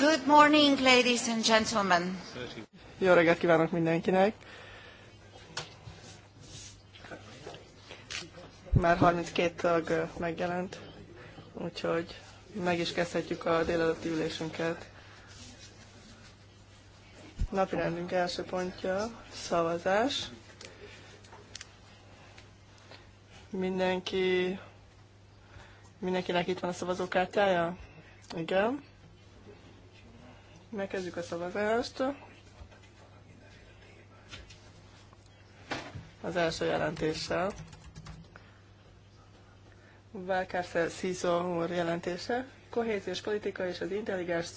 Good morning, ladies and gentlemen. Jó reggelt kívánok mindenkinek. Már 32 tag megjelent, úgyhogy meg is kezdhetjük a délelőtti ülésünket. Napirendünk első pontja szavazás. Mindenki, mindenkinek itt van a szavazókártyája? Igen. Megkezdjük a szavazást. Az első jelentéssel. Valkárszer Szízó úr jelentése. Kohéziós politika és az intelligens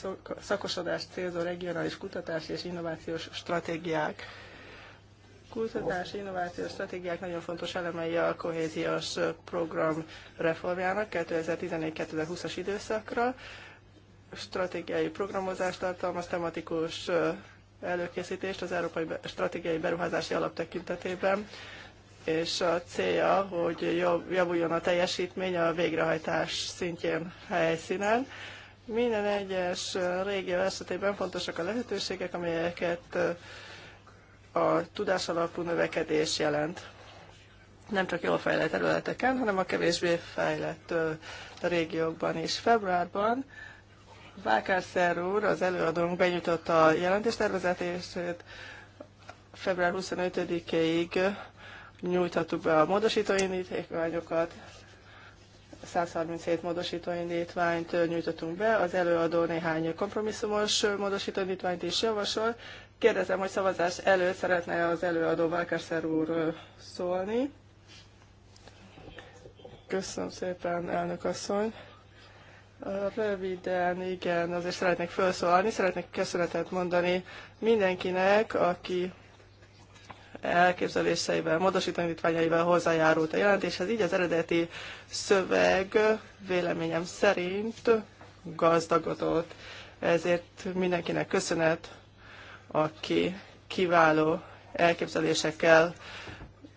szakosodás célzó regionális kutatási és innovációs stratégiák. Kutatási innovációs stratégiák nagyon fontos elemei a kohéziós program reformjának 2014-2020-as időszakra stratégiai programozást tartalmaz, tematikus előkészítést az Európai Stratégiai Beruházási Alap tekintetében, és a célja, hogy javuljon a teljesítmény a végrehajtás szintjén helyszínen. Minden egyes régió esetében fontosak a lehetőségek, amelyeket a tudásalapú növekedés jelent. Nem csak jól fejlett területeken, hanem a kevésbé fejlett régiókban is. Februárban Bákárszer úr, az előadónk benyújtotta a jelentéstervezetését. Február 25-ig nyújthattuk be a módosítóindítványokat. 137 módosítóindítványt nyújtottunk be, az előadó néhány kompromisszumos módosítóindítványt is javasol. Kérdezem, hogy szavazás előtt szeretne az előadó Válkerszer úr szólni. Köszönöm szépen, elnök asszony. Röviden, igen, azért szeretnék felszólalni, szeretnék köszönetet mondani mindenkinek, aki elképzeléseivel, módosítanítványaival hozzájárult a jelentéshez. Így az eredeti szöveg véleményem szerint gazdagodott. Ezért mindenkinek köszönet, aki kiváló elképzelésekkel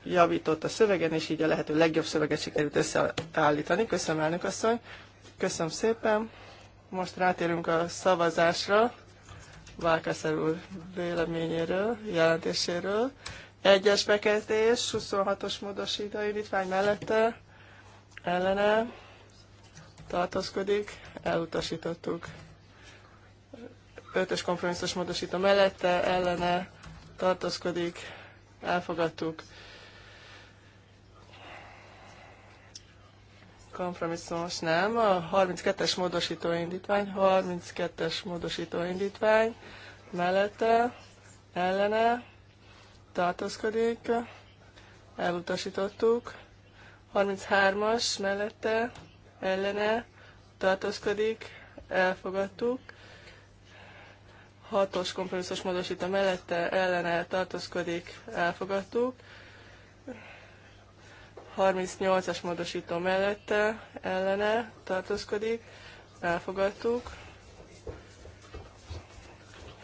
javított a szövegen, és így a lehető legjobb szöveget sikerült összeállítani. Köszönöm, elnök asszony. Köszönöm szépen. Most rátérünk a szavazásra. Válkászer úr véleményéről, jelentéséről. Egyes bekezdés, 26-os módosító indítvány mellette, ellene tartózkodik, elutasítottuk. 5-ös kompromisszus módosító mellette, ellene tartózkodik, elfogadtuk. kompromisszumos nem. A 32-es módosító indítvány, 32-es módosító indítvány mellette, ellene tartózkodik, elutasítottuk. 33-as mellette, ellene tartózkodik, elfogadtuk. 6-os kompromisszus módosító mellette, ellene tartózkodik, elfogadtuk. 38-as módosító mellette ellene tartózkodik, elfogadtuk.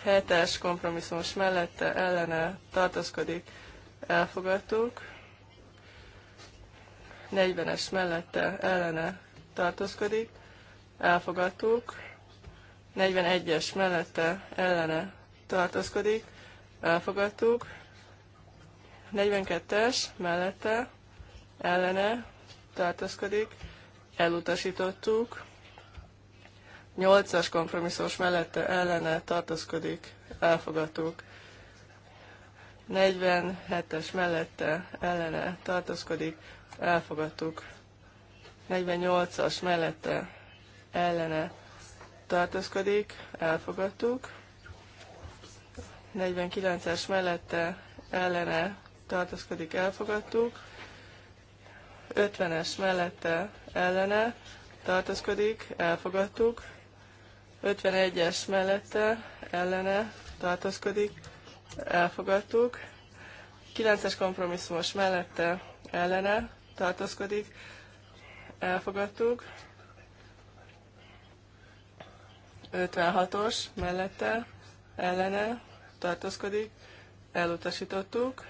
7-es kompromisszumos mellette ellene tartózkodik, elfogadtuk. 40-es mellette ellene tartózkodik, elfogadtuk. 41-es mellette ellene tartózkodik, elfogadtuk. 42-es mellette ellene tartózkodik, elutasítottuk. 8-as kompromisszós mellette ellene tartózkodik, elfogadtuk. 47-es mellette ellene tartózkodik, elfogadtuk. 48-as mellette ellene tartózkodik, elfogadtuk. 49-es mellette ellene tartózkodik, elfogadtuk. 50-es mellette ellene tartózkodik, elfogadtuk. 51-es mellette ellene tartózkodik, elfogadtuk. 9-es kompromisszumos mellette ellene tartózkodik, elfogadtuk. 56-os mellette ellene tartózkodik, elutasítottuk.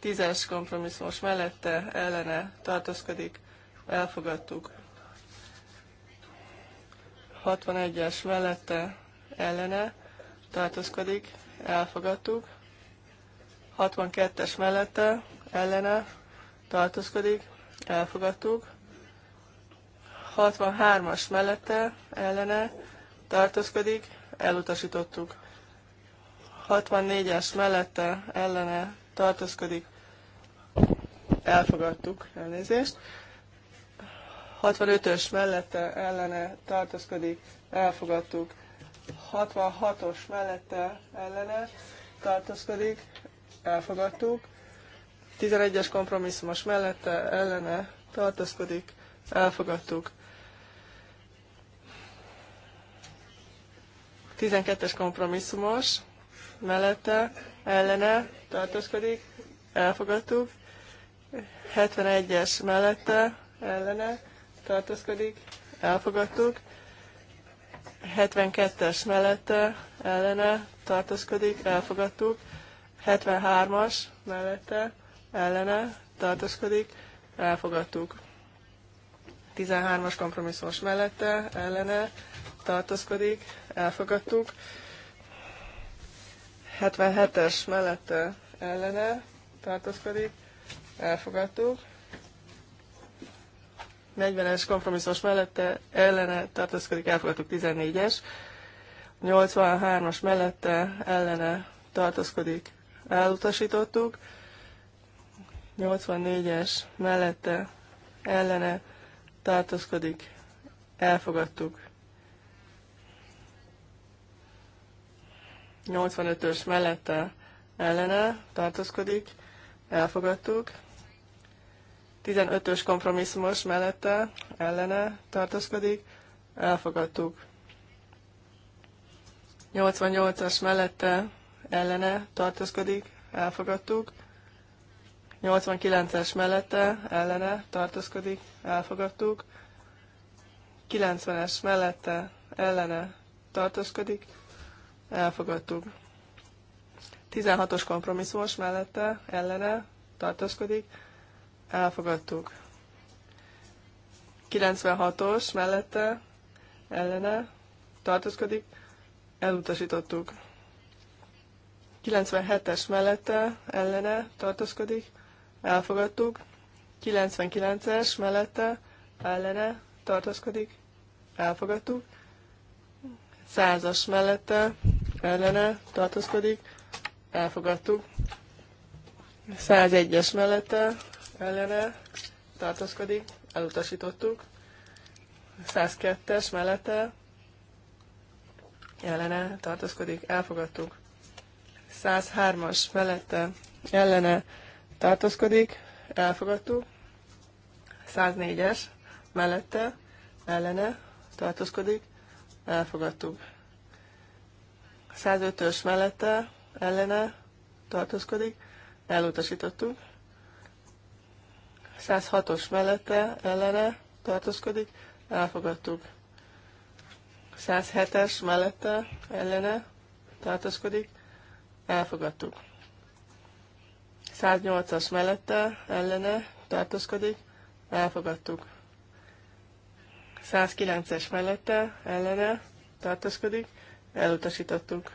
Tízes kompromisszumos mellette ellene tartózkodik, elfogadtuk. 61-es mellette ellene tartózkodik, elfogadtuk. 62-es mellette ellene tartózkodik, elfogadtuk. 63-as mellette ellene tartózkodik, elutasítottuk. 64-es mellette ellene tartózkodik, elfogadtuk, elnézést. 65-ös mellette ellene tartózkodik, elfogadtuk. 66-os mellette ellene tartózkodik, elfogadtuk. 11-es kompromisszumos mellette ellene tartózkodik, elfogadtuk. 12-es kompromisszumos mellette ellene tartózkodik, elfogadtuk. 71-es mellette ellene tartózkodik, elfogadtuk. 72-es mellette ellene tartózkodik, elfogadtuk. 73-as mellette ellene tartózkodik, elfogadtuk. 13-as kompromisszumos mellette ellene tartózkodik, elfogadtuk. 77-es mellette ellene tartózkodik, elfogadtuk. 40-es kompromisszós mellette ellene tartózkodik, elfogadtuk 14-es. 83-as mellette ellene tartózkodik, elutasítottuk. 84-es mellette ellene tartózkodik, elfogadtuk. 85-ös mellette ellene tartózkodik, elfogadtuk. 15-ös kompromisszumos mellette ellene tartózkodik, elfogadtuk. 88-as mellette ellene tartózkodik, elfogadtuk. 89-es mellette ellene tartózkodik, elfogadtuk. 90-es mellette ellene tartózkodik, elfogadtuk. 16-os kompromisszumos mellette ellene tartózkodik, elfogadtuk. 96-os mellette ellene tartózkodik, elutasítottuk. 97-es mellette ellene tartózkodik, elfogadtuk. 99-es mellette ellene tartózkodik, elfogadtuk. 100-as mellette ellene tartózkodik, elfogadtuk. 101-es mellette ellene tartózkodik, elutasítottuk. 102-es mellette ellene tartózkodik, elfogadtuk. 103-as mellette ellene tartózkodik, elfogadtuk. 104-es mellette ellene tartózkodik, elfogadtuk. 105-ös mellette ellene tartózkodik, elutasítottuk. 106-os mellette ellene tartózkodik, elfogadtuk. 107-es mellette ellene tartózkodik, elfogadtuk. 108-as mellette ellene tartózkodik, elfogadtuk. 109-es mellette ellene tartózkodik, elutasítottuk.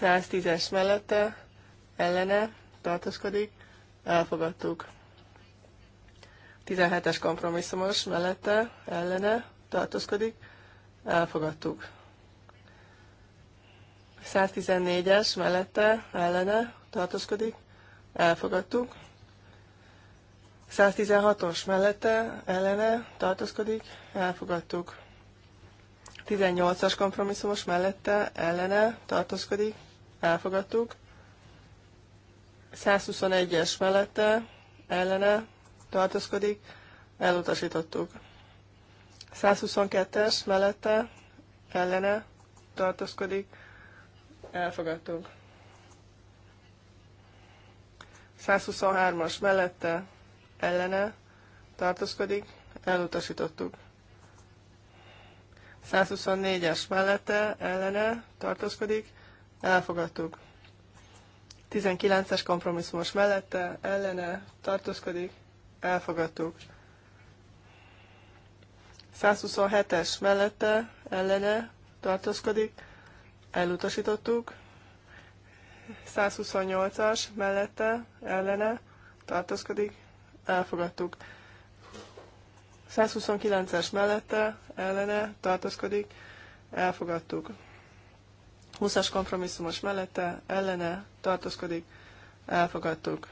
110-es mellette ellene tartózkodik, elfogadtuk. 17-es kompromisszumos mellette, ellene tartózkodik, elfogadtuk. 114-es mellette, ellene tartózkodik, elfogadtuk. 116-os mellette, ellene tartózkodik, elfogadtuk. 18-as kompromisszumos mellette, ellene tartózkodik, elfogadtuk. 121-es mellette ellene tartózkodik, elutasítottuk. 122-es mellette ellene tartózkodik, elfogadtuk. 123-as mellette ellene tartózkodik, elutasítottuk. 124-es mellette ellene tartózkodik, elfogadtuk. 19-es kompromisszumos mellette, ellene tartózkodik, elfogadtuk. 127-es mellette, ellene tartózkodik, elutasítottuk. 128-as mellette, ellene tartózkodik, elfogadtuk. 129-es mellette, ellene tartózkodik, elfogadtuk. 20-as kompromisszumos mellette ellene tartózkodik, elfogadtuk.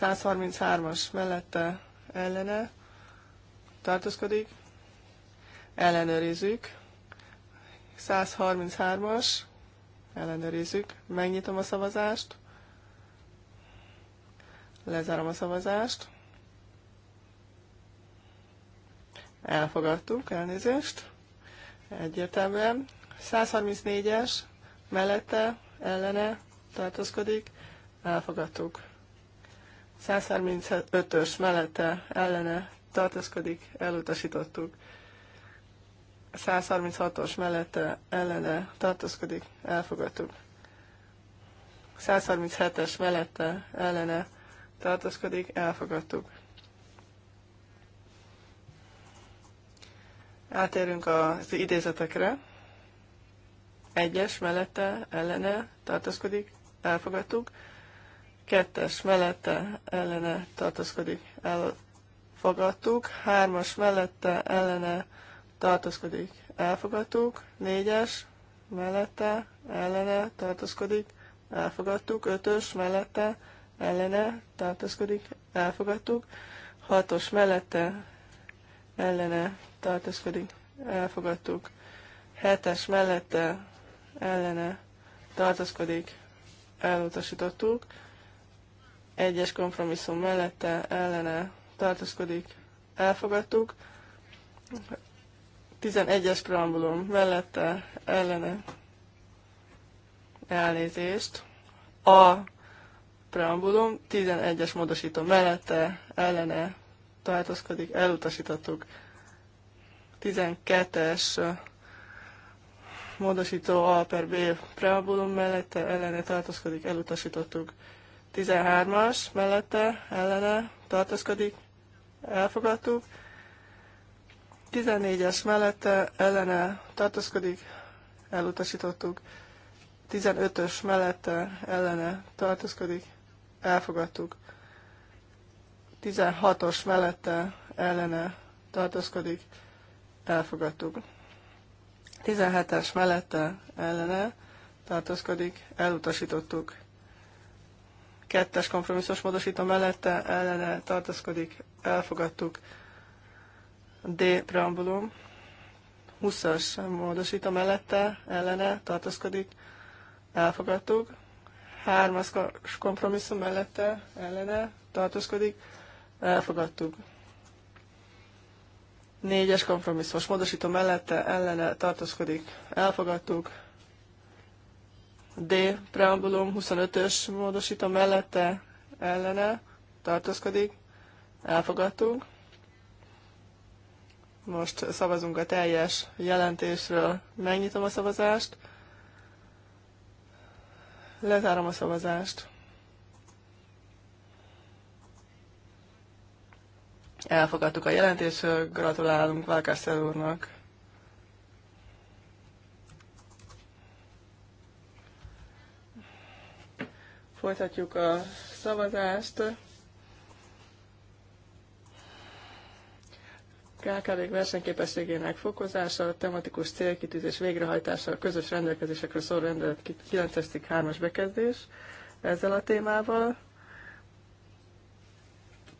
133-as mellette ellene tartózkodik, ellenőrizzük. 133-as, ellenőrizzük, megnyitom a szavazást, lezárom a szavazást, elfogadtuk, elnézést egyértelműen. 134-es mellette, ellene tartózkodik, elfogadtuk. 135-ös mellette, ellene tartózkodik, elutasítottuk. 136-os mellette, ellene tartózkodik, elfogadtuk. 137-es mellette, ellene tartózkodik, elfogadtuk. Átérünk az idézetekre. Egyes mellette ellene tartózkodik, elfogadtuk. Kettes mellette ellene tartózkodik, elfogadtuk. Hármas mellette ellene tartózkodik, elfogadtuk. Négyes mellette ellene tartózkodik, elfogadtuk. Ötös mellette ellene tartózkodik, elfogadtuk. Hatos mellette ellene tartózkodik, elfogadtuk. Hetes mellette ellene tartózkodik, elutasítottuk. Egyes kompromisszum mellette ellene tartózkodik, elfogadtuk. 11-es preambulum mellette ellene elnézést. A preambulum 11-es módosító mellette ellene tartózkodik, elutasítottuk. 12-es módosító A per B preambulum mellette ellene tartozkodik, elutasítottuk. 13-as mellette ellene tartozkodik, elfogadtuk. 14-es mellette ellene tartozkodik, elutasítottuk. 15-ös mellette ellene tartozkodik, elfogadtuk. 16-os mellette ellene tartózkodik, elfogadtuk. 17-es mellette ellene tartózkodik, elutasítottuk. Kettes kompromisszos módosító mellette ellene tartózkodik, elfogadtuk. D. Preambulum. 20-as módosító mellette ellene tartózkodik, elfogadtuk. 3-as kompromisszum mellette ellene tartózkodik, elfogadtuk. Négyes kompromisszumos módosító mellette ellene tartózkodik. Elfogadtuk. D. Preambulum 25-ös módosító mellette ellene tartózkodik. Elfogadtuk. Most szavazunk a teljes jelentésről. Megnyitom a szavazást. Lezárom a szavazást. Elfogadtuk a jelentést, gratulálunk Válkászer úrnak. Folytatjuk a szavazást. kkv versenyképességének fokozása, tematikus célkitűzés végrehajtása, a közös rendelkezésekről szóló rendelet 9-3-as bekezdés ezzel a témával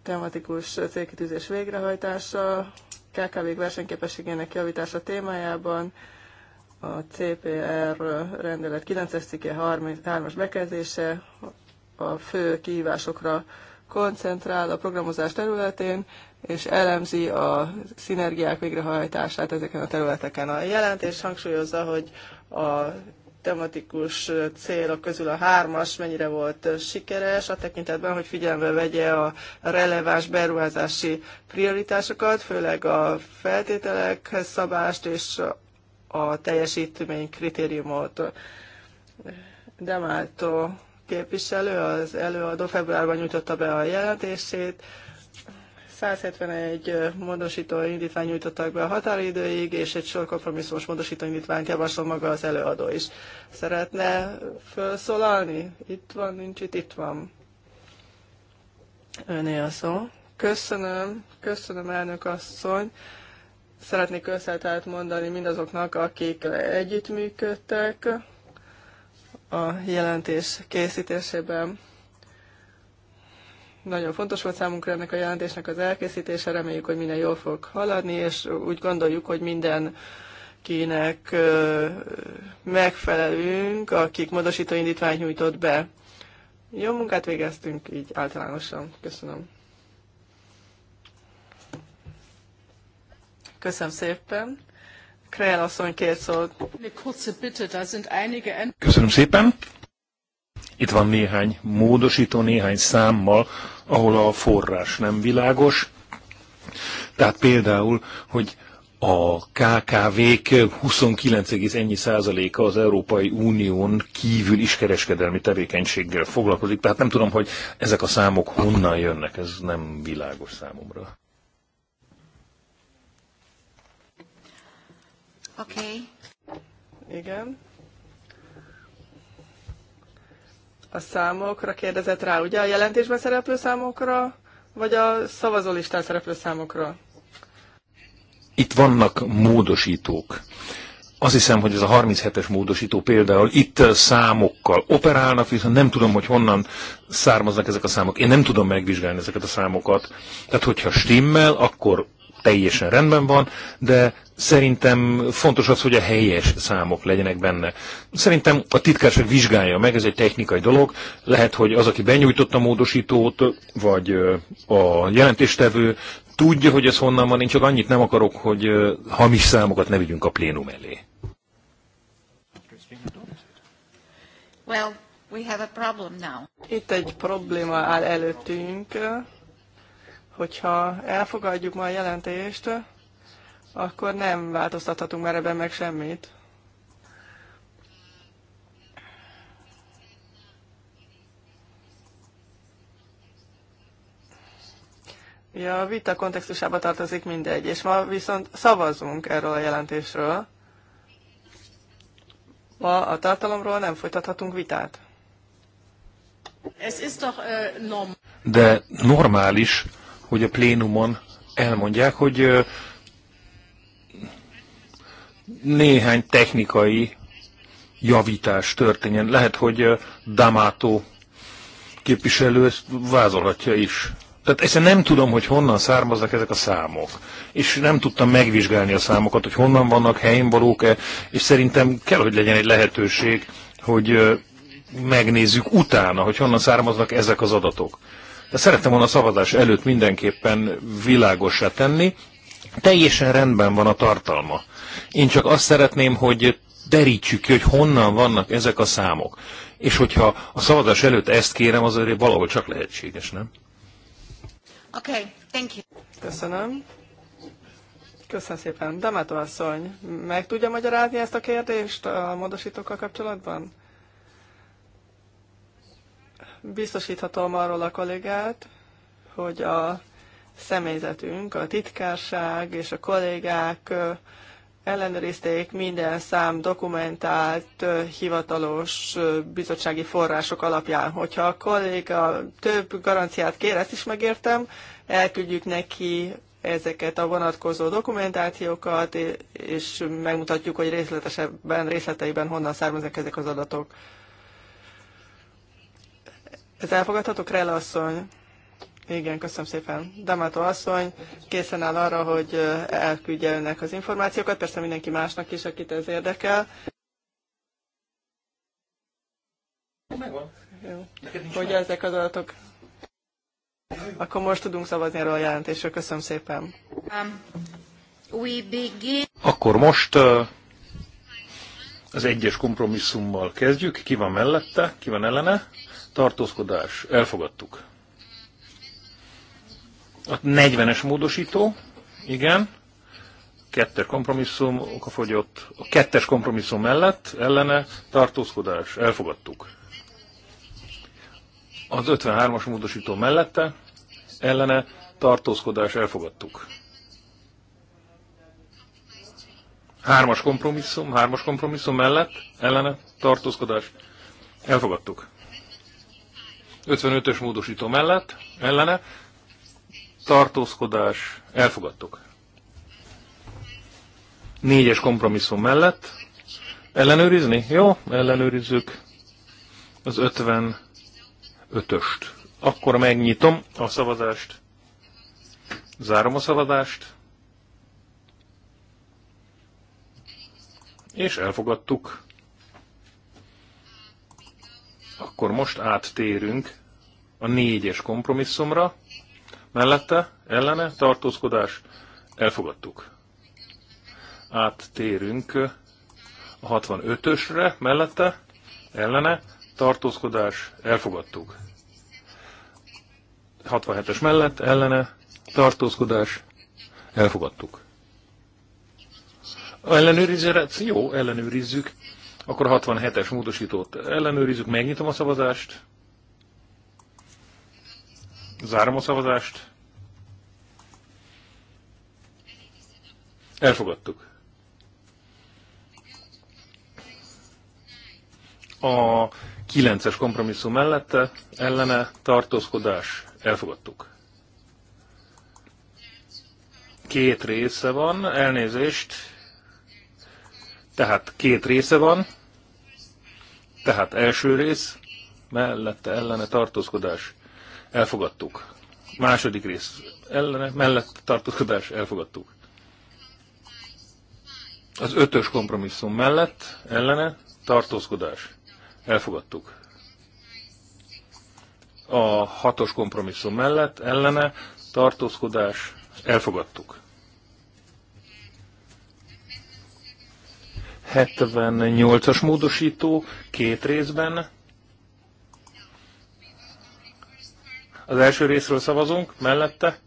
tematikus célkitűzés végrehajtása, kkv versenyképességének javítása témájában, a CPR rendelet 9-es cikke 3-as bekezdése, a fő kihívásokra koncentrál a programozás területén, és elemzi a szinergiák végrehajtását ezeken a területeken. A jelentés hangsúlyozza, hogy a tematikus célok közül a hármas mennyire volt sikeres, a tekintetben, hogy figyelembe vegye a releváns beruházási prioritásokat, főleg a feltételek szabást és a teljesítmény kritériumot. Demáltó képviselő, az előadó februárban nyújtotta be a jelentését, 171 módosító indítvány nyújtottak be a határidőig, és egy sor kompromisszumos módosító indítványt javasol maga az előadó is. Szeretne felszólalni? Itt van, nincs itt, itt van. Öné a szó. Köszönöm, köszönöm elnök asszony. Szeretnék összetelt mondani mindazoknak, akik együttműködtek a jelentés készítésében. Nagyon fontos volt számunkra ennek a jelentésnek az elkészítése, reméljük, hogy minden jól fog haladni, és úgy gondoljuk, hogy minden kinek megfelelünk, akik módosító indítványt nyújtott be. Jó munkát végeztünk így általánosan. Köszönöm. Köszönöm szépen. Krell asszony kért szót. Köszönöm szépen. Itt van néhány módosító, néhány számmal, ahol a forrás nem világos. Tehát például, hogy a KKV-k 29, a százaléka az Európai Unión kívül is kereskedelmi tevékenységgel foglalkozik, tehát nem tudom, hogy ezek a számok honnan jönnek, ez nem világos számomra. Oké. Okay. Igen. A számokra kérdezett rá, ugye a jelentésben szereplő számokra, vagy a szavazólistán szereplő számokra? Itt vannak módosítók. Azt hiszem, hogy ez a 37-es módosító például itt uh, számokkal operálnak, viszont nem tudom, hogy honnan származnak ezek a számok. Én nem tudom megvizsgálni ezeket a számokat. Tehát, hogyha stimmel, akkor teljesen rendben van, de szerintem fontos az, hogy a helyes számok legyenek benne. Szerintem a titkárság vizsgálja meg, ez egy technikai dolog. Lehet, hogy az, aki benyújtotta a módosítót, vagy a jelentéstevő tudja, hogy ez honnan van, én csak annyit nem akarok, hogy hamis számokat ne vigyünk a plénum elé. Well, we have a problem now. Itt egy probléma áll előttünk hogyha elfogadjuk ma a jelentést, akkor nem változtathatunk már ebben meg semmit. Ja, a vita kontextusába tartozik mindegy, és ma viszont szavazunk erről a jelentésről. Ma a tartalomról nem folytathatunk vitát. Äh, De normális, hogy a plénumon elmondják, hogy néhány technikai javítás történjen. Lehet, hogy Damato képviselő ezt vázolhatja is. Tehát ezt nem tudom, hogy honnan származnak ezek a számok. És nem tudtam megvizsgálni a számokat, hogy honnan vannak, helyén valók-e, és szerintem kell, hogy legyen egy lehetőség, hogy megnézzük utána, hogy honnan származnak ezek az adatok de szerettem volna a szavazás előtt mindenképpen világosra tenni. Teljesen rendben van a tartalma. Én csak azt szeretném, hogy derítsük ki, hogy honnan vannak ezek a számok. És hogyha a szavazás előtt ezt kérem, az azért valahol csak lehetséges, nem? Oké, okay, thank you. Köszönöm. Köszönöm szépen. Damato asszony, meg tudja magyarázni ezt a kérdést a módosítókkal kapcsolatban? Biztosíthatom arról a kollégát, hogy a személyzetünk, a titkárság és a kollégák ellenőrizték minden szám dokumentált hivatalos bizottsági források alapján. Hogyha a kolléga több garanciát kér, ezt is megértem, elküldjük neki ezeket a vonatkozó dokumentációkat, és megmutatjuk, hogy részletesebben, részleteiben honnan származnak ezek az adatok. Ez elfogadható, Krella asszony? Igen, köszönöm szépen. Damato asszony készen áll arra, hogy elküldje önnek az információkat, persze mindenki másnak is, akit ez érdekel. Megvan. Hogy ezek az adatok akkor most tudunk szavazni erről a jelentésről. Köszönöm szépen. Um, we begin... Akkor most uh, az egyes kompromisszummal kezdjük. Ki van mellette, ki van ellene? Tartózkodás. Elfogadtuk. A 40-es módosító. Igen. Kettes kompromisszum okafogyott. A kettes kompromisszum mellett ellene tartózkodás. Elfogadtuk. Az 53-as módosító mellette ellene tartózkodás elfogadtuk. Hármas kompromisszum, hármas kompromisszum mellett, ellene, tartózkodás. Elfogadtuk. 55-ös módosító mellett, ellene, tartózkodás. Elfogadtuk. Négyes kompromisszum mellett. Ellenőrizni? Jó, ellenőrizzük az 55-öst. Akkor megnyitom a szavazást. Zárom a szavazást. És elfogadtuk. Akkor most áttérünk a négyes kompromisszumra. Mellette, ellene, tartózkodás, elfogadtuk. Áttérünk a 65-ösre, mellette, ellene, tartózkodás, elfogadtuk. 67-es mellett, ellene, tartózkodás, elfogadtuk. Ellenőrizni, hát jó, ellenőrizzük. Akkor 67-es módosítót ellenőrizzük, megnyitom a szavazást. Zárom a szavazást. Elfogadtuk. A 9-es kompromisszum mellette ellene tartózkodás. Elfogadtuk. Két része van, elnézést, tehát két része van, tehát első rész, mellette ellene tartózkodás, elfogadtuk. Második rész, ellene, mellette tartózkodás, elfogadtuk. Az ötös kompromisszum mellett, ellene, tartózkodás, elfogadtuk. A hatos kompromisszum mellett, ellene, tartózkodás, elfogadtuk. 78-as módosító két részben. Az első részről szavazunk, mellette.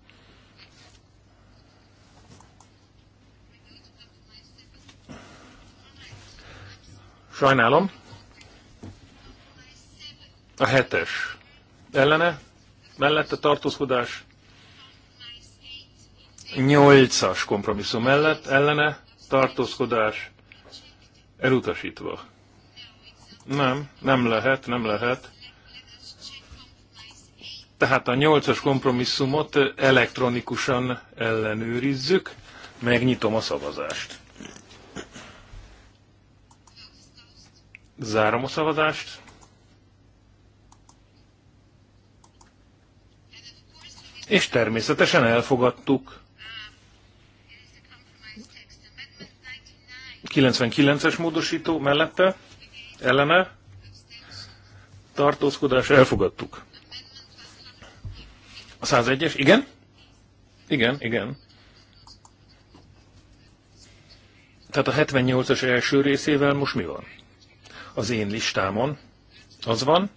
Sajnálom. A hetes. Ellene? Mellette tartózkodás? Nyolcas kompromisszum mellett, ellene tartózkodás Elutasítva. Nem, nem lehet, nem lehet. Tehát a nyolcas kompromisszumot elektronikusan ellenőrizzük. Megnyitom a szavazást. Zárom a szavazást. És természetesen elfogadtuk. 99-es módosító mellette, ellene, tartózkodás, elfogadtuk. A 101-es, igen? Igen, igen. Tehát a 78-as első részével most mi van? Az én listámon az van,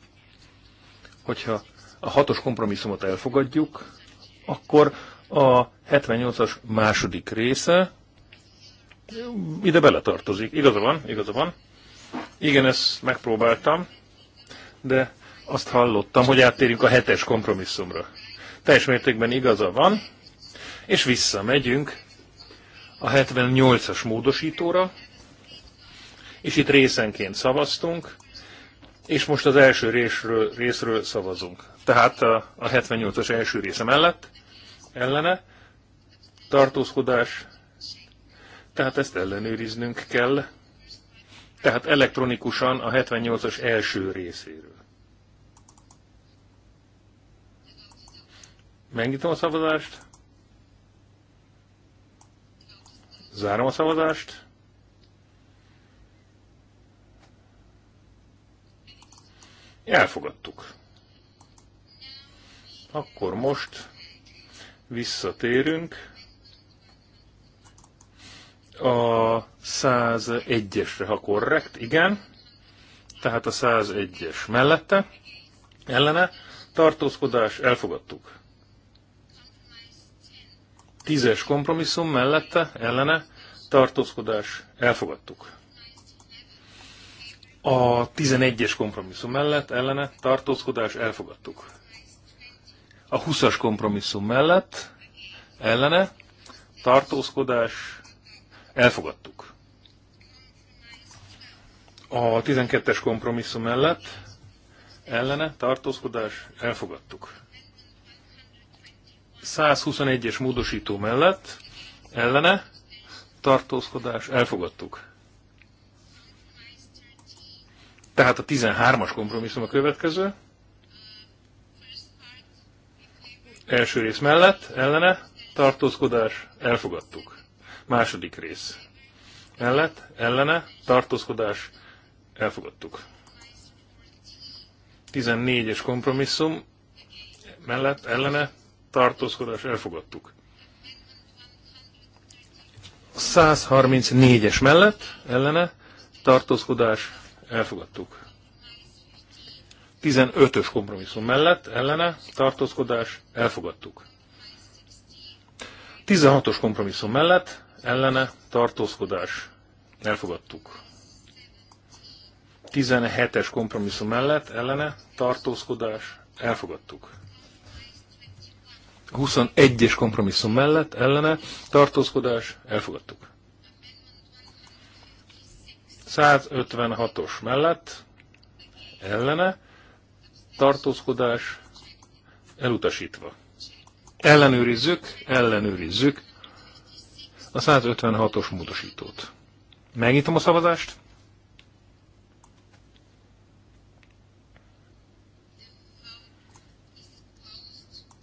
hogyha a hatos kompromisszumot elfogadjuk, akkor a 78-as második része ide beletartozik. Igaza van, igaza van. Igen, ezt megpróbáltam, de azt hallottam, hogy áttérünk a hetes kompromisszumra. Teljes mértékben igaza van, és visszamegyünk a 78-as módosítóra, és itt részenként szavaztunk, és most az első részről, részről szavazunk. Tehát a, a 78-as első része mellett, ellene, tartózkodás, tehát ezt ellenőriznünk kell, tehát elektronikusan a 78-as első részéről. Megnyitom a szavazást. Zárom a szavazást. Elfogadtuk. Akkor most visszatérünk a 101-esre, ha korrekt, igen. Tehát a 101-es mellette, ellene, tartózkodás, elfogadtuk. 10-es kompromisszum mellette, ellene, tartózkodás, elfogadtuk. A 11-es kompromisszum mellett, ellene, tartózkodás, elfogadtuk. A 20-as kompromisszum mellett, ellene, tartózkodás, Elfogadtuk. A 12-es kompromisszum mellett ellene tartózkodás elfogadtuk. 121-es módosító mellett ellene tartózkodás elfogadtuk. Tehát a 13-as kompromisszum a következő. Első rész mellett ellene tartózkodás elfogadtuk. Második rész. Ellet, ellene, tartózkodás, elfogadtuk. 14-es kompromisszum, mellett, ellene, tartózkodás, elfogadtuk. 134-es mellett, ellene, tartózkodás, elfogadtuk. 15-ös kompromisszum mellett, ellene, tartózkodás, elfogadtuk. 16-os kompromisszum mellett, ellene tartózkodás elfogadtuk. 17-es kompromisszum mellett ellene tartózkodás elfogadtuk. 21-es kompromisszum mellett ellene tartózkodás elfogadtuk. 156-os mellett ellene tartózkodás elutasítva. Ellenőrizzük, ellenőrizzük, a 156-os módosítót. Megnyitom a szavazást.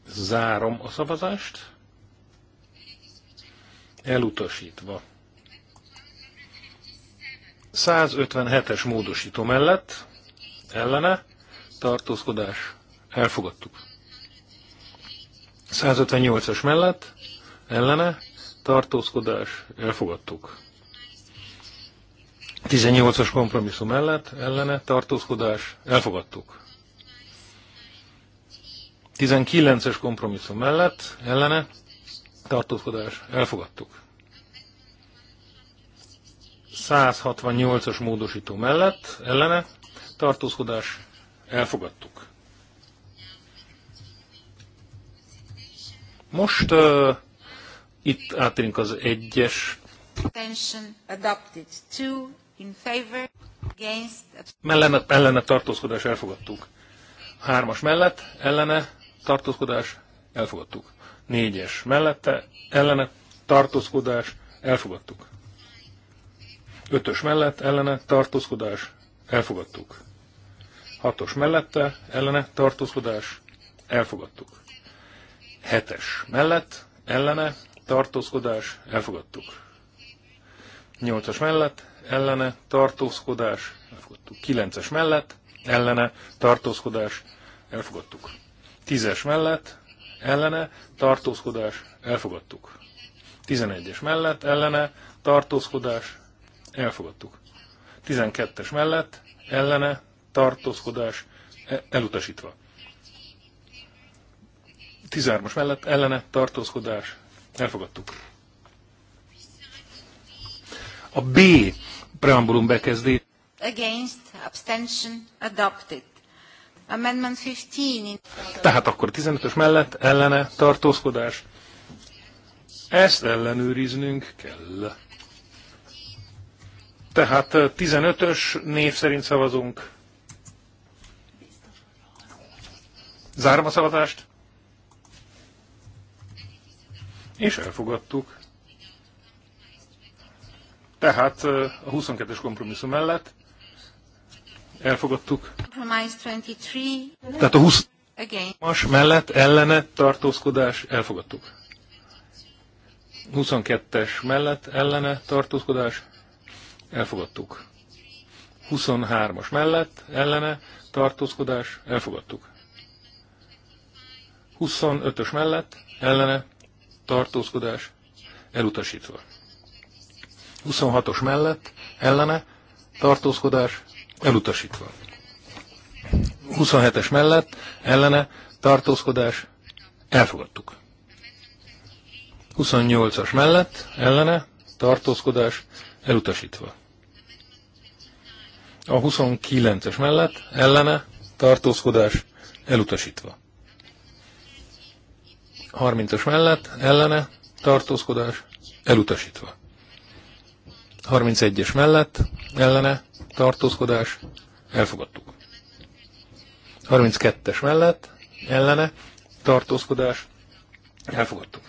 Zárom a szavazást. Elutasítva. 157-es módosító mellett ellene tartózkodás. Elfogadtuk. 158-as mellett ellene tartózkodás, elfogadtuk. 18-as kompromisszum mellett, ellene, tartózkodás, elfogadtuk. 19-es kompromisszum mellett, ellene, tartózkodás, elfogadtuk. 168-as módosító mellett, ellene, tartózkodás, elfogadtuk. Most uh, itt átérünk az egyes. Mellene, ellene tartózkodás elfogadtuk. Hármas mellett, ellene tartózkodás elfogadtuk. Négyes mellette, ellene tartózkodás elfogadtuk. Ötös mellett, ellene tartózkodás elfogadtuk. Hatos mellette, ellene tartózkodás elfogadtuk. Hetes mellett, ellene tartózkodás, elfogadtuk. Nyolcas mellett, ellene, tartózkodás, elfogadtuk. Kilences mellett, ellene, tartózkodás, elfogadtuk. Tízes mellett, ellene, tartózkodás, elfogadtuk. Tizenegyes mellett, ellene, tartózkodás, elfogadtuk. Tizenkettes mellett, ellene, tartózkodás, e- elutasítva. 13-as mellett, ellene, tartózkodás, Elfogadtuk. A B preambulum bekezdés. Against, abstention, adopted. Amendment 15. Tehát akkor 15-ös mellett ellene tartózkodás. Ezt ellenőriznünk kell. Tehát 15-ös eh, név szerint szavazunk. Zárom a szavazást. És elfogadtuk. Tehát a 22-es kompromisszum mellett elfogadtuk. Tehát a 20 as mellett ellene tartózkodás elfogadtuk. 22-es mellett ellene tartózkodás elfogadtuk. 23-as mellett ellene tartózkodás elfogadtuk. 25-ös mellett ellene tartózkodás elutasítva. 26-os mellett ellene tartózkodás elutasítva. 27-es mellett ellene tartózkodás elfogadtuk. 28-as mellett ellene tartózkodás elutasítva. A 29-es mellett ellene tartózkodás elutasítva. 30-as mellett ellene tartózkodás elutasítva. 31-es mellett ellene tartózkodás elfogadtuk. 32-es mellett ellene tartózkodás elfogadtuk.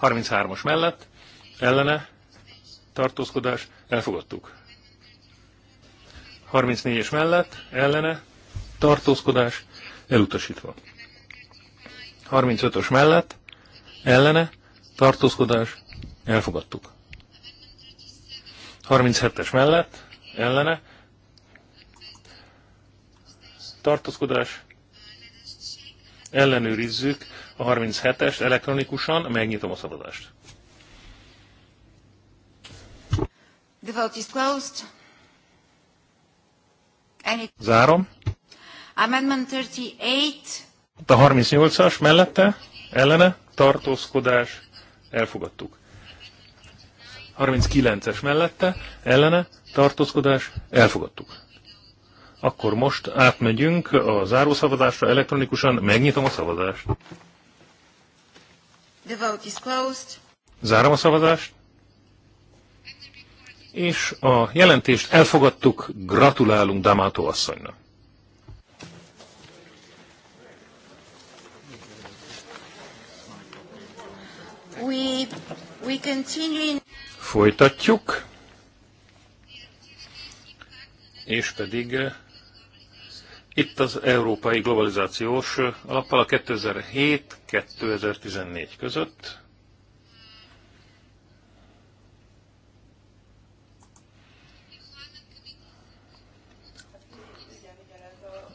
33-as mellett ellene tartózkodás elfogadtuk. 34-es mellett ellene tartózkodás elutasítva. 35-ös mellett, ellene, tartózkodás, elfogadtuk. 37-es mellett, ellene, tartózkodás, ellenőrizzük a 37-est elektronikusan, megnyitom a szavazást. The vote is closed. Any... Zárom. Amendment 38 a 38-as mellette, ellene, tartózkodás, elfogadtuk. 39-es mellette, ellene, tartózkodás, elfogadtuk. Akkor most átmegyünk a zárószavazásra elektronikusan, megnyitom a szavazást. The vote is closed. Zárom a szavazást. És a jelentést elfogadtuk, gratulálunk Damato asszonynak. We, we continue... Folytatjuk, és pedig eh, itt az európai globalizációs alappal a 2007-2014 között.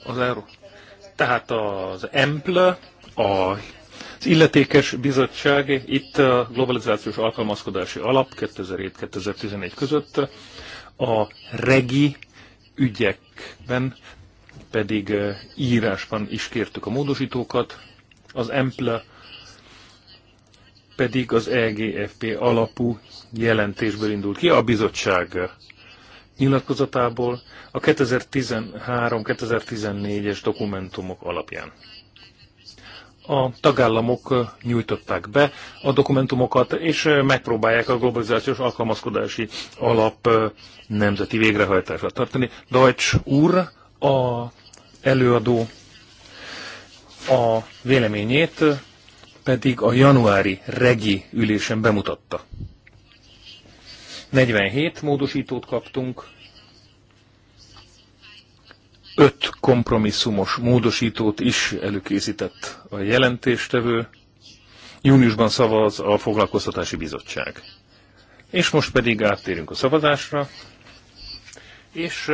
Az Euró. Tehát az EMPL, a az illetékes bizottság itt a globalizációs alkalmazkodási alap 2007-2011 között a regi ügyekben pedig eh, írásban is kértük a módosítókat, az EMPLE pedig az EGFP alapú jelentésből indult ki, a bizottság nyilatkozatából a 2013-2014-es dokumentumok alapján a tagállamok nyújtották be a dokumentumokat, és megpróbálják a globalizációs alkalmazkodási alap nemzeti végrehajtását tartani. Deutsch úr, a előadó a véleményét pedig a januári regi ülésen bemutatta. 47 módosítót kaptunk, öt kompromisszumos módosítót is előkészített a jelentéstevő. Júniusban szavaz a Foglalkoztatási Bizottság. És most pedig áttérünk a szavazásra, és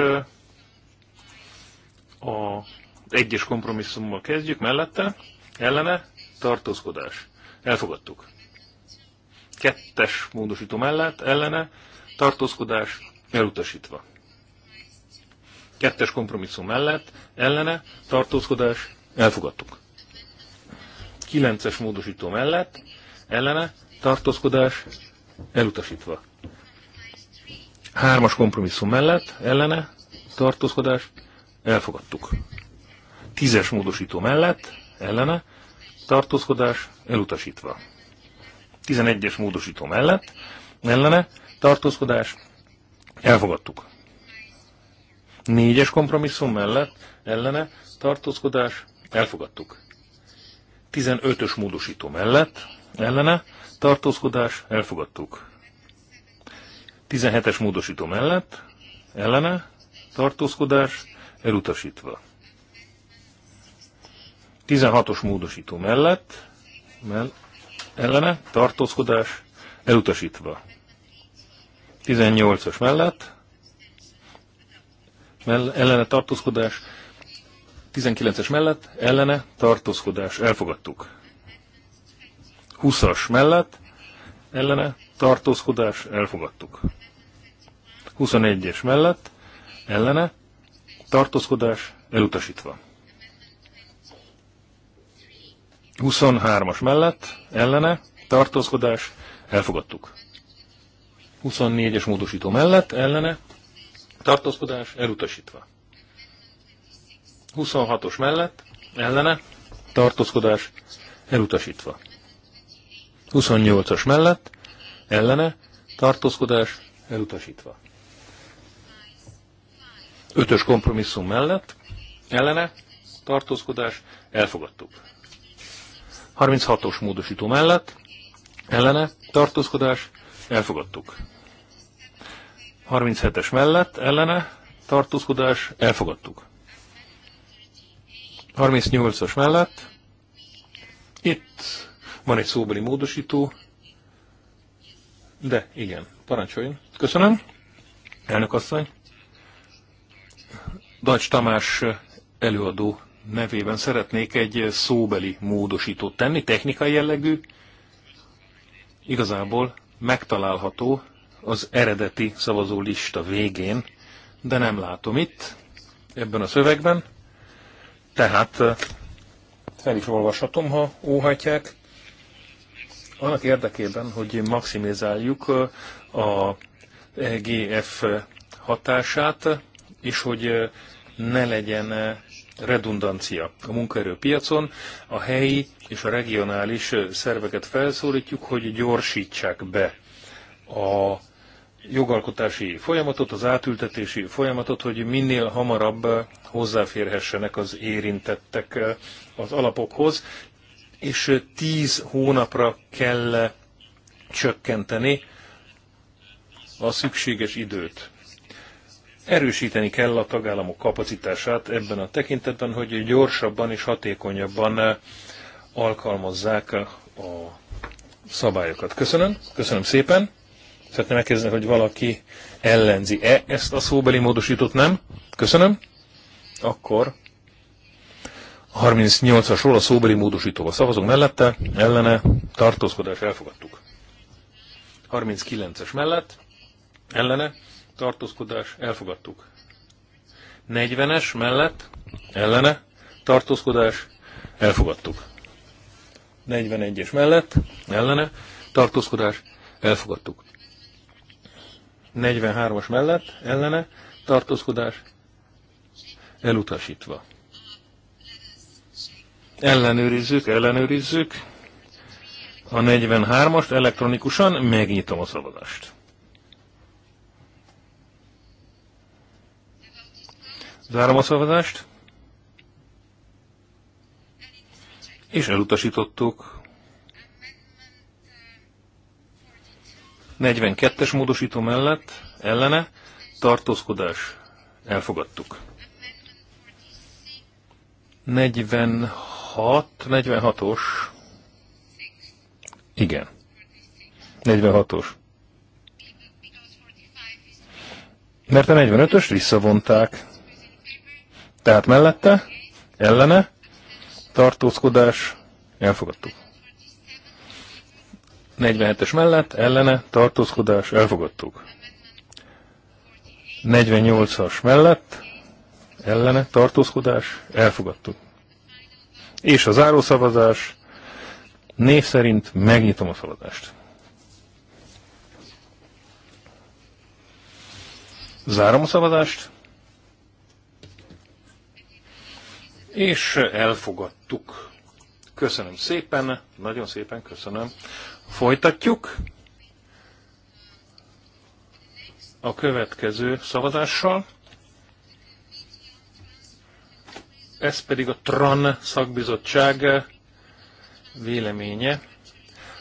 a egyes kompromisszummal kezdjük, mellette, ellene, tartózkodás. Elfogadtuk. Kettes módosító mellett, ellene, tartózkodás elutasítva. Kettes kompromisszum mellett, ellene, tartózkodás, elfogadtuk. Kilences módosító mellett, ellene, tartózkodás, elutasítva. Hármas kompromisszum mellett, ellene, tartózkodás, elfogadtuk. Tízes módosító mellett, ellene, tartózkodás, elutasítva. Tizenegyes módosító mellett, ellene, tartózkodás, elfogadtuk. Négyes kompromisszum mellett ellene tartózkodás elfogadtuk. 15-ös módosító mellett ellene tartózkodás elfogadtuk. 17-es módosító mellett ellene tartózkodás elutasítva. 16-os módosító mellett mell ellene tartózkodás elutasítva. 18-as mellett ellene tartózkodás, 19-es mellett ellene tartózkodás, elfogadtuk. 20-as mellett ellene tartózkodás, elfogadtuk. 21-es mellett ellene tartózkodás, elutasítva. 23-as mellett ellene tartózkodás, elfogadtuk. 24-es módosító mellett ellene tartózkodás elutasítva. 26-os mellett, ellene, tartózkodás elutasítva. 28-as mellett, ellene, tartózkodás elutasítva. 5-ös kompromisszum mellett, ellene, tartózkodás elfogadtuk. 36-os módosító mellett, ellene, tartózkodás elfogadtuk. 37-es mellett ellene tartózkodás elfogadtuk. 38-as mellett itt van egy szóbeli módosító, de igen, parancsoljon. Köszönöm, elnök asszony. Dacs Tamás előadó nevében szeretnék egy szóbeli módosítót tenni, technikai jellegű, igazából megtalálható az eredeti szavazó lista végén, de nem látom itt, ebben a szövegben. Tehát fel is olvashatom, ha óhatják. Annak érdekében, hogy maximizáljuk a e GF hatását, és hogy ne legyen redundancia a munkaerőpiacon, a helyi és a regionális szerveket felszólítjuk, hogy gyorsítsák be a jogalkotási folyamatot, az átültetési folyamatot, hogy minél hamarabb hozzáférhessenek az érintettek eh, az alapokhoz, és eh, tíz hónapra kell eh, csökkenteni a szükséges időt. Erősíteni kell a tagállamok kapacitását ebben a tekintetben, hogy gyorsabban és hatékonyabban alkalmazzák a szabályokat. Köszönöm, köszönöm szépen! Szeretném megkérdezni, hogy valaki ellenzi-e ezt a szóbeli módosítót, nem? Köszönöm. Akkor a 38-asról a szóbeli módosítóval szavazunk mellette, ellene, tartózkodás elfogadtuk. 39-es mellett, ellene, tartózkodás elfogadtuk. 40-es mellett, ellene, tartózkodás elfogadtuk. 41-es mellett, ellene, tartózkodás elfogadtuk. 43-as mellett ellene tartózkodás elutasítva. Ellenőrizzük, ellenőrizzük. A 43-ast elektronikusan megnyitom a szavazást. Zárom a szavazást. És elutasítottuk 42-es módosító mellett ellene tartózkodás elfogadtuk. 46, 46-os, igen, 46-os. Mert a 45-ös visszavonták, tehát mellette, ellene, tartózkodás, elfogadtuk. 47-es mellett ellene tartózkodás elfogadtuk. 48-as mellett ellene tartózkodás elfogadtuk. És a zárószavazás név szerint megnyitom a szavazást. Zárom a szavazást. És elfogadtuk. Köszönöm szépen, nagyon szépen köszönöm. Folytatjuk a következő szavazással. Ez pedig a TRAN szakbizottság véleménye.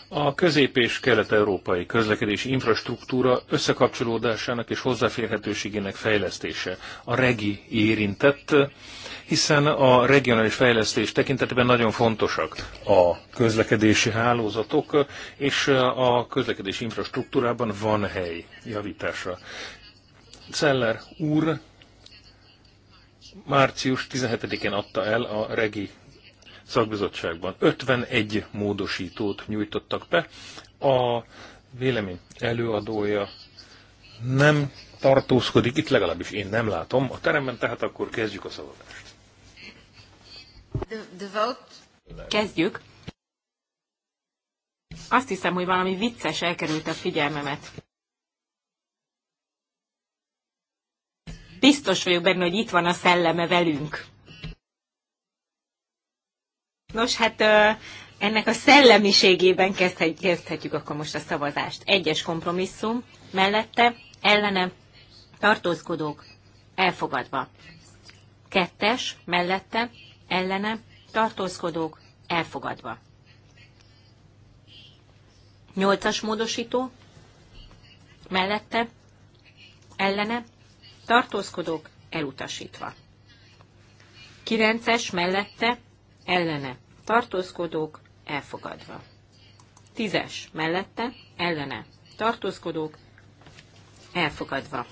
A közép- és kelet-európai közlekedési infrastruktúra összekapcsolódásának és hozzáférhetőségének fejlesztése. A REGI érintett hiszen a regionális fejlesztés tekintetében nagyon fontosak a közlekedési hálózatok, és a közlekedési infrastruktúrában van hely javításra. Celler úr március 17-én adta el a regi szakbizottságban. 51 módosítót nyújtottak be. A vélemény előadója nem tartózkodik, itt legalábbis én nem látom a teremben, tehát akkor kezdjük a szavazást. The, the vote. Kezdjük. Azt hiszem, hogy valami vicces elkerült a figyelmemet. Biztos vagyok benne, hogy itt van a szelleme velünk. Nos, hát ennek a szellemiségében kezdhetjük akkor most a szavazást. Egyes kompromisszum, mellette, ellene, tartózkodók, elfogadva. Kettes, mellette, ellene tartózkodók elfogadva. Nyolcas módosító mellette ellene tartózkodók elutasítva. Kilences mellette ellene tartózkodók elfogadva. Tízes mellette ellene tartózkodók elfogadva.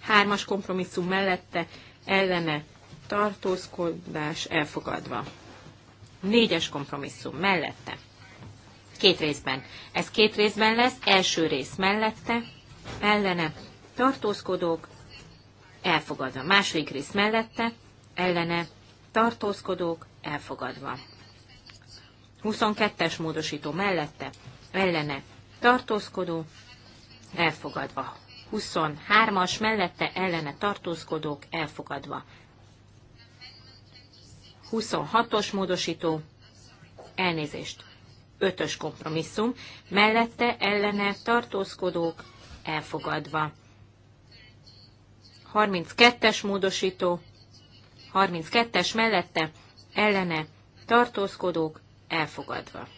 Hármas kompromisszum mellette ellene tartózkodás elfogadva. Négyes kompromisszum mellette. Két részben. Ez két részben lesz, első rész mellette, ellene, tartózkodók, elfogadva. Második rész mellette, ellene, tartózkodók, elfogadva. 22-es módosító mellette, ellene, tartózkodó, elfogadva. 23-as mellette ellene tartózkodók elfogadva. 26-os módosító, elnézést, 5-ös kompromisszum, mellette ellene tartózkodók elfogadva. 32-es módosító, 32-es mellette ellene tartózkodók elfogadva.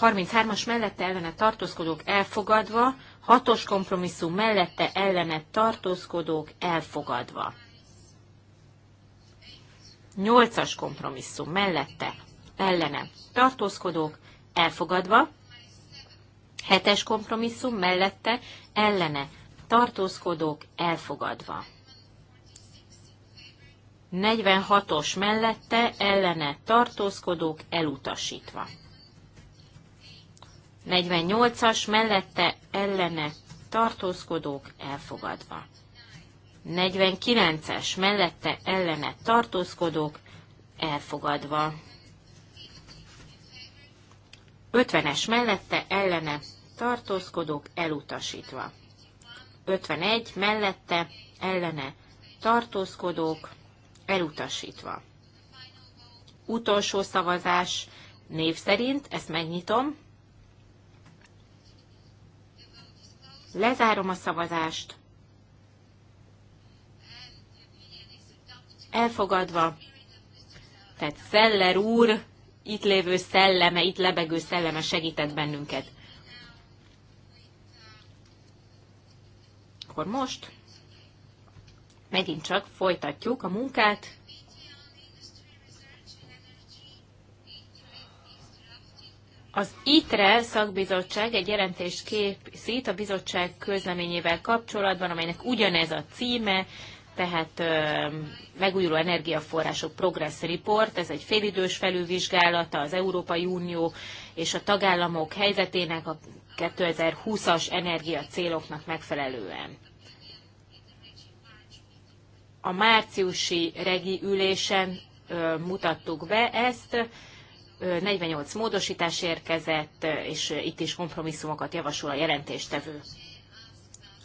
33-as mellette ellene tartózkodók elfogadva, 6-os kompromisszum mellette ellene tartózkodók elfogadva. Nyolcas kompromisszum mellette, ellene tartózkodók, elfogadva. Hetes kompromisszum mellette, ellene tartózkodók, elfogadva. 46-os mellette, ellene tartózkodók, elutasítva. 48-as mellette, ellene tartózkodók, elfogadva. 49-es mellette ellene tartózkodók elfogadva. 50-es mellette ellene tartózkodók elutasítva. 51 mellette ellene tartózkodók elutasítva. Utolsó szavazás név szerint, ezt megnyitom. Lezárom a szavazást. elfogadva. Tehát Szeller úr, itt lévő szelleme, itt lebegő szelleme segített bennünket. Akkor most megint csak folytatjuk a munkát. Az ITRE szakbizottság egy jelentést készít a bizottság közleményével kapcsolatban, amelynek ugyanez a címe, tehát megújuló energiaforrások Progress Report, ez egy félidős felülvizsgálata az Európai Unió és a tagállamok helyzetének a 2020-as energia céloknak megfelelően. A márciusi regi ülésen mutattuk be ezt, 48 módosítás érkezett, és itt is kompromisszumokat javasol a jelentéstevő.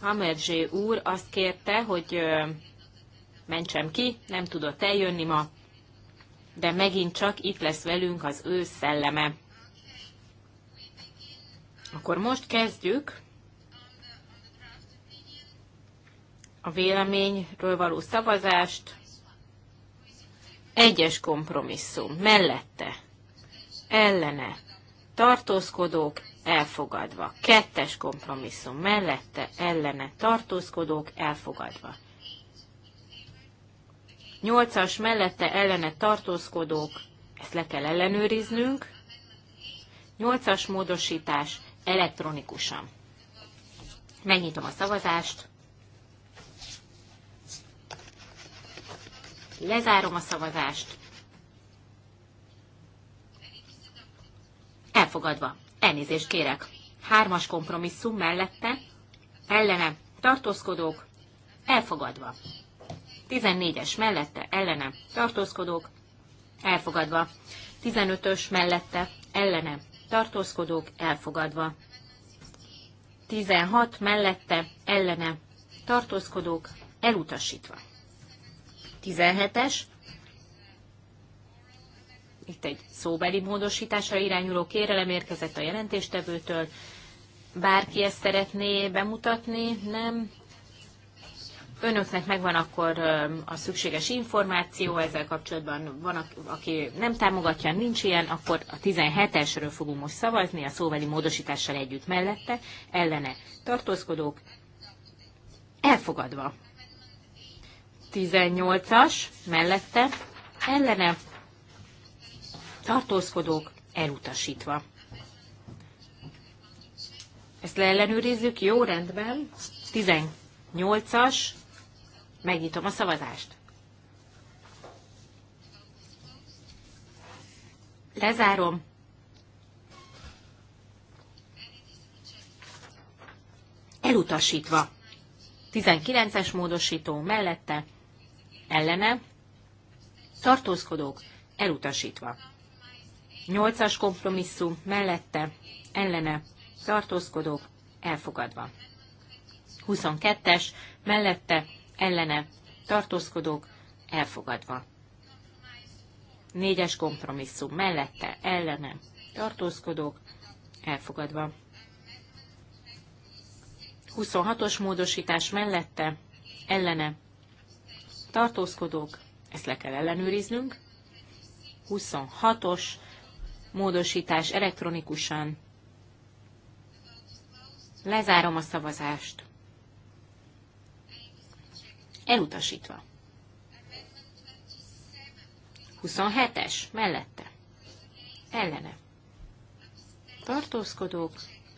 Hamerzsé úr azt kérte, hogy mentsem ki, nem tudott eljönni ma, de megint csak itt lesz velünk az ő szelleme. Akkor most kezdjük a véleményről való szavazást. Egyes kompromisszum, mellette, ellene, tartózkodók, elfogadva. Kettes kompromisszum, mellette, ellene, tartózkodók, elfogadva. Nyolcas mellette ellene tartózkodók, ezt le kell ellenőriznünk. Nyolcas módosítás elektronikusan. Megnyitom a szavazást. Lezárom a szavazást. Elfogadva. Elnézést kérek. Hármas kompromisszum mellette, ellene, tartózkodók, elfogadva. 14-es mellette ellene tartózkodók elfogadva. 15-ös mellette ellene tartózkodók elfogadva. 16 mellette ellene tartózkodók elutasítva. 17-es, itt egy szóbeli módosításra irányuló kérelem érkezett a jelentéstevőtől. Bárki ezt szeretné bemutatni? Nem? önöknek megvan akkor a szükséges információ ezzel kapcsolatban, van, aki nem támogatja, nincs ilyen, akkor a 17-esről fogunk most szavazni, a szóveli módosítással együtt mellette, ellene tartózkodók, elfogadva. 18-as mellette, ellene tartózkodók, elutasítva. Ezt leellenőrizzük, jó, rendben. 18-as, Megnyitom a szavazást. Lezárom. Elutasítva. 19-es módosító mellette, ellene, tartózkodók, elutasítva. 8-as kompromisszum mellette, ellene, tartózkodók, elfogadva. 22-es mellette, ellene tartózkodók elfogadva. Négyes kompromisszum mellette ellene tartózkodók elfogadva. 26-os módosítás mellette ellene tartózkodók, ezt le kell ellenőriznünk. 26-os módosítás elektronikusan. Lezárom a szavazást elutasítva. 27-es, mellette, ellene, tartózkodók,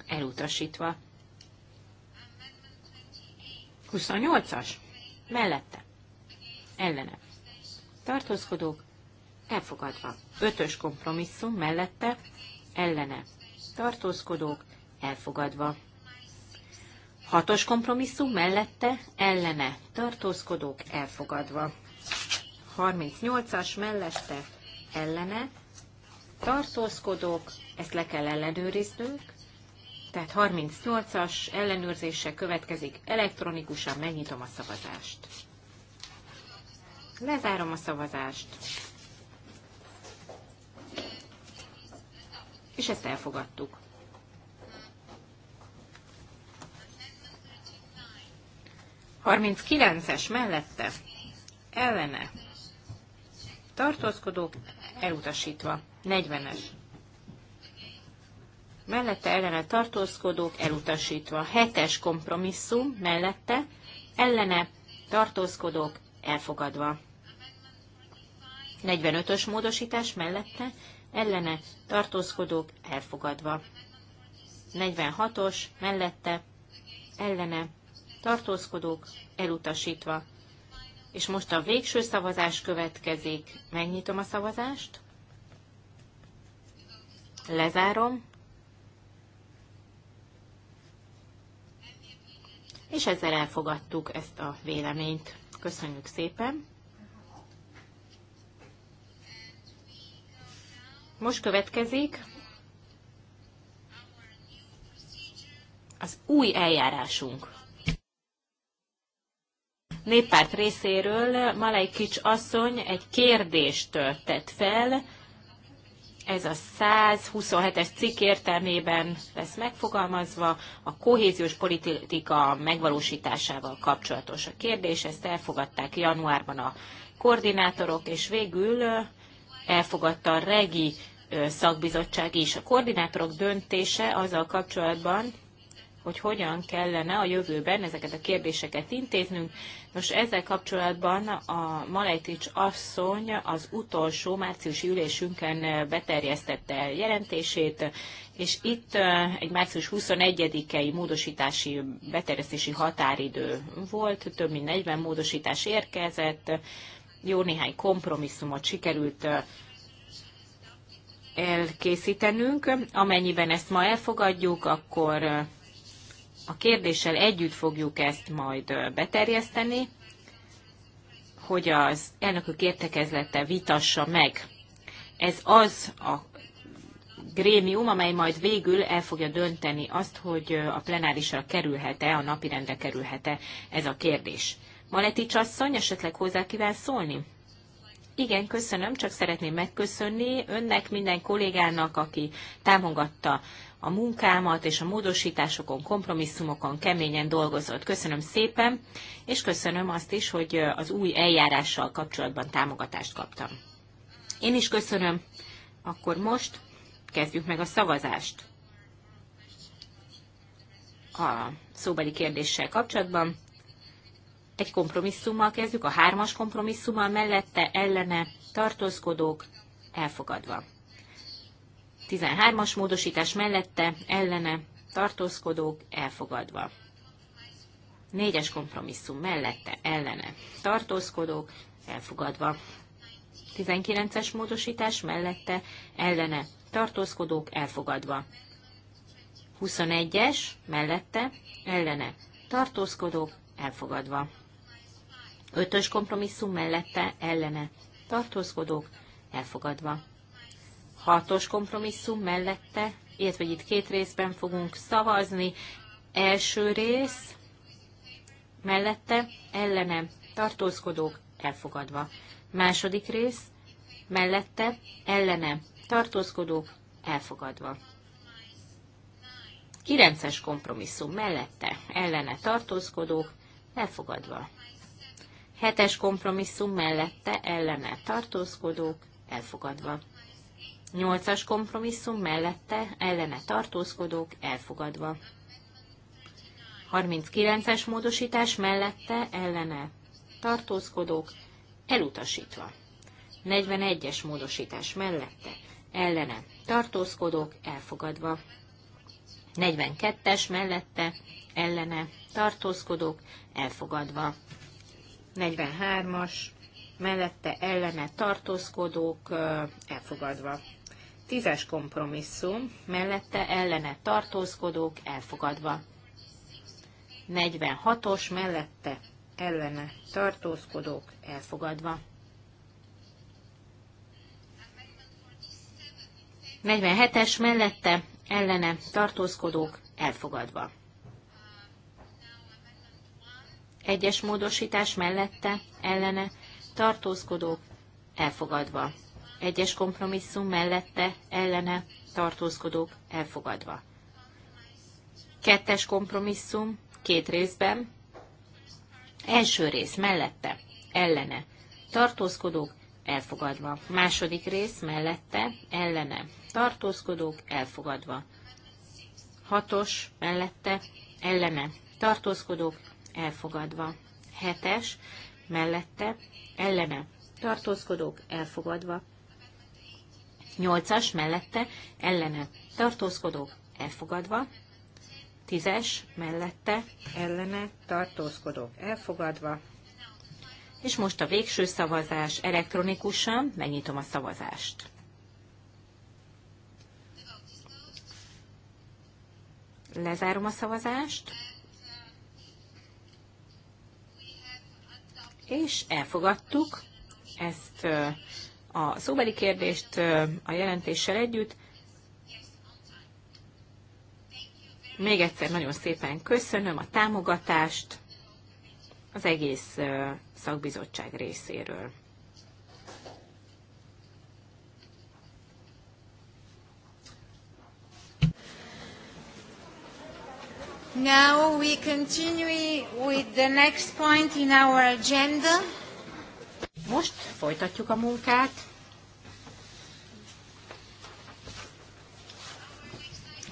elutasítva. 28-as, mellette, ellene, tartózkodók, elfogadva. 5-ös kompromisszum, mellette, ellene, tartózkodók, elfogadva. Hatos kompromisszum mellette ellene tartózkodók elfogadva. 38-as mellette ellene tartózkodók, ezt le kell ellenőriznünk, tehát 38-as ellenőrzése következik elektronikusan, megnyitom a szavazást. Lezárom a szavazást. És ezt elfogadtuk. 39-es mellette ellene tartózkodók elutasítva. 40-es mellette ellene tartózkodók elutasítva. 7-es kompromisszum mellette ellene tartózkodók elfogadva. 45-ös módosítás mellette ellene tartózkodók elfogadva. 46-os mellette ellene tartózkodók elutasítva. És most a végső szavazás következik. Megnyitom a szavazást. Lezárom. És ezzel elfogadtuk ezt a véleményt. Köszönjük szépen! Most következik az új eljárásunk néppárt részéről Kics asszony egy kérdést tett fel, ez a 127-es cikk értelmében lesz megfogalmazva a kohéziós politika megvalósításával kapcsolatos a kérdés. Ezt elfogadták januárban a koordinátorok, és végül elfogadta a regi szakbizottság is. A koordinátorok döntése azzal kapcsolatban, hogy hogyan kellene a jövőben ezeket a kérdéseket intéznünk. Nos, ezzel kapcsolatban a Malejtics asszony az utolsó márciusi ülésünkön eh, beterjesztette jelentését, és itt eh, egy március 21-i módosítási beterjesztési határidő volt, több mint 40 módosítás érkezett, jó néhány kompromisszumot sikerült eh, elkészítenünk. Amennyiben ezt ma elfogadjuk, akkor a kérdéssel együtt fogjuk ezt majd beterjeszteni, hogy az elnökök értekezlete vitassa meg. Ez az a grémium, amely majd végül el fogja dönteni azt, hogy a plenárisra kerülhet-e, a napirendre kerülhet-e ez a kérdés. Maletics asszony, esetleg hozzá kíván szólni? Igen, köszönöm, csak szeretném megköszönni önnek, minden kollégának, aki támogatta a munkámat, és a módosításokon, kompromisszumokon keményen dolgozott. Köszönöm szépen, és köszönöm azt is, hogy az új eljárással kapcsolatban támogatást kaptam. Én is köszönöm. Akkor most kezdjük meg a szavazást a szóbeli kérdéssel kapcsolatban. Egy kompromisszummal kezdjük, a hármas kompromisszummal mellette ellene tartózkodók elfogadva. 13-as módosítás mellette ellene tartózkodók elfogadva. 4-es kompromisszum mellette ellene tartózkodók elfogadva. 19-es módosítás mellette ellene tartózkodók elfogadva. 21-es mellette ellene tartózkodók elfogadva. 5-ös kompromisszum mellette ellene tartózkodók elfogadva hatos kompromisszum mellette, illetve itt két részben fogunk szavazni. Első rész mellette, ellene, tartózkodók elfogadva. Második rész mellette, ellene, tartózkodók elfogadva. 9-es kompromisszum mellette, ellene tartózkodók elfogadva. 7-es kompromisszum mellette, ellene tartózkodók elfogadva. Nyolcas kompromisszum mellette ellene tartózkodók elfogadva. 39-es módosítás mellette ellene tartózkodók elutasítva. 41-es módosítás mellette ellene tartózkodók elfogadva. 42-es mellette ellene tartózkodók elfogadva. 43-as mellette ellene tartózkodók elfogadva. Tízes kompromisszum, mellette ellene tartózkodók elfogadva. 46-os mellette ellene tartózkodók elfogadva. 47-es mellette ellene tartózkodók elfogadva. Egyes módosítás mellette ellene tartózkodók elfogadva egyes kompromisszum mellette ellene tartózkodók elfogadva. Kettes kompromisszum két részben. Első rész mellette ellene tartózkodók elfogadva. Második rész mellette ellene tartózkodók elfogadva. Hatos mellette ellene tartózkodók elfogadva. Hetes mellette ellene tartózkodók elfogadva. Nyolcas mellette ellene tartózkodó elfogadva, Tízes mellette ellene tartózkodó elfogadva, és most a végső szavazás elektronikusan, megnyitom a szavazást. Lezárom a szavazást, és elfogadtuk ezt a szóbeli kérdést a jelentéssel együtt. Még egyszer nagyon szépen köszönöm a támogatást az egész szakbizottság részéről. Now we continue with the next point in our agenda. Most folytatjuk a munkát.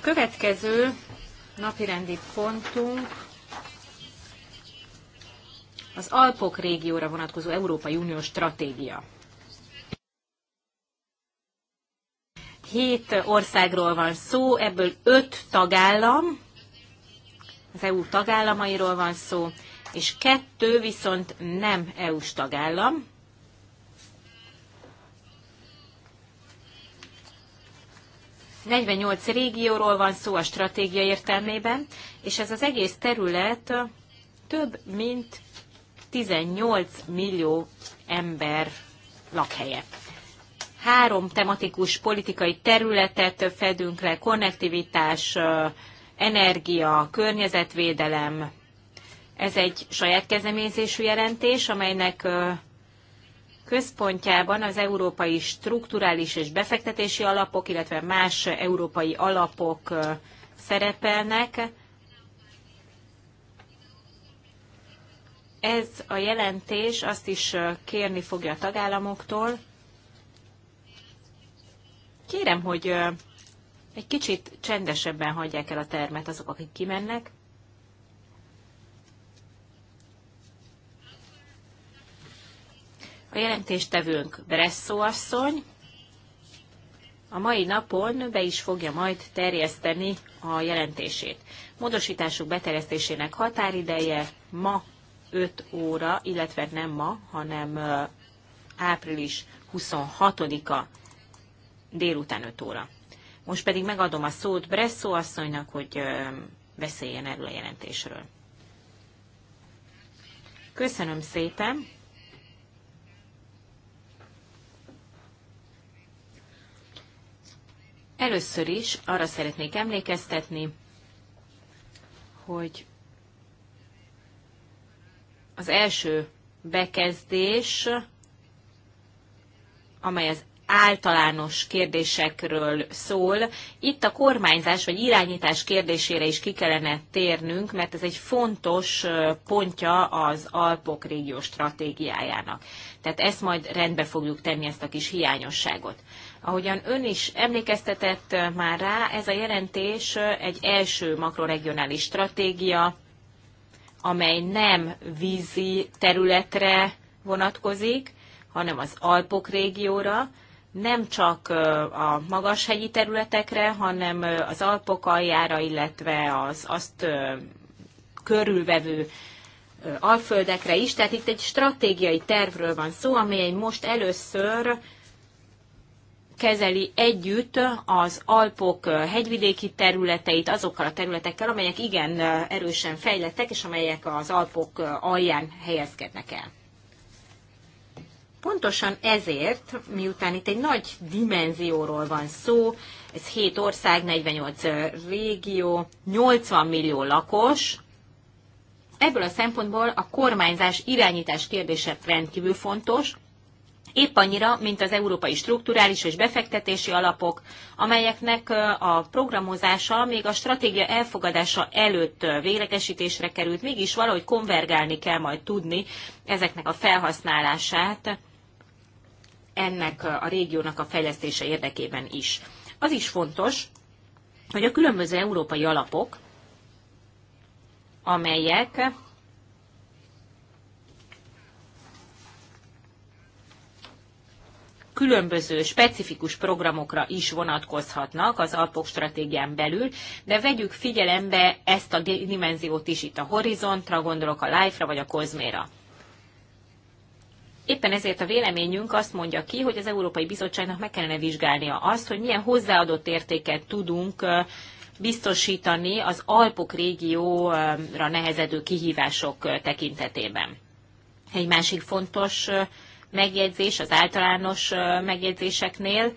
Következő napirendi pontunk az Alpok régióra vonatkozó Európai Uniós stratégia. Hét országról van szó, ebből öt tagállam, az EU tagállamairól van szó, és kettő viszont nem EU-s tagállam. 48 régióról van szó a stratégia értelmében, és ez az egész terület több mint 18 millió ember lakhelye. Három tematikus politikai területet fedünk le, konnektivitás, energia, környezetvédelem. Ez egy saját kezdeményezésű jelentés, amelynek központjában az európai strukturális és befektetési alapok, illetve más európai alapok szerepelnek. Ez a jelentés azt is kérni fogja a tagállamoktól. Kérem, hogy egy kicsit csendesebben hagyják el a termet azok, akik kimennek. A jelentéstevőnk Bresszó asszony a mai napon be is fogja majd terjeszteni a jelentését. Módosításuk beterjesztésének határideje ma 5 óra, illetve nem ma, hanem április 26-a délután 5 óra. Most pedig megadom a szót Bresszó asszonynak, hogy beszéljen erről a jelentésről. Köszönöm szépen! Először is arra szeretnék emlékeztetni, hogy az első bekezdés, amely az általános kérdésekről szól. Itt a kormányzás vagy irányítás kérdésére is ki kellene térnünk, mert ez egy fontos pontja az Alpok régió stratégiájának. Tehát ezt majd rendbe fogjuk tenni, ezt a kis hiányosságot. Ahogyan ön is emlékeztetett eh, már rá, ez a jelentés eh, egy első makroregionális stratégia, amely nem vízi területre vonatkozik, hanem az Alpok régióra, nem csak eh, a magashegyi területekre, hanem az Alpok aljára, illetve az azt körülvevő alföldekre is. Tehát itt egy stratégiai tervről van szó, amely most először kezeli együtt az Alpok hegyvidéki területeit azokkal a területekkel, amelyek igen erősen fejlettek, és amelyek az Alpok alján helyezkednek el. Pontosan ezért, miután itt egy nagy dimenzióról van szó, ez 7 ország, 48 régió, 80 millió lakos, ebből a szempontból a kormányzás irányítás kérdése rendkívül fontos, épp annyira, mint az európai strukturális és befektetési alapok, amelyeknek a programozása még a stratégia elfogadása előtt vélekesítésre került, mégis valahogy konvergálni kell majd tudni ezeknek a felhasználását ennek a régiónak a fejlesztése érdekében is. Az is fontos, hogy a különböző európai alapok, amelyek különböző specifikus programokra is vonatkozhatnak az Alpok stratégián belül, de vegyük figyelembe ezt a dimenziót is itt a horizontra, gondolok a life-ra vagy a kozméra. Éppen ezért a véleményünk azt mondja ki, hogy az Európai Bizottságnak meg kellene vizsgálnia azt, hogy milyen hozzáadott értéket tudunk biztosítani az Alpok régióra nehezedő kihívások tekintetében. Egy másik fontos megjegyzés az általános megjegyzéseknél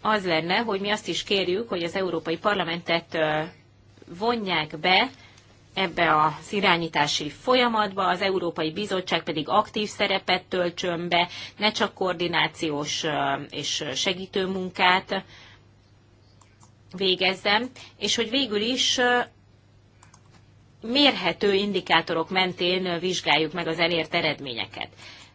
az lenne, hogy mi azt is kérjük, hogy az Európai Parlamentet vonják be ebbe az irányítási folyamatba, az Európai Bizottság pedig aktív szerepet töltsön be, ne csak koordinációs és segítő munkát végezzem, és hogy végül is mérhető indikátorok mentén vizsgáljuk meg az elért eredményeket.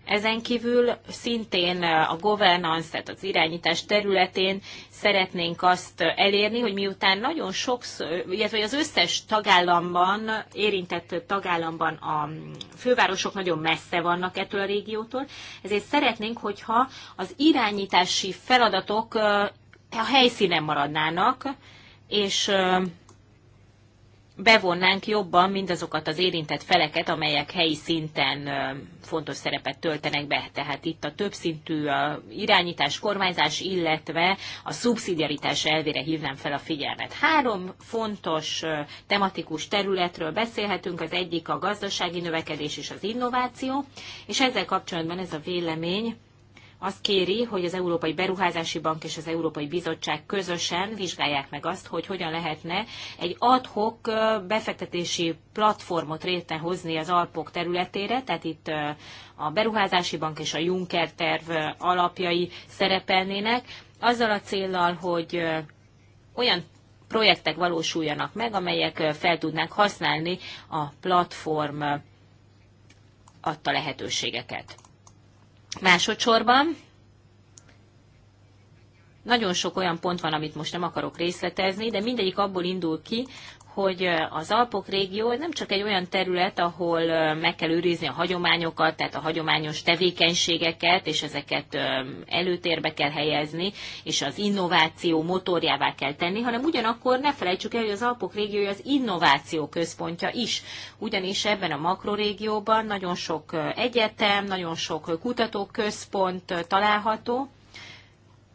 Ezen kívül szintén eh, a governance, tehát az irányítás területén szeretnénk azt elérni, hogy miután nagyon sok, illetve az összes tagállamban, érintett tagállamban a fővárosok nagyon messze vannak ettől a régiótól, ezért szeretnénk, hogyha az irányítási feladatok eh, a helyszínen maradnának, és eh, bevonnánk jobban mindazokat az érintett feleket, amelyek helyi szinten fontos szerepet töltenek be. Tehát itt a többszintű irányítás, kormányzás, illetve a szubszidiaritás elvére hívnám fel a figyelmet. Három fontos tematikus területről beszélhetünk, az egyik a gazdasági növekedés és az innováció, és ezzel kapcsolatban ez a vélemény azt kéri, hogy az Európai Beruházási Bank és az Európai Bizottság közösen vizsgálják meg azt, hogy hogyan lehetne egy adhok befektetési platformot létrehozni az Alpok területére, tehát itt a Beruházási Bank és a Juncker terv alapjai szerepelnének, azzal a céllal, hogy olyan projektek valósuljanak meg, amelyek fel tudnák használni a platform adta lehetőségeket. Másodszorban nagyon sok olyan pont van, amit most nem akarok részletezni, de mindegyik abból indul ki, hogy az Alpok régió nem csak egy olyan terület, ahol meg kell őrizni a hagyományokat, tehát a hagyományos tevékenységeket, és ezeket előtérbe kell helyezni, és az innováció motorjává kell tenni, hanem ugyanakkor ne felejtsük el, hogy az Alpok régiója az innováció központja is. Ugyanis ebben a makrorégióban nagyon sok egyetem, nagyon sok kutatóközpont található,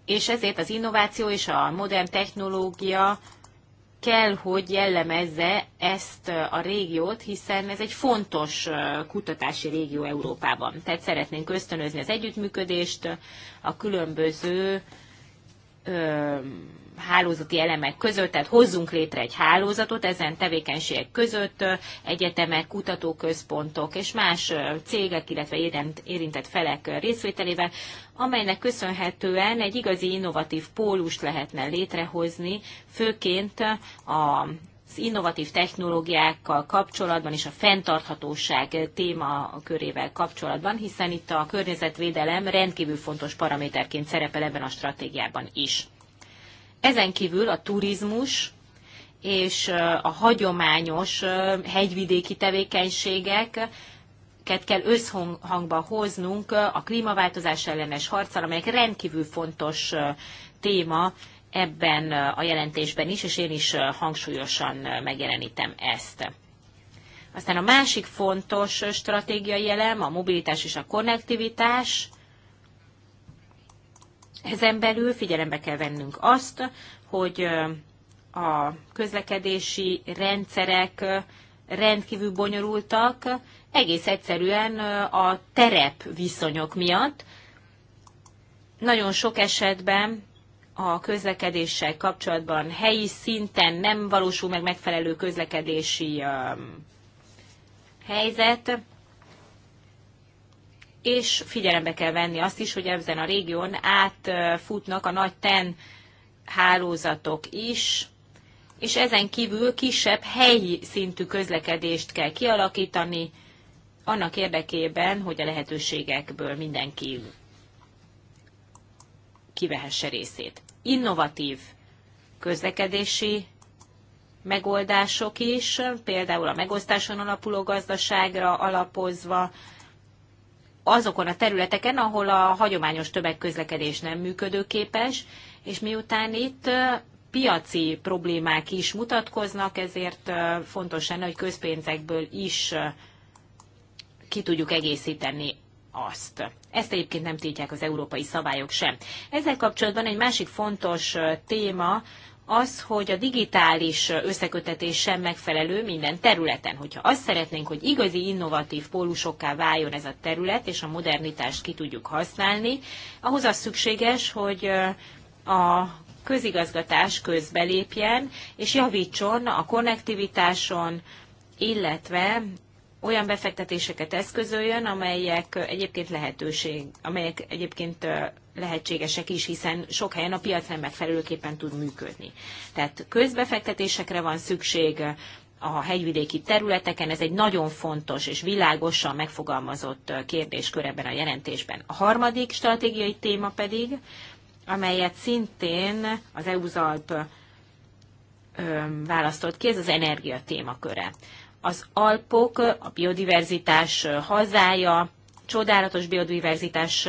és ezért az innováció és a modern technológia kell, hogy jellemezze ezt a régiót, hiszen ez egy fontos kutatási régió Európában. Tehát szeretnénk ösztönözni az együttműködést a különböző hálózati elemek között, tehát hozzunk létre egy hálózatot ezen tevékenységek között, egyetemek, kutatóközpontok és más cégek, illetve érintett felek részvételével, amelynek köszönhetően egy igazi innovatív pólust lehetne létrehozni, főként a az innovatív technológiákkal kapcsolatban és a fenntarthatóság téma körével kapcsolatban, hiszen itt a környezetvédelem rendkívül fontos paraméterként szerepel ebben a stratégiában is. Ezen kívül a turizmus és a hagyományos hegyvidéki tevékenységek kell összhangba hoznunk a klímaváltozás ellenes harccal, amelyek rendkívül fontos téma ebben a jelentésben is, és én is hangsúlyosan megjelenítem ezt. Aztán a másik fontos stratégiai elem a mobilitás és a konnektivitás. Ezen belül figyelembe kell vennünk azt, hogy a közlekedési rendszerek rendkívül bonyolultak, egész egyszerűen a terep viszonyok miatt. Nagyon sok esetben a közlekedéssel kapcsolatban helyi szinten nem valósul meg megfelelő közlekedési helyzet, és figyelembe kell venni azt is, hogy ezen a régión átfutnak a nagy TEN hálózatok is, és ezen kívül kisebb helyi szintű közlekedést kell kialakítani, annak érdekében, hogy a lehetőségekből mindenki kivehesse részét. Innovatív közlekedési megoldások is, például a megosztáson alapuló gazdaságra alapozva, azokon a területeken, ahol a hagyományos tömegközlekedés nem működőképes, és miután itt piaci problémák is mutatkoznak, ezért fontos lenne, hogy közpénzekből is ki tudjuk egészíteni azt. Ezt egyébként nem tiltják az európai szabályok sem. Ezzel kapcsolatban egy másik fontos téma az, hogy a digitális összekötetés sem megfelelő minden területen. Hogyha azt szeretnénk, hogy igazi innovatív pólusokká váljon ez a terület, és a modernitást ki tudjuk használni, ahhoz az szükséges, hogy a közigazgatás közbelépjen, és javítson a konnektivitáson, illetve olyan befektetéseket eszközöljön, amelyek egyébként lehetőség, amelyek egyébként lehetségesek is, hiszen sok helyen a piac nem megfelelőképpen tud működni. Tehát közbefektetésekre van szükség a hegyvidéki területeken, ez egy nagyon fontos és világosan megfogalmazott kérdéskör ebben a jelentésben. A harmadik stratégiai téma pedig, amelyet szintén az EU-zalp választott ki, ez az energia témaköre az Alpok a biodiverzitás hazája, csodálatos biodiverzitás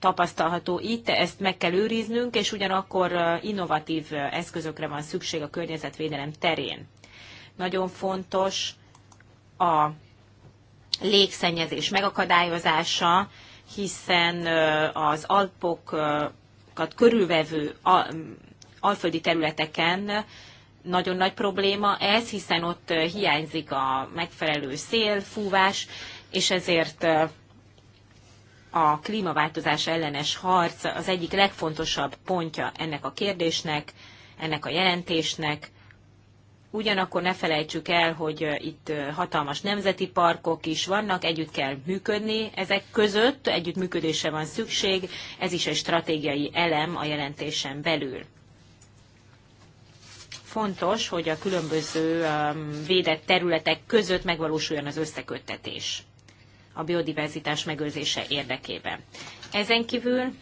tapasztalható itt, ezt meg kell őriznünk, és ugyanakkor innovatív eszközökre van szükség a környezetvédelem terén. Nagyon fontos a légszennyezés megakadályozása, hiszen az Alpokat körülvevő alföldi területeken nagyon nagy probléma ez, hiszen ott hiányzik a megfelelő szél, fúvás, és ezért a klímaváltozás ellenes harc az egyik legfontosabb pontja ennek a kérdésnek, ennek a jelentésnek. Ugyanakkor ne felejtsük el, hogy itt hatalmas nemzeti parkok is vannak, együtt kell működni ezek között, együttműködésre van szükség, ez is egy stratégiai elem a jelentésen belül fontos, hogy a különböző um, védett területek között megvalósuljon az összeköttetés a biodiverzitás megőrzése érdekében. Ezen kívül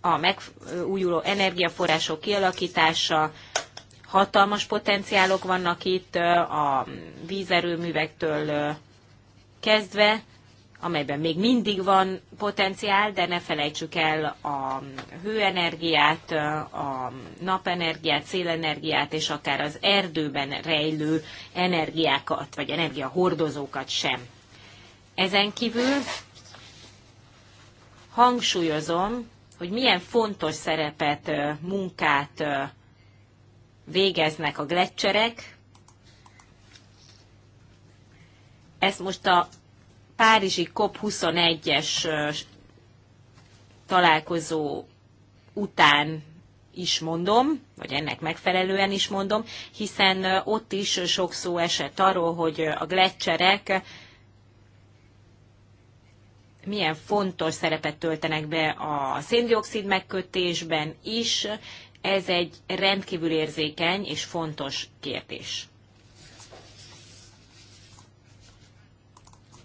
a megújuló energiaforrások kialakítása, hatalmas potenciálok vannak itt uh, a vízerőművektől uh, kezdve, amelyben még mindig van potenciál, de ne felejtsük el a hőenergiát, a napenergiát, szélenergiát, és akár az erdőben rejlő energiákat, vagy energiahordozókat sem. Ezen kívül hangsúlyozom, hogy milyen fontos szerepet, munkát végeznek a gletszerek. Ezt most a Párizsi COP21-es találkozó után is mondom, vagy ennek megfelelően is mondom, hiszen ott is sok szó esett arról, hogy a gletszerek milyen fontos szerepet töltenek be a széndiokszid megkötésben is. Ez egy rendkívül érzékeny és fontos kérdés.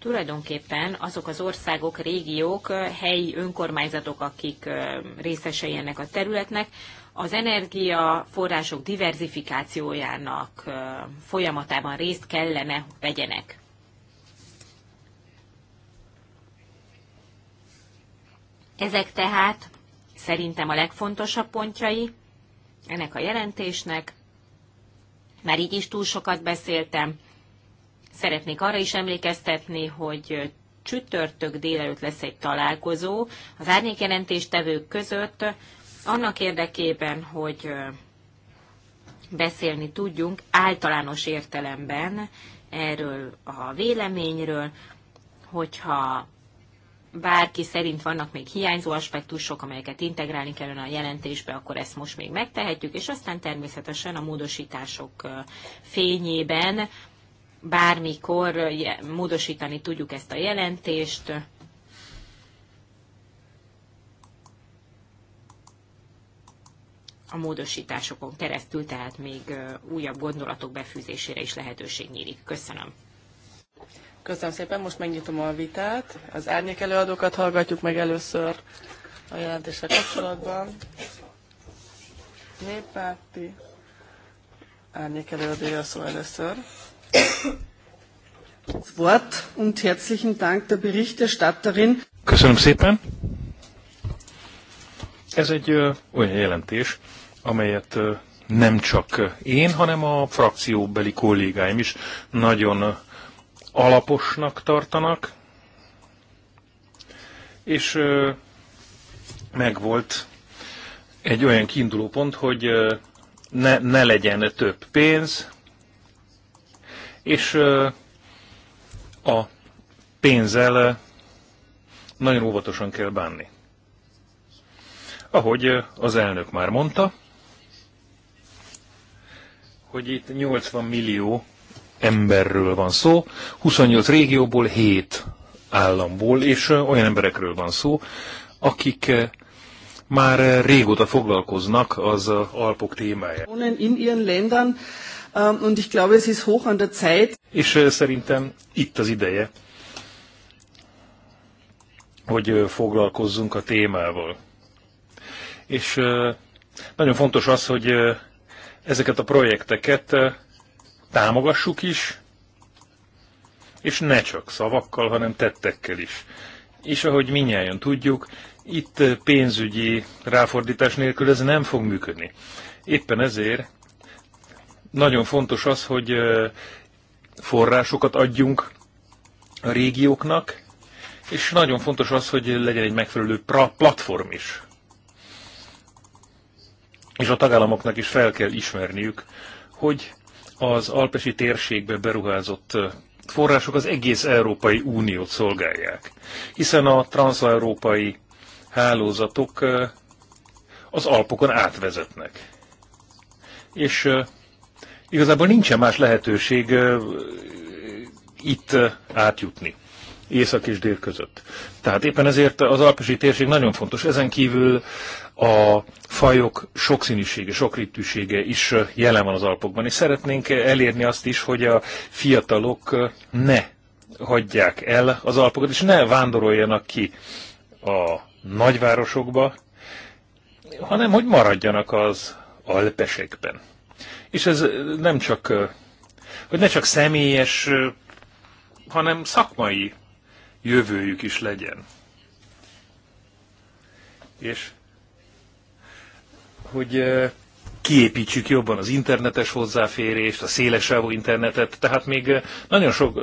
tulajdonképpen azok az országok, régiók, helyi önkormányzatok, akik részesei ennek a területnek, az energiaforrások diverzifikációjának folyamatában részt kellene vegyenek. Ezek tehát szerintem a legfontosabb pontjai ennek a jelentésnek. Már így is túl sokat beszéltem, Szeretnék arra is emlékeztetni, hogy csütörtök délelőtt lesz egy találkozó az árnyékjelentéstevők között, annak érdekében, hogy beszélni tudjunk általános értelemben erről a véleményről, hogyha bárki szerint vannak még hiányzó aspektusok, amelyeket integrálni kellene a jelentésbe, akkor ezt most még megtehetjük, és aztán természetesen a módosítások fényében bármikor módosítani tudjuk ezt a jelentést. A módosításokon keresztül, tehát még újabb gondolatok befűzésére is lehetőség nyílik. Köszönöm. Köszönöm szépen, most megnyitom a vitát. Az árnyék előadókat hallgatjuk meg először a jelentéssel kapcsolatban. Néppárti árnyék előadója szól először. Wort und herzlichen Dank der Berichterstatterin. Köszönöm szépen. Ez egy ö, olyan jelentés, amelyet ö, nem csak én, hanem a frakcióbeli kollégáim is nagyon alaposnak tartanak, és ö, megvolt egy olyan kiinduló pont, hogy ö, ne, ne legyen több pénz, és a pénzzel nagyon óvatosan kell bánni. Ahogy az elnök már mondta, hogy itt 80 millió emberről van szó, 28 régióból 7 államból, és olyan emberekről van szó, akik már régóta foglalkoznak az Alpok témájával. Ähm, und ich glaube, es ist hoch an der Zeit. És szerintem itt az ideje, hogy foglalkozzunk a témával. És nagyon fontos az, hogy ezeket a projekteket támogassuk is, és ne csak szavakkal, hanem tettekkel is. És ahogy minnyáján tudjuk, itt pénzügyi ráfordítás nélkül ez nem fog működni. Éppen ezért nagyon fontos az, hogy forrásokat adjunk a régióknak, és nagyon fontos az, hogy legyen egy megfelelő platform is. És a tagállamoknak is fel kell ismerniük, hogy az alpesi térségbe beruházott források az egész Európai Uniót szolgálják, hiszen a transzeurópai hálózatok az Alpokon átvezetnek. És igazából nincsen más lehetőség itt átjutni észak és dél között. Tehát éppen ezért az alpesi térség nagyon fontos. Ezen kívül a fajok sokszínűsége, sokrétűsége is jelen van az Alpokban, és szeretnénk elérni azt is, hogy a fiatalok ne hagyják el az Alpokat, és ne vándoroljanak ki a nagyvárosokba, hanem hogy maradjanak az alpesekben. És ez nem csak, hogy ne csak személyes, hanem szakmai jövőjük is legyen. És hogy kiépítsük jobban az internetes hozzáférést, a szélesávú internetet, tehát még nagyon sok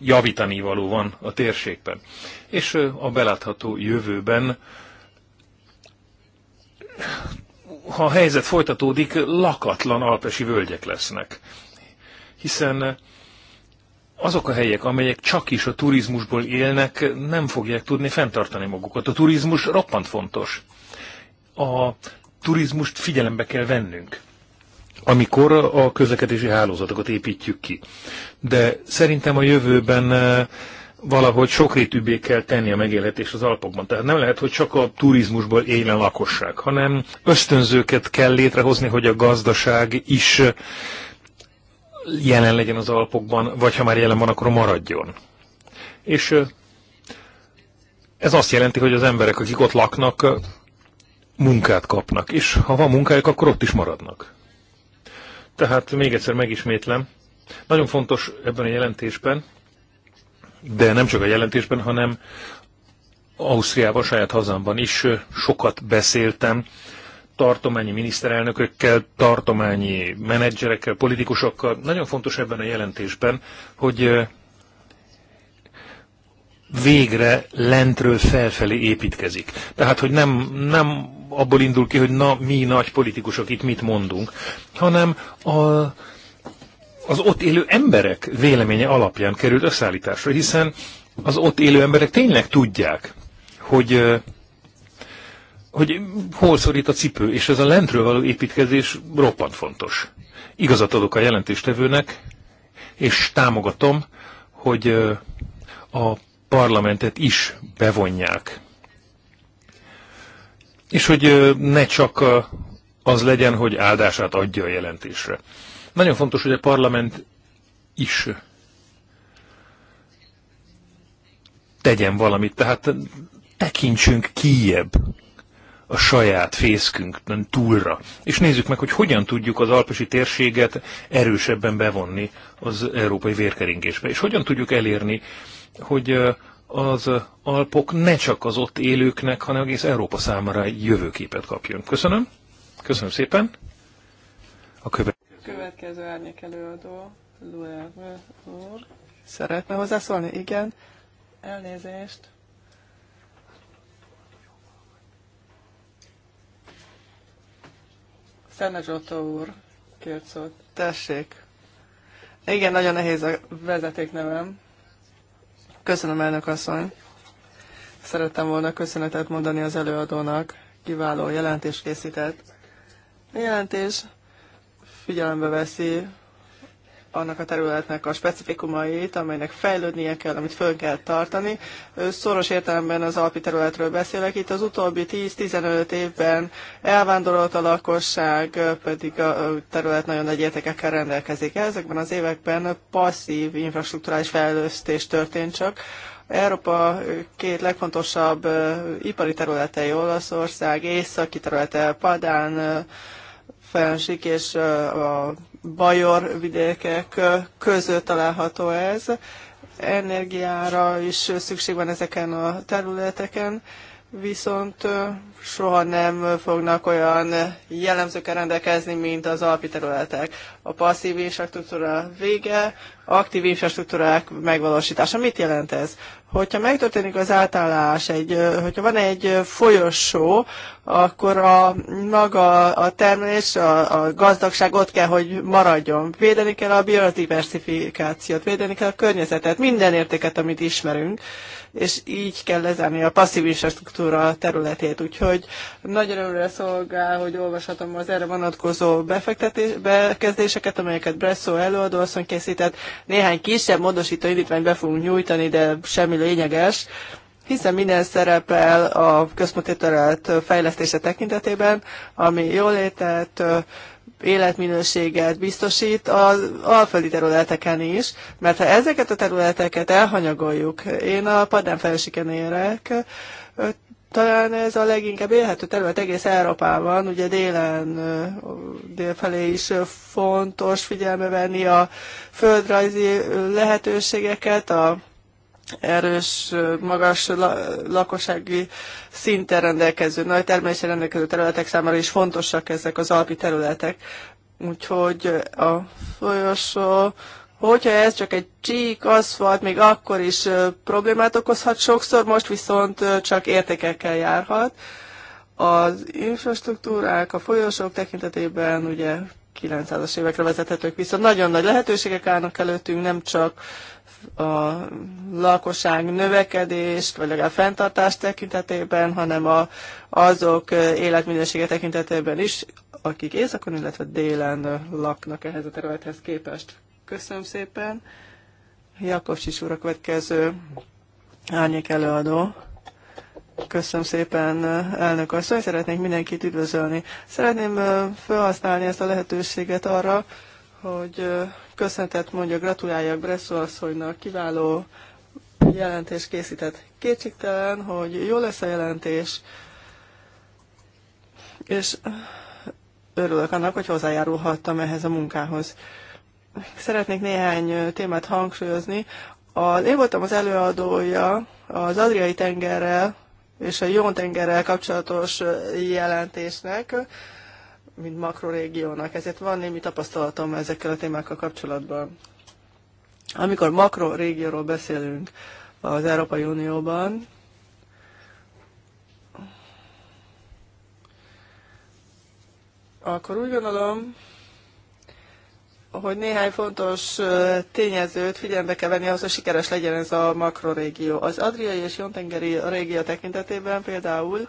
javítani való van a térségben. És a belátható jövőben ha a helyzet folytatódik, lakatlan alpesi völgyek lesznek. Hiszen azok a helyek, amelyek csak is a turizmusból élnek, nem fogják tudni fenntartani magukat. A turizmus roppant fontos. A turizmust figyelembe kell vennünk, amikor a közlekedési hálózatokat építjük ki. De szerintem a jövőben valahogy sokrétűbbé kell tenni a megélhetés az Alpokban. Tehát nem lehet, hogy csak a turizmusból éljen a lakosság, hanem ösztönzőket kell létrehozni, hogy a gazdaság is jelen legyen az Alpokban, vagy ha már jelen van, akkor maradjon. És ez azt jelenti, hogy az emberek, akik ott laknak, munkát kapnak, és ha van munkájuk, akkor ott is maradnak. Tehát még egyszer megismétlem, nagyon fontos ebben a jelentésben, de nem csak a jelentésben, hanem Ausztriában, saját hazámban is sokat beszéltem tartományi miniszterelnökökkel, tartományi menedzserekkel, politikusokkal. Nagyon fontos ebben a jelentésben, hogy végre lentről felfelé építkezik. Tehát, hogy nem, nem abból indul ki, hogy na, mi nagy politikusok itt mit mondunk, hanem a az ott élő emberek véleménye alapján került összeállításra, hiszen az ott élő emberek tényleg tudják, hogy, hogy hol szorít a cipő, és ez a lentről való építkezés roppant fontos. Igazat adok a jelentéstevőnek, és támogatom, hogy a parlamentet is bevonják. És hogy ne csak az legyen, hogy áldását adja a jelentésre. Nagyon fontos, hogy a parlament is tegyen valamit, tehát tekintsünk kijebb a saját fészkünk túlra, és nézzük meg, hogy hogyan tudjuk az alpesi térséget erősebben bevonni az európai vérkeringésbe, és hogyan tudjuk elérni, hogy az Alpok ne csak az ott élőknek, hanem egész Európa számára egy jövőképet kapjon. Köszönöm. Köszönöm szépen. A követ Következő árnyék előadó, Luer úr. Szeretne hozzászólni? Igen. Elnézést. Szerne Zsóta úr kért szót. Tessék. Igen, nagyon nehéz a vezetéknevem. Köszönöm, elnök asszony. Szerettem volna köszönetet mondani az előadónak. Kiváló jelentés készített. A jelentés figyelembe veszi annak a területnek a specifikumait, amelynek fejlődnie kell, amit föl kell tartani. Szoros értelemben az alpi területről beszélek. Itt az utóbbi 10-15 évben elvándorolt a lakosság, pedig a terület nagyon nagy értékekkel rendelkezik. Ezekben az években passzív infrastruktúrális fejlesztés történt csak, Európa két legfontosabb ipari területei, Olaszország, északi területe, Padán, felsik és a Bajor vidékek között található ez. Energiára is szükség van ezeken a területeken, viszont soha nem fognak olyan jellemzőkkel rendelkezni, mint az alpi területek. A passzív infrastruktúra vége, aktív infrastruktúrák megvalósítása. Mit jelent ez? Hogyha megtörténik az átállás, egy, hogyha van egy folyosó, akkor a maga a termelés, a, a gazdagság ott kell, hogy maradjon. Védeni kell a biodiversifikációt, védeni kell a környezetet, minden értéket, amit ismerünk, és így kell lezárni a passzív infrastruktúra területét. Úgyhogy nagy örömre szolgál, hogy olvashatom az erre vonatkozó befektetés, bekezdéseket, amelyeket Bresso előadó készített. Néhány kisebb módosító indítványt be fogunk nyújtani, de semmi lényeges, hiszen minden szerepel a központi terület fejlesztése tekintetében, ami jólétet, életminőséget biztosít az alföldi területeken is, mert ha ezeket a területeket elhanyagoljuk, én a padán felsiken érek, talán ez a leginkább élhető terület egész Európában, ugye délen, délfelé is fontos figyelme venni a földrajzi lehetőségeket, a erős, magas lakossági szinten rendelkező, nagy termeléssel rendelkező területek számára is fontosak ezek az alpi területek. Úgyhogy a folyosó, hogyha ez csak egy csík, aszfalt, még akkor is problémát okozhat sokszor, most viszont csak értékekkel járhat. Az infrastruktúrák, a folyosók tekintetében ugye 900-as évekre vezethetők vissza. Nagyon nagy lehetőségek állnak előttünk, nem csak a lakosság növekedést, vagy legalább fenntartást tekintetében, hanem a, azok életminősége tekintetében is, akik északon, illetve délen laknak ehhez a területhez képest. Köszönöm szépen. Jakovcsis úr a következő árnyék előadó. Köszönöm szépen, elnök asszony, szeretnék mindenkit üdvözölni. Szeretném felhasználni ezt a lehetőséget arra, hogy köszönetet mondja, gratuláljak Bresszó asszonynak, kiváló jelentés készített. Kétségtelen, hogy jó lesz a jelentés, és örülök annak, hogy hozzájárulhattam ehhez a munkához. Szeretnék néhány témát hangsúlyozni. A, én voltam az előadója az Adriai tengerrel és a Jón tengerrel kapcsolatos jelentésnek, mint makrorégiónak. Ezért van némi tapasztalatom ezekkel a témákkal kapcsolatban. Amikor makrorégióról beszélünk az Európai Unióban, akkor úgy gondolom, hogy néhány fontos tényezőt figyelembe kell venni ahhoz, hogy sikeres legyen ez a makrorégió. Az adriai és jontengeri régió tekintetében például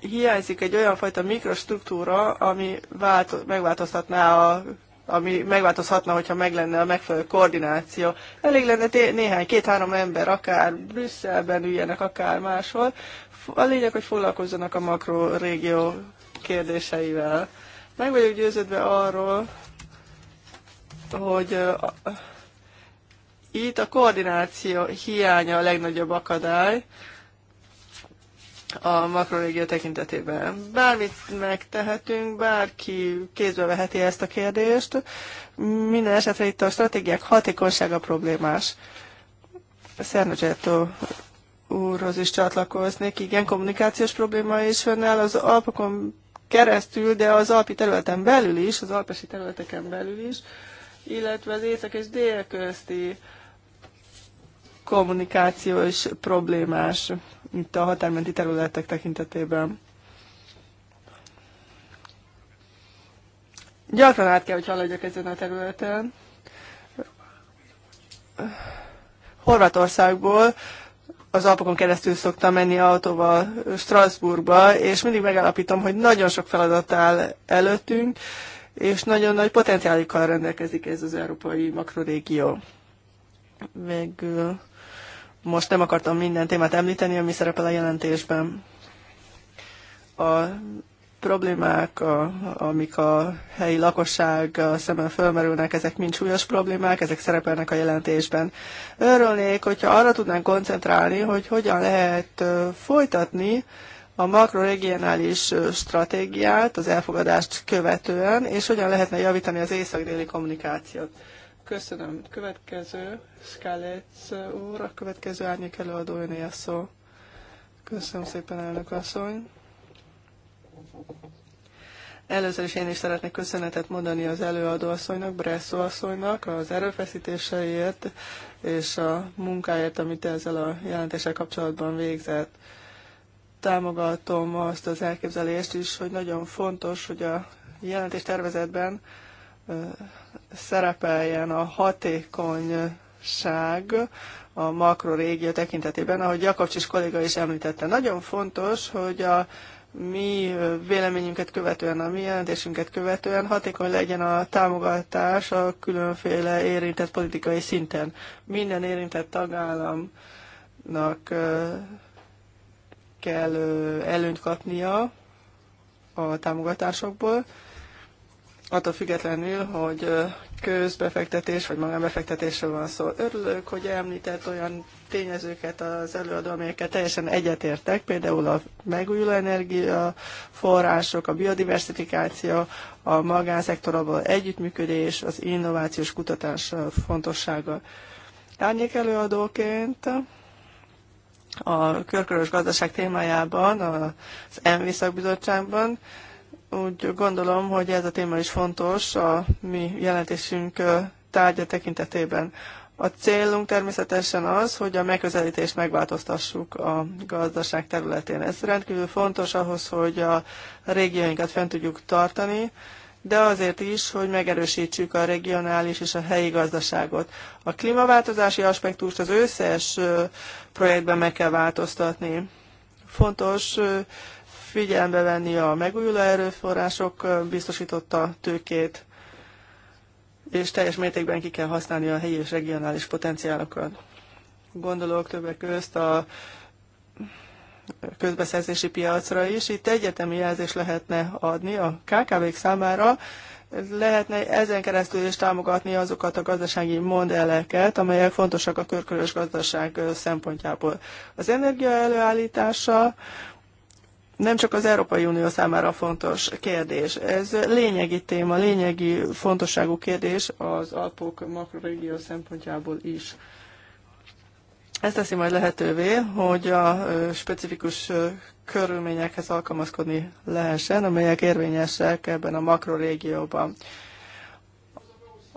hiányzik egy olyan fajta mikrostruktúra, ami vált, megváltoztatná a ami megváltozhatna, hogyha meg lenne a megfelelő koordináció. Elég lenne néhány, két-három ember, akár Brüsszelben üljenek, akár máshol. A lényeg, hogy foglalkozzanak a makrorégió kérdéseivel. Meg vagyok győződve arról, hogy itt a koordináció hiánya a legnagyobb akadály, a makrorégió tekintetében. Bármit megtehetünk, bárki kézbe veheti ezt a kérdést. Minden esetre itt a stratégiák hatékonysága problémás. Szernocsetto úrhoz is csatlakoznék. Igen, kommunikációs probléma is fönnel az Alpokon keresztül, de az alpi területen belül is, az alpesi területeken belül is, illetve az észak és dél közti kommunikációs problémás itt a határmenti területek tekintetében. Gyakran át kell, hogy haladjak ezen a területen. Horvátországból az Alpokon keresztül szoktam menni autóval Strasbourgba, és mindig megállapítom, hogy nagyon sok feladat áll előttünk, és nagyon nagy potenciálikkal rendelkezik ez az európai makrorégió. Végül most nem akartam minden témát említeni, ami szerepel a jelentésben. A problémák, a, amik a helyi lakosság szemben fölmerülnek, ezek mind súlyos problémák, ezek szerepelnek a jelentésben. Örülnék, hogyha arra tudnánk koncentrálni, hogy hogyan lehet folytatni a makroregionális stratégiát az elfogadást követően, és hogyan lehetne javítani az észak-déli kommunikációt. Köszönöm. Következő, Skalec úr, a következő árnyék előadó a szó. Köszönöm szépen, elnök asszony. Először is én is szeretnék köszönetet mondani az előadó asszonynak, Bresszó asszonynak az erőfeszítéseiért és a munkáért, amit ezzel a jelentéssel kapcsolatban végzett. Támogatom azt az elképzelést is, hogy nagyon fontos, hogy a jelentés tervezetben szerepeljen a hatékonyság a makrorégió tekintetében, ahogy Jakabcsis kolléga is említette. Nagyon fontos, hogy a mi véleményünket követően, a mi jelentésünket követően hatékony legyen a támogatás a különféle érintett politikai szinten. Minden érintett tagállamnak kell előnyt kapnia a támogatásokból, attól függetlenül, hogy közbefektetés vagy magánbefektetésről van szó. Örülök, hogy említett olyan tényezőket az előadó, amelyeket teljesen egyetértek, például a megújuló energia források, a biodiversifikáció, a magánszektorból együttműködés, az innovációs kutatás fontossága. Árnyék előadóként a körkörös gazdaság témájában, az ENVI szakbizottságban úgy gondolom, hogy ez a téma is fontos a mi jelentésünk tárgya tekintetében. A célunk természetesen az, hogy a megközelítést megváltoztassuk a gazdaság területén. Ez rendkívül fontos ahhoz, hogy a régióinkat fent tudjuk tartani, de azért is, hogy megerősítsük a regionális és a helyi gazdaságot. A klímaváltozási aspektust az összes projektben meg kell változtatni. Fontos figyelembe venni a megújuló erőforrások biztosította tőkét, és teljes mértékben ki kell használni a helyi és regionális potenciálokat. Gondolok többek közt a közbeszerzési piacra is. Itt egyetemi jelzés lehetne adni a KKV-k számára, lehetne ezen keresztül is támogatni azokat a gazdasági modelleket, amelyek fontosak a körkörös gazdaság szempontjából. Az energia előállítása nem csak az Európai Unió számára fontos kérdés. Ez lényegi téma, lényegi fontosságú kérdés az Alpok makroregió szempontjából is. Ez teszi majd lehetővé, hogy a specifikus körülményekhez alkalmazkodni lehessen, amelyek érvényesek ebben a makrorégióban.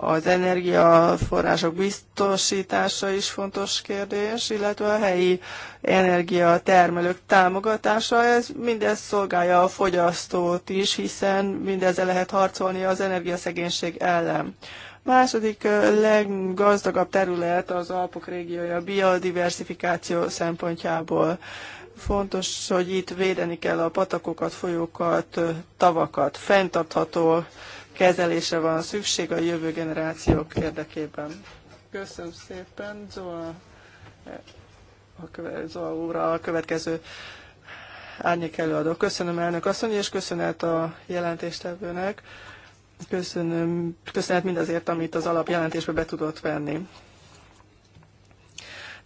Az energiaforrások biztosítása is fontos kérdés, illetve a helyi energiatermelők támogatása. Ez mindez szolgálja a fogyasztót is, hiszen mindezzel lehet harcolni az energiaszegénység ellen. Második leggazdagabb terület az Alpok régiója biodiversifikáció szempontjából. Fontos, hogy itt védeni kell a patakokat, folyókat, tavakat, fenntartható kezelése van szükség a jövő generációk érdekében. Köszönöm szépen, Zoa, a köve, Zoa úrra a következő árnyék előadó. Köszönöm elnök asszony, és köszönet a jelentéstevőnek. Köszönöm, köszönet mindazért, amit az alapjelentésbe be tudott venni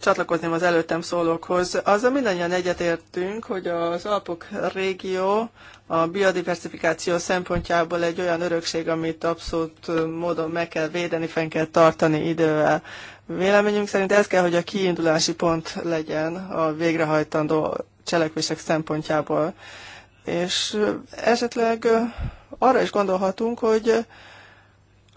csatlakozném az előttem szólókhoz. Azzal mindannyian egyetértünk, hogy az Alpok régió a biodiversifikáció szempontjából egy olyan örökség, amit abszolút módon meg kell védeni, fenn kell tartani idővel. Véleményünk szerint ez kell, hogy a kiindulási pont legyen a végrehajtandó cselekvések szempontjából. És esetleg arra is gondolhatunk, hogy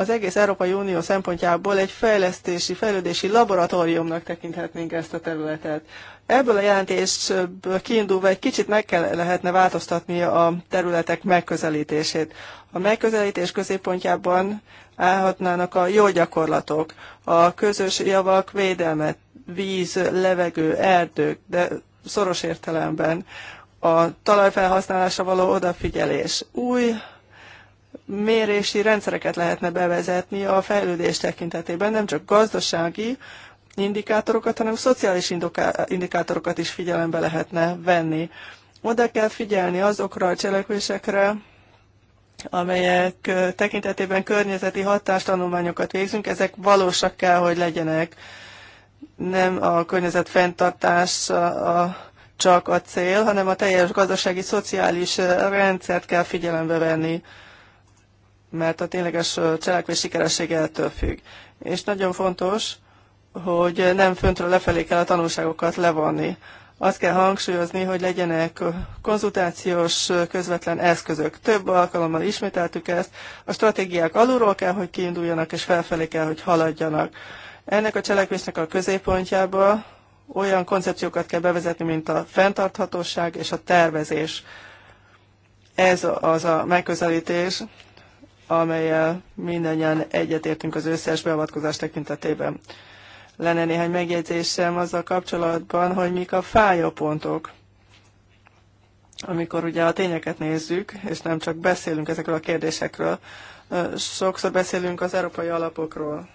az egész Európai Unió szempontjából egy fejlesztési, fejlődési laboratóriumnak tekinthetnénk ezt a területet. Ebből a jelentésből kiindulva egy kicsit meg kell, lehetne változtatni a területek megközelítését. A megközelítés középpontjában állhatnának a jó gyakorlatok, a közös javak védelme, víz, levegő, erdők, de szoros értelemben a talajfelhasználásra való odafigyelés, új mérési rendszereket lehetne bevezetni a fejlődés tekintetében, nem csak gazdasági indikátorokat, hanem szociális indikátorokat is figyelembe lehetne venni. Oda kell figyelni azokra a cselekvésekre, amelyek tekintetében környezeti hatástanulmányokat végzünk, ezek valósak kell, hogy legyenek. Nem a környezet fenntartás a, a, csak a cél, hanem a teljes gazdasági, szociális rendszert kell figyelembe venni mert a tényleges cselekvés sikeressége ettől függ. És nagyon fontos, hogy nem föntről lefelé kell a tanulságokat levonni. Azt kell hangsúlyozni, hogy legyenek konzultációs közvetlen eszközök. Több alkalommal ismételtük ezt. A stratégiák alulról kell, hogy kiinduljanak, és felfelé kell, hogy haladjanak. Ennek a cselekvésnek a középpontjába olyan koncepciókat kell bevezetni, mint a fenntarthatóság és a tervezés. Ez az a megközelítés, amelyel mindannyian egyetértünk az összes beavatkozás tekintetében. Lenne néhány megjegyzésem azzal kapcsolatban, hogy mik a pontok, Amikor ugye a tényeket nézzük, és nem csak beszélünk ezekről a kérdésekről, sokszor beszélünk az európai alapokról.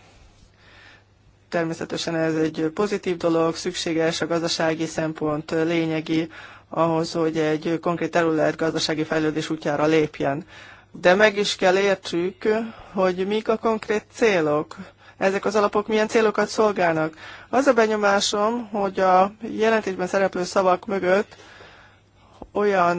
Természetesen ez egy pozitív dolog, szükséges a gazdasági szempont lényegi ahhoz, hogy egy konkrét terület gazdasági fejlődés útjára lépjen de meg is kell értsük, hogy mik a konkrét célok. Ezek az alapok milyen célokat szolgálnak. Az a benyomásom, hogy a jelentésben szereplő szavak mögött olyan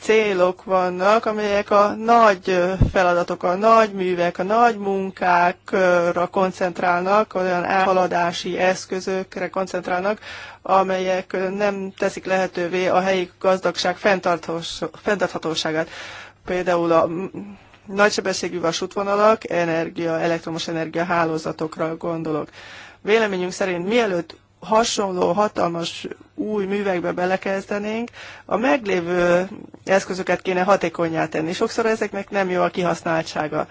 célok vannak, amelyek a nagy feladatok, a nagy művek, a nagy munkákra koncentrálnak, olyan elhaladási eszközökre koncentrálnak, amelyek nem teszik lehetővé a helyi gazdagság fenntarthatóságát. Például a nagysebességű vasútvonalak, energia, elektromos energia hálózatokra gondolok. Véleményünk szerint mielőtt hasonló hatalmas új művekbe belekezdenénk, a meglévő eszközöket kéne hatékonyá tenni. Sokszor ezeknek nem jó a kihasználtsága.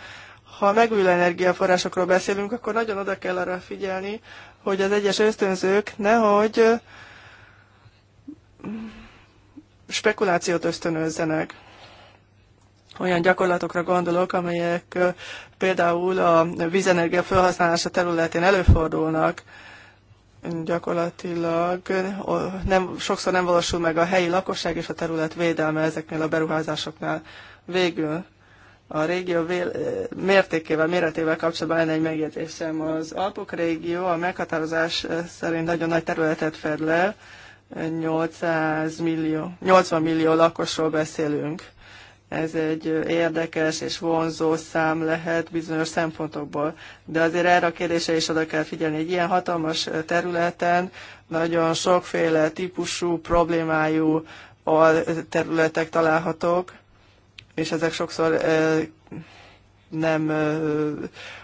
Ha megújuló energiaforrásokról beszélünk, akkor nagyon oda kell arra figyelni, hogy az egyes ösztönzők nehogy spekulációt ösztönözzenek. Olyan gyakorlatokra gondolok, amelyek például a vízenergia felhasználása területén előfordulnak gyakorlatilag nem, sokszor nem valósul meg a helyi lakosság és a terület védelme ezeknél a beruházásoknál. Végül a régió mértékével, méretével kapcsolatban lenne egy megjegyzésem. Az Alpok régió a meghatározás szerint nagyon nagy területet fed le, 800 millió, 80 millió lakosról beszélünk ez egy érdekes és vonzó szám lehet bizonyos szempontokból. De azért erre a kérdése is oda kell figyelni. Egy ilyen hatalmas területen nagyon sokféle típusú, problémájú területek találhatók, és ezek sokszor nem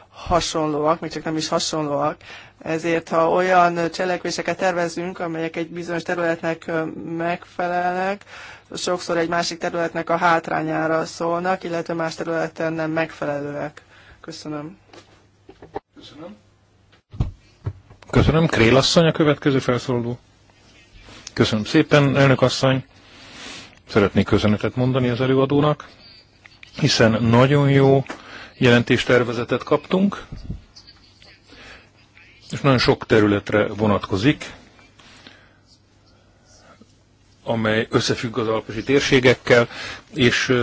hasonlóak, még csak nem is hasonlóak. Ezért, ha olyan cselekvéseket tervezünk, amelyek egy bizonyos területnek megfelelnek, sokszor egy másik területnek a hátrányára szólnak, illetve más területen nem megfelelőek. Köszönöm. Köszönöm. Köszönöm. Krél asszony a következő felszóló. Köszönöm szépen, elnök asszony. Szeretnék köszönetet mondani az előadónak, hiszen nagyon jó jelentéstervezetet kaptunk, és nagyon sok területre vonatkozik, amely összefügg az alpesi térségekkel, és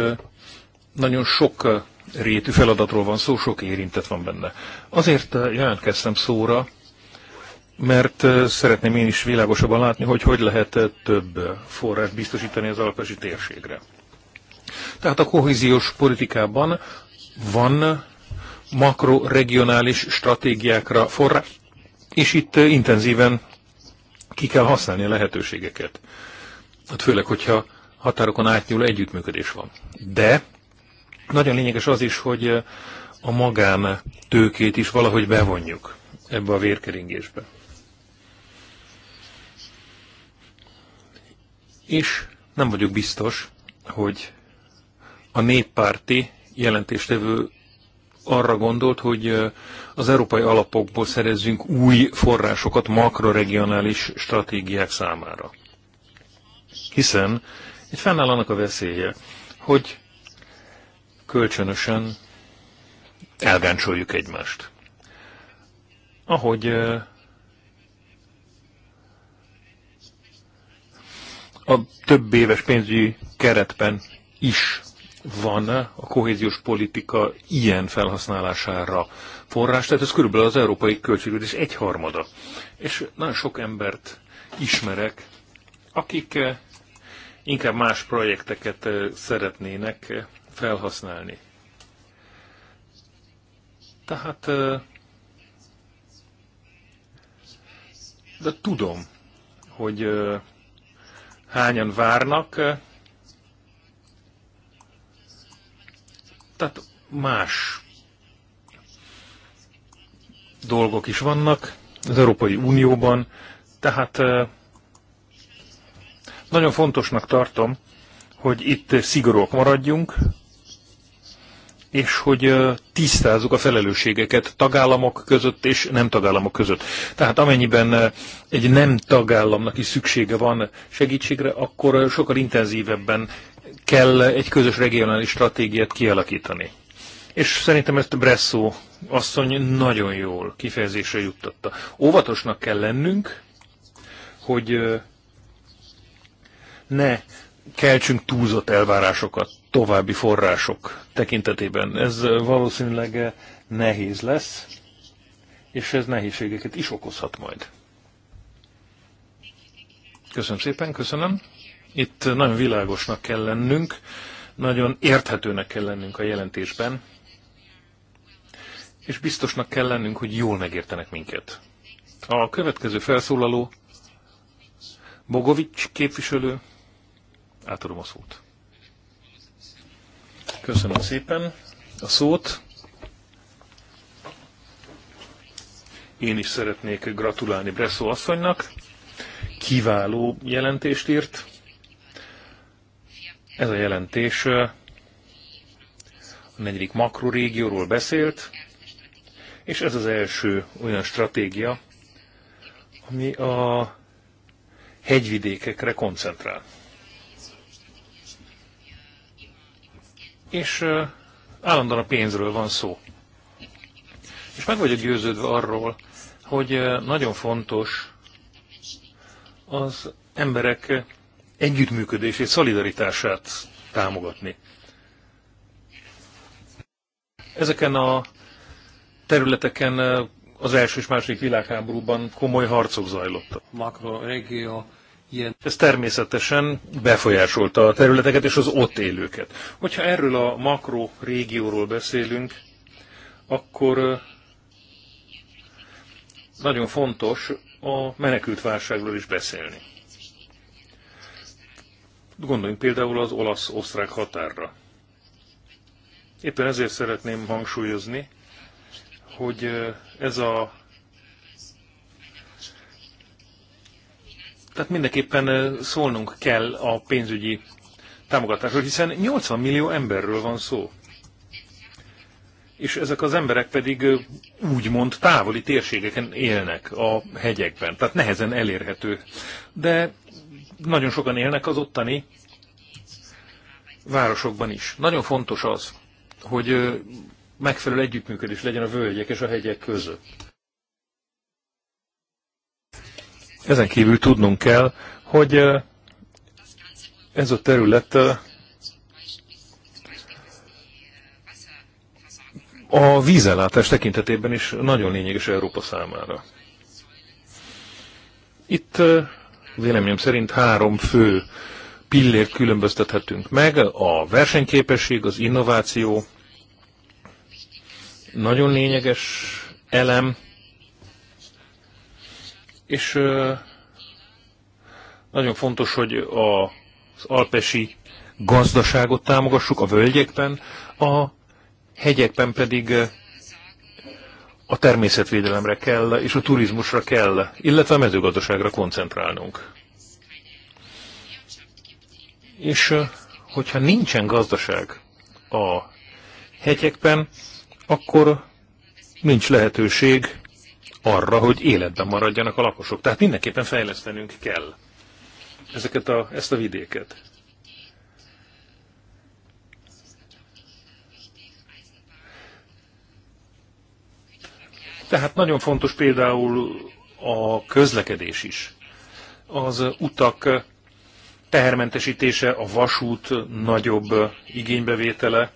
nagyon sok rétű feladatról van szó, sok érintett van benne. Azért jelentkeztem szóra, mert szeretném én is világosabban látni, hogy hogy lehet több forrás biztosítani az alpesi térségre. Tehát a kohéziós politikában van makroregionális stratégiákra forrás, és itt intenzíven ki kell használni a lehetőségeket. Hát főleg, hogyha határokon átnyúló együttműködés van. De nagyon lényeges az is, hogy eh, a magán tőkét is valahogy bevonjuk ebbe a vérkeringésbe. És nem vagyok biztos, hogy a néppárti jelentéstevő arra gondolt, hogy eh, az európai alapokból szerezzünk új forrásokat makroregionális stratégiák számára hiszen itt fennáll annak a veszélye, hogy kölcsönösen elgáncsoljuk egymást. Ahogy eh, a több éves pénzügyi keretben is van a kohéziós politika ilyen felhasználására forrás, tehát ez körülbelül az európai költségvetés egyharmada. És nagyon sok embert ismerek, akik eh, inkább más projekteket szeretnének felhasználni. Tehát, de tudom, hogy hányan várnak, tehát más dolgok is vannak az Európai Unióban, tehát nagyon fontosnak tartom, hogy itt szigorúak maradjunk, és hogy tisztázzuk a felelősségeket tagállamok között és nem tagállamok között. Tehát amennyiben egy nem tagállamnak is szüksége van segítségre, akkor sokkal intenzívebben kell egy közös regionális stratégiát kialakítani. És szerintem ezt Bresszó asszony nagyon jól kifejezésre juttatta. Óvatosnak kell lennünk, hogy ne keltsünk túlzott elvárásokat további források tekintetében. Ez eh, valószínűleg eh, nehéz lesz, és ez nehézségeket is okozhat majd. Köszönöm szépen, köszönöm. Itt nagyon világosnak kell lennünk, nagyon érthetőnek kell lennünk a jelentésben, és biztosnak kell lennünk, hogy jól megértenek minket. A következő felszólaló Bogovics képviselő. Átadom a szót. Köszönöm szépen a szót. Én is szeretnék gratulálni Bresszó asszonynak. Kiváló jelentést írt. Ez a jelentés a negyedik makrorégióról beszélt, és ez az első olyan stratégia, ami a hegyvidékekre koncentrál. és állandóan a pénzről van szó. És meg vagyok győződve arról, hogy nagyon fontos az emberek együttműködését, szolidaritását támogatni. Ezeken a területeken az első és második világháborúban komoly harcok zajlottak. Makro, régió, ilyen. Ez természetesen befolyásolta a területeket és az ott élőket. Hogyha erről a makro régióról beszélünk, akkor nagyon fontos a menekült válságról is beszélni. Gondoljunk például az olasz-osztrák határra. Éppen ezért szeretném hangsúlyozni, hogy ez a Tehát mindenképpen szólnunk kell a pénzügyi támogatásról, hiszen 80 millió emberről van szó. És ezek az emberek pedig úgymond távoli térségeken élnek, a hegyekben, tehát nehezen elérhető. De nagyon sokan élnek az ottani városokban is. Nagyon fontos az, hogy megfelelő együttműködés legyen a völgyek és a hegyek között. Ezen kívül tudnunk kell, hogy ez a terület a vízellátás tekintetében is nagyon lényeges Európa számára. Itt véleményem szerint három fő pillért különböztethetünk meg, a versenyképesség, az innováció, nagyon lényeges elem, és nagyon fontos, hogy az alpesi gazdaságot támogassuk a völgyekben, a hegyekben pedig a természetvédelemre kell, és a turizmusra kell, illetve a mezőgazdaságra koncentrálnunk. És hogyha nincsen gazdaság a hegyekben, akkor nincs lehetőség arra, hogy életben maradjanak a lakosok. Tehát mindenképpen fejlesztenünk kell ezeket a, ezt a vidéket. Tehát nagyon fontos például a közlekedés is. Az utak tehermentesítése, a vasút nagyobb igénybevétele,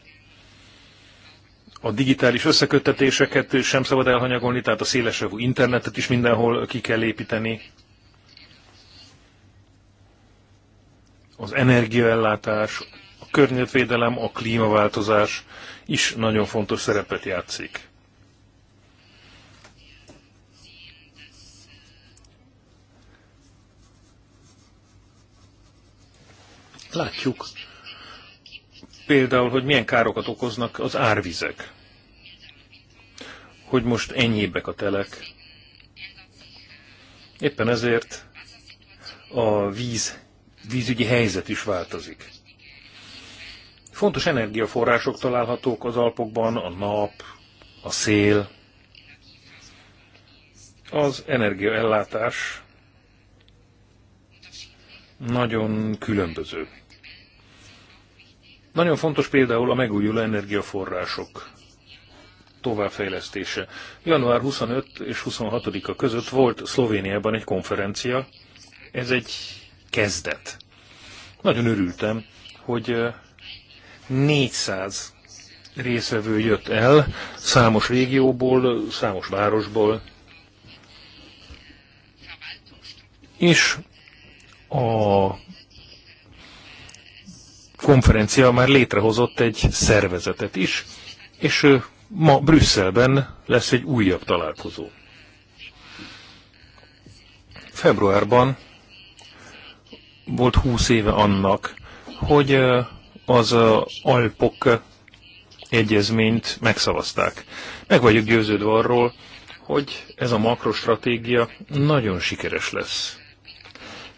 a digitális összeköttetéseket sem szabad elhanyagolni, tehát a szélesávú internetet is mindenhol ki kell építeni. Az energiaellátás, a környezetvédelem, a klímaváltozás is nagyon fontos szerepet játszik. Látjuk, például, hogy milyen károkat okoznak az árvizek, hogy most enyhébbek a telek. Éppen ezért a víz, vízügyi helyzet is változik. Fontos energiaforrások találhatók az Alpokban, a nap, a szél. Az energiaellátás nagyon különböző. Nagyon fontos például a megújuló energiaforrások továbbfejlesztése. Január 25 és 26-a között volt Szlovéniában egy konferencia. Ez egy kezdet. Nagyon örültem, hogy 400 részvevő jött el, számos régióból, számos városból, és a konferencia már létrehozott egy szervezetet is, és ma Brüsszelben lesz egy újabb találkozó. Februárban volt 20 éve annak, hogy az Alpok egyezményt megszavazták. Meg vagyok győződve arról, hogy ez a makrostratégia nagyon sikeres lesz.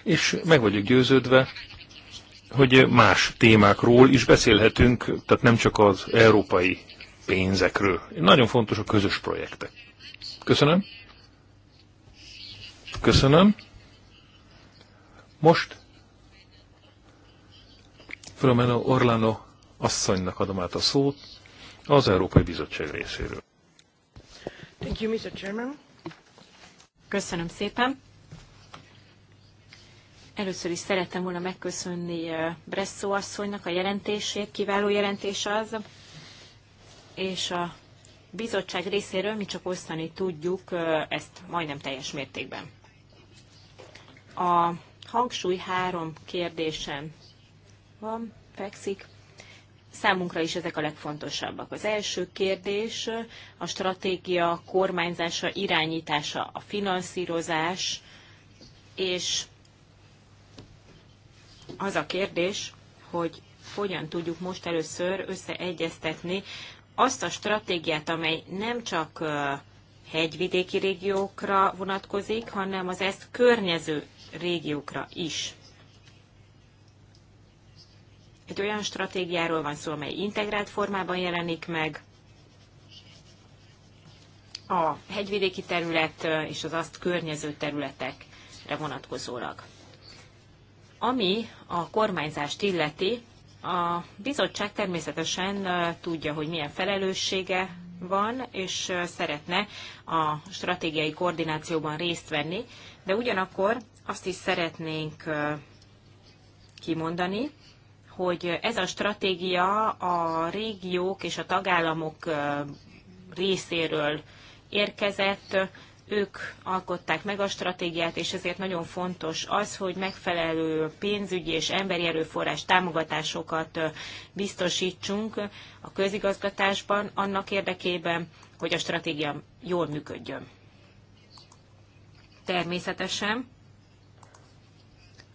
És meg vagyok győződve, hogy más témákról is beszélhetünk, tehát nem csak az európai pénzekről. Nagyon fontos a közös projektek. Köszönöm. Köszönöm. Most Filomeno Orlano asszonynak adom át a szót az Európai Bizottság részéről. Thank you, Mr. Chairman. Köszönöm szépen. Először is szerettem volna megköszönni Bresszó asszonynak a jelentését, kiváló jelentés az, és a bizottság részéről mi csak osztani tudjuk ezt majdnem teljes mértékben. A hangsúly három kérdésen van, fekszik. Számunkra is ezek a legfontosabbak. Az első kérdés a stratégia kormányzása, irányítása, a finanszírozás és az a kérdés, hogy hogyan tudjuk most először összeegyeztetni azt a stratégiát, amely nem csak hegyvidéki régiókra vonatkozik, hanem az ezt környező régiókra is. Egy olyan stratégiáról van szó, amely integrált formában jelenik meg, a hegyvidéki terület és az azt környező területekre vonatkozólag. Ami a kormányzást illeti, a bizottság természetesen tudja, hogy milyen felelőssége van, és szeretne a stratégiai koordinációban részt venni, de ugyanakkor azt is szeretnénk kimondani, hogy ez a stratégia a régiók és a tagállamok részéről érkezett, ők alkották meg a stratégiát, és ezért nagyon fontos az, hogy megfelelő pénzügyi és emberi erőforrás támogatásokat biztosítsunk a közigazgatásban annak érdekében, hogy a stratégia jól működjön. Természetesen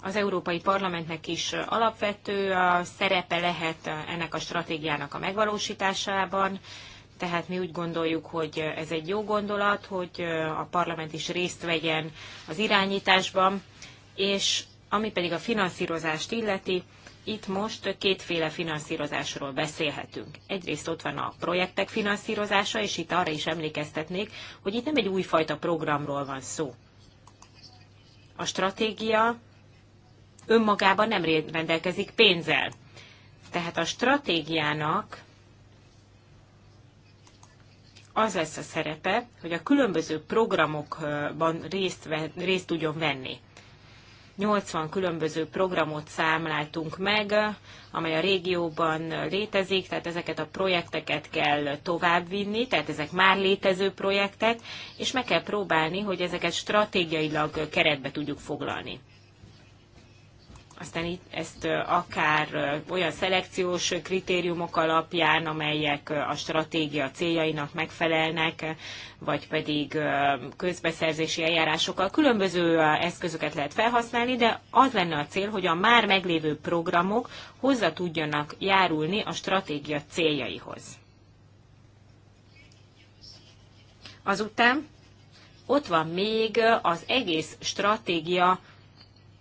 az Európai Parlamentnek is alapvető a szerepe lehet ennek a stratégiának a megvalósításában, tehát mi úgy gondoljuk, hogy ez egy jó gondolat, hogy a parlament is részt vegyen az irányításban, és ami pedig a finanszírozást illeti, itt most kétféle finanszírozásról beszélhetünk. Egyrészt ott van a projektek finanszírozása, és itt arra is emlékeztetnék, hogy itt nem egy újfajta programról van szó. A stratégia önmagában nem rendelkezik pénzzel. Tehát a stratégiának az lesz a szerepe, hogy a különböző programokban részt, részt tudjon venni. 80 különböző programot számláltunk meg, amely a régióban létezik, tehát ezeket a projekteket kell továbbvinni, tehát ezek már létező projektek, és meg kell próbálni, hogy ezeket stratégiailag keretbe tudjuk foglalni. Aztán itt ezt akár olyan szelekciós kritériumok alapján, amelyek a stratégia céljainak megfelelnek, vagy pedig közbeszerzési eljárásokkal különböző eszközöket lehet felhasználni, de az lenne a cél, hogy a már meglévő programok hozzá tudjanak járulni a stratégia céljaihoz. Azután ott van még az egész stratégia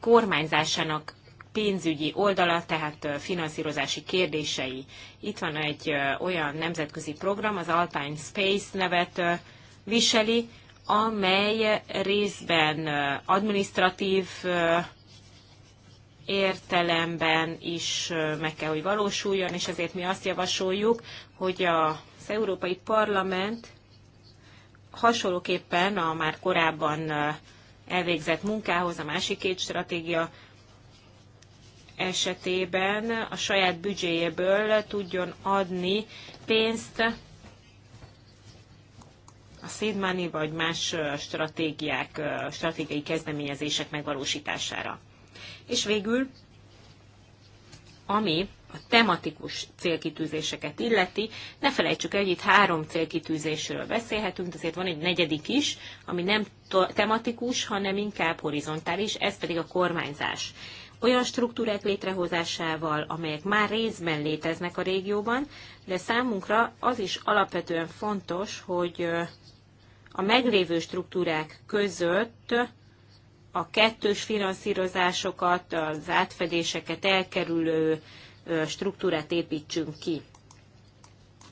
kormányzásának pénzügyi oldala, tehát finanszírozási kérdései. Itt van egy olyan nemzetközi program, az Alpine Space nevet viseli, amely részben administratív értelemben is meg kell, hogy valósuljon, és ezért mi azt javasoljuk, hogy az Európai Parlament hasonlóképpen a már korábban elvégzett munkához, a másik két stratégia esetében a saját büdzséjéből tudjon adni pénzt a money vagy más stratégiák, stratégiai kezdeményezések megvalósítására. És végül, ami a tematikus célkitűzéseket illeti, ne felejtsük el, hogy itt három célkitűzésről beszélhetünk, azért van egy negyedik is, ami nem tematikus, hanem inkább horizontális, ez pedig a kormányzás olyan struktúrák létrehozásával, amelyek már részben léteznek a régióban, de számunkra az is alapvetően fontos, hogy a meglévő struktúrák között a kettős finanszírozásokat, az átfedéseket elkerülő struktúrát építsünk ki.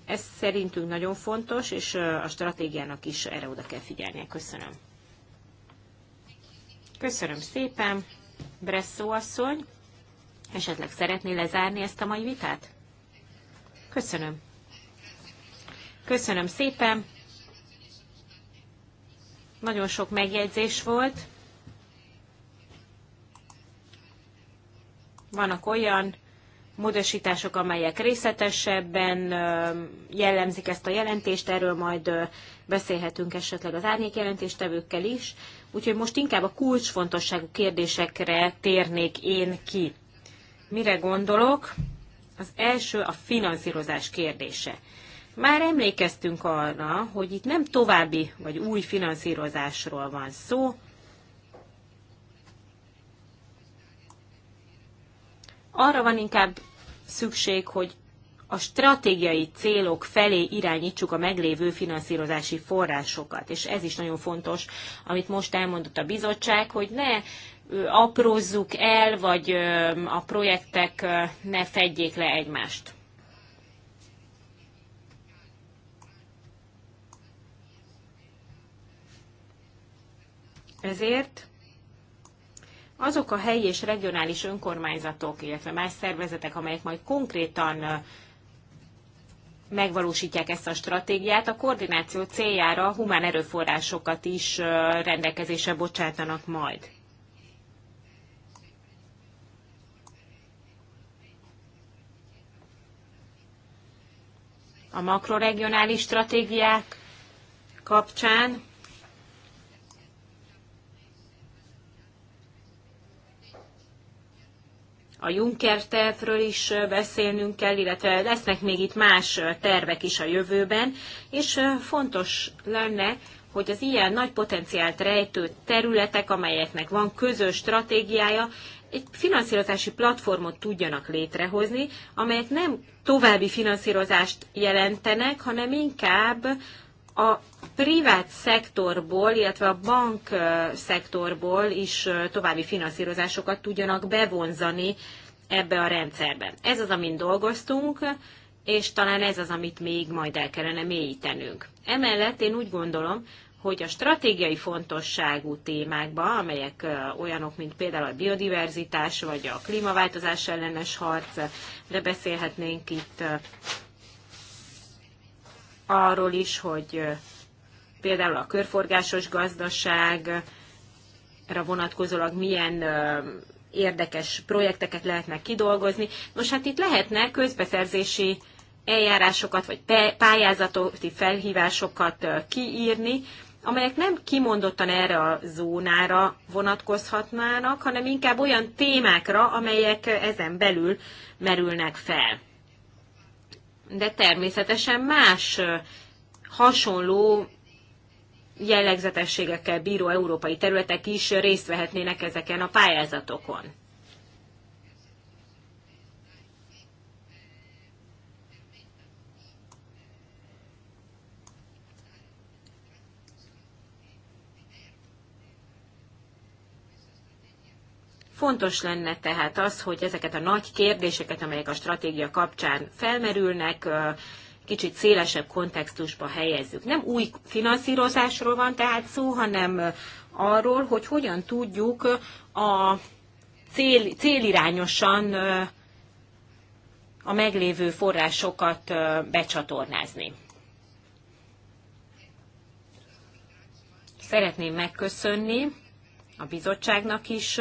Ez szerintünk nagyon fontos, és a stratégiának is erre oda kell figyelnie. Köszönöm. Köszönöm szépen. Bresszó asszony, esetleg szeretné lezárni ezt a mai vitát? Köszönöm. Köszönöm szépen. Nagyon sok megjegyzés volt. Vannak olyan módosítások, amelyek részletesebben jellemzik ezt a jelentést, erről majd beszélhetünk esetleg az árnyék jelentéstevőkkel is. Úgyhogy most inkább a kulcsfontosságú kérdésekre térnék én ki. Mire gondolok? Az első a finanszírozás kérdése. Már emlékeztünk arra, hogy itt nem további vagy új finanszírozásról van szó. Arra van inkább szükség, hogy a stratégiai célok felé irányítsuk a meglévő finanszírozási forrásokat. És ez is nagyon fontos, amit most elmondott a bizottság, hogy ne aprózzuk el, vagy a projektek ne fedjék le egymást. Ezért azok a helyi és regionális önkormányzatok, illetve más szervezetek, amelyek majd konkrétan megvalósítják ezt a stratégiát, a koordináció céljára humán erőforrásokat is rendelkezésre bocsátanak majd. A makroregionális stratégiák kapcsán a Juncker tervről is beszélnünk kell, illetve lesznek még itt más tervek is a jövőben, és fontos lenne, hogy az ilyen nagy potenciált rejtő területek, amelyeknek van közös stratégiája, egy finanszírozási platformot tudjanak létrehozni, amelyek nem további finanszírozást jelentenek, hanem inkább a privát szektorból, illetve a bank szektorból is további finanszírozásokat tudjanak bevonzani ebbe a rendszerbe. Ez az, amin dolgoztunk, és talán ez az, amit még majd el kellene mélyítenünk. Emellett én úgy gondolom, hogy a stratégiai fontosságú témákba, amelyek olyanok, mint például a biodiverzitás, vagy a klímaváltozás ellenes harc, de beszélhetnénk itt arról is, hogy például a körforgásos gazdaságra vonatkozólag milyen érdekes projekteket lehetnek kidolgozni. Nos, hát itt lehetne közbeszerzési eljárásokat, vagy pályázati felhívásokat kiírni, amelyek nem kimondottan erre a zónára vonatkozhatnának, hanem inkább olyan témákra, amelyek ezen belül merülnek fel de természetesen más hasonló jellegzetességekkel bíró európai területek is részt vehetnének ezeken a pályázatokon. Fontos lenne tehát az, hogy ezeket a nagy kérdéseket, amelyek a stratégia kapcsán felmerülnek, kicsit szélesebb kontextusba helyezzük. Nem új finanszírozásról van tehát szó, hanem arról, hogy hogyan tudjuk a cél, célirányosan a meglévő forrásokat becsatornázni. Szeretném megköszönni a bizottságnak is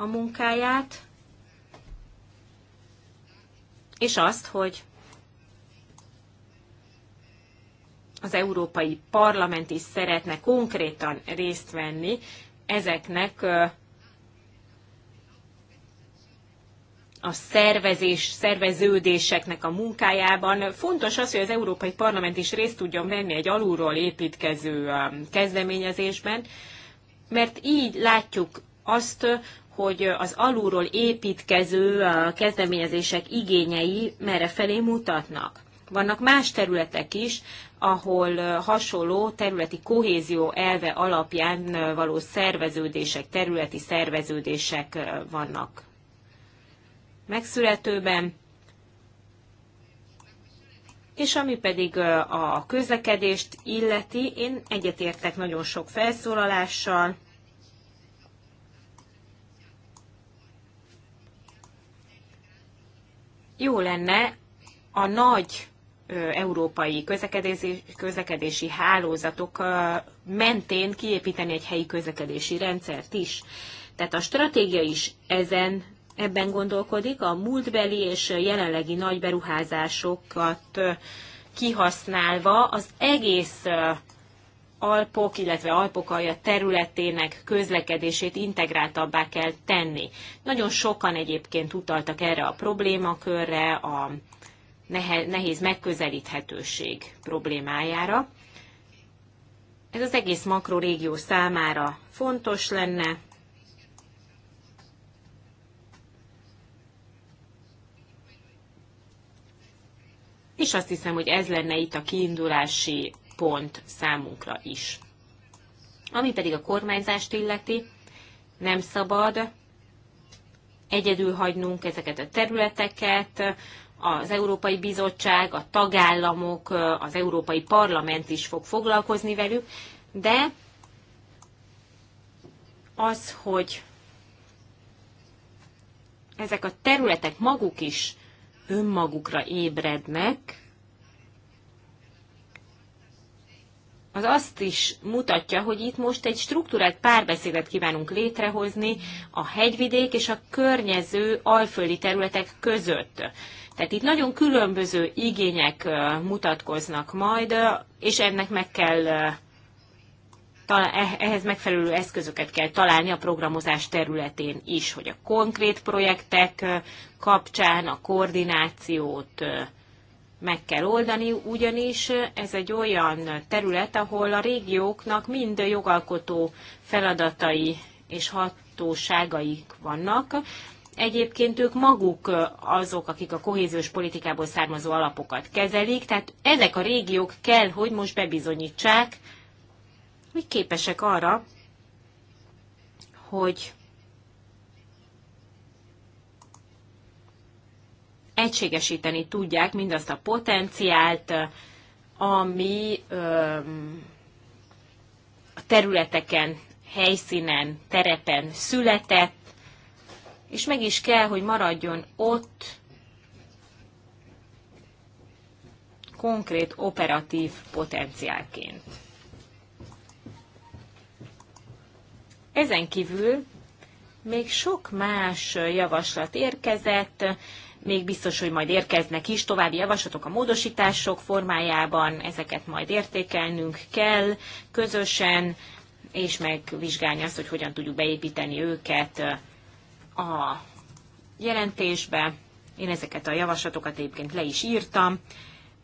a munkáját, és azt, hogy az Európai Parlament is szeretne konkrétan részt venni ezeknek a szervezés, szerveződéseknek a munkájában. Fontos az, hogy az Európai Parlament is részt tudjon venni egy alulról építkező kezdeményezésben, mert így látjuk azt, hogy az alulról építkező kezdeményezések igényei merre felé mutatnak. Vannak más területek is, ahol hasonló területi kohézió elve alapján való szerveződések, területi szerveződések vannak megszületőben, és ami pedig a közlekedést illeti, én egyetértek nagyon sok felszólalással, jó lenne a nagy európai közlekedési, közlekedési hálózatok mentén kiépíteni egy helyi közlekedési rendszert is. Tehát a stratégia is ezen ebben gondolkodik, a múltbeli és jelenlegi nagy beruházásokat kihasználva az egész Alpok, illetve Alpok alja területének közlekedését integráltabbá kell tenni. Nagyon sokan egyébként utaltak erre a problémakörre, a nehéz megközelíthetőség problémájára. Ez az egész makrorégió számára fontos lenne. És azt hiszem, hogy ez lenne itt a kiindulási pont számunkra is. Ami pedig a kormányzást illeti, nem szabad egyedül hagynunk ezeket a területeket, az Európai Bizottság, a tagállamok, az Európai Parlament is fog foglalkozni velük, de az, hogy ezek a területek maguk is önmagukra ébrednek, az azt is mutatja, hogy itt most egy struktúrált párbeszédet kívánunk létrehozni a hegyvidék és a környező alföldi területek között. Tehát itt nagyon különböző igények mutatkoznak majd, és ennek meg kell eh, ehhez megfelelő eszközöket kell találni a programozás területén is, hogy a konkrét projektek kapcsán a koordinációt meg kell oldani, ugyanis ez egy olyan terület, ahol a régióknak mind jogalkotó feladatai és hatóságaik vannak. Egyébként ők maguk azok, akik a kohéziós politikából származó alapokat kezelik, tehát ezek a régiók kell, hogy most bebizonyítsák, hogy képesek arra, hogy egységesíteni tudják mindazt a potenciált, ami a területeken, helyszínen, terepen született, és meg is kell, hogy maradjon ott konkrét operatív potenciálként. Ezen kívül még sok más javaslat érkezett, még biztos, hogy majd érkeznek is további javaslatok a módosítások formájában, ezeket majd értékelnünk kell közösen, és megvizsgálni azt, hogy hogyan tudjuk beépíteni őket a jelentésbe. Én ezeket a javaslatokat egyébként le is írtam,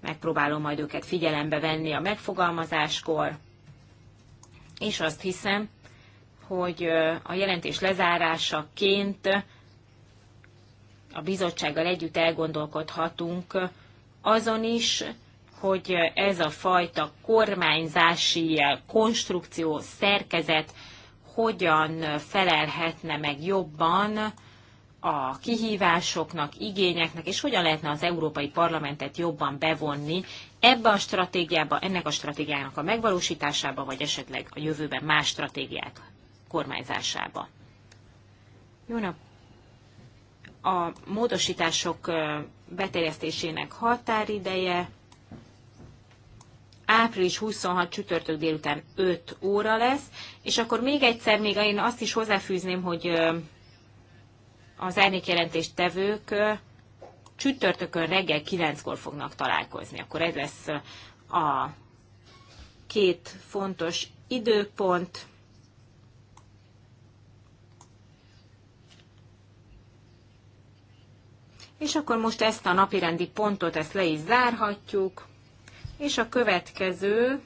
megpróbálom majd őket figyelembe venni a megfogalmazáskor, és azt hiszem, hogy a jelentés lezárásaként a bizottsággal együtt elgondolkodhatunk azon is, hogy ez a fajta kormányzási konstrukció, szerkezet hogyan felelhetne meg jobban a kihívásoknak, igényeknek, és hogyan lehetne az Európai Parlamentet jobban bevonni ebbe a stratégiába, ennek a stratégiának a megvalósításába, vagy esetleg a jövőben más stratégiák kormányzásába. Jó nap a módosítások beterjesztésének határideje április 26 csütörtök délután 5 óra lesz, és akkor még egyszer még én azt is hozzáfűzném, hogy az elnékjelentést tevők csütörtökön reggel 9-kor fognak találkozni. Akkor ez lesz a két fontos időpont. És akkor most ezt a napirendi pontot, ezt le is zárhatjuk. És a következő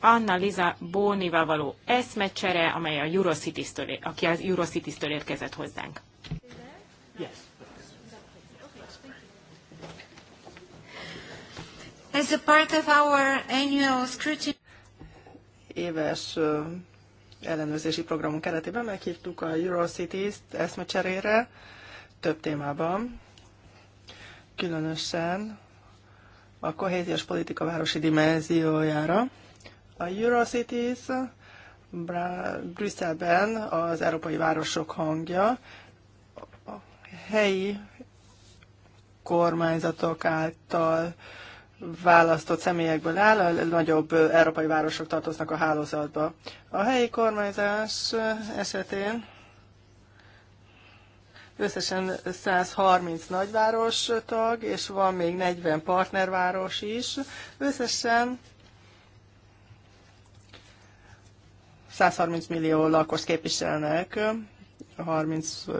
Anna-Liza Bónival való eszmecsere, amely a Eurocities-től, aki az Eurocities-től érkezett hozzánk. Yes. As a part of our annual scrutiny... Éves ellenőrzési programunk keretében meghívtuk a Eurocities-t eszmecserére több témában, különösen a kohéziós politika városi dimenziójára. A Eurocities Brüsszelben az európai városok hangja, a helyi kormányzatok által választott személyekből áll, a nagyobb európai városok tartoznak a hálózatba. A helyi kormányzás esetén összesen 130 nagyváros tag, és van még 40 partnerváros is. Összesen 130 millió lakos képviselnek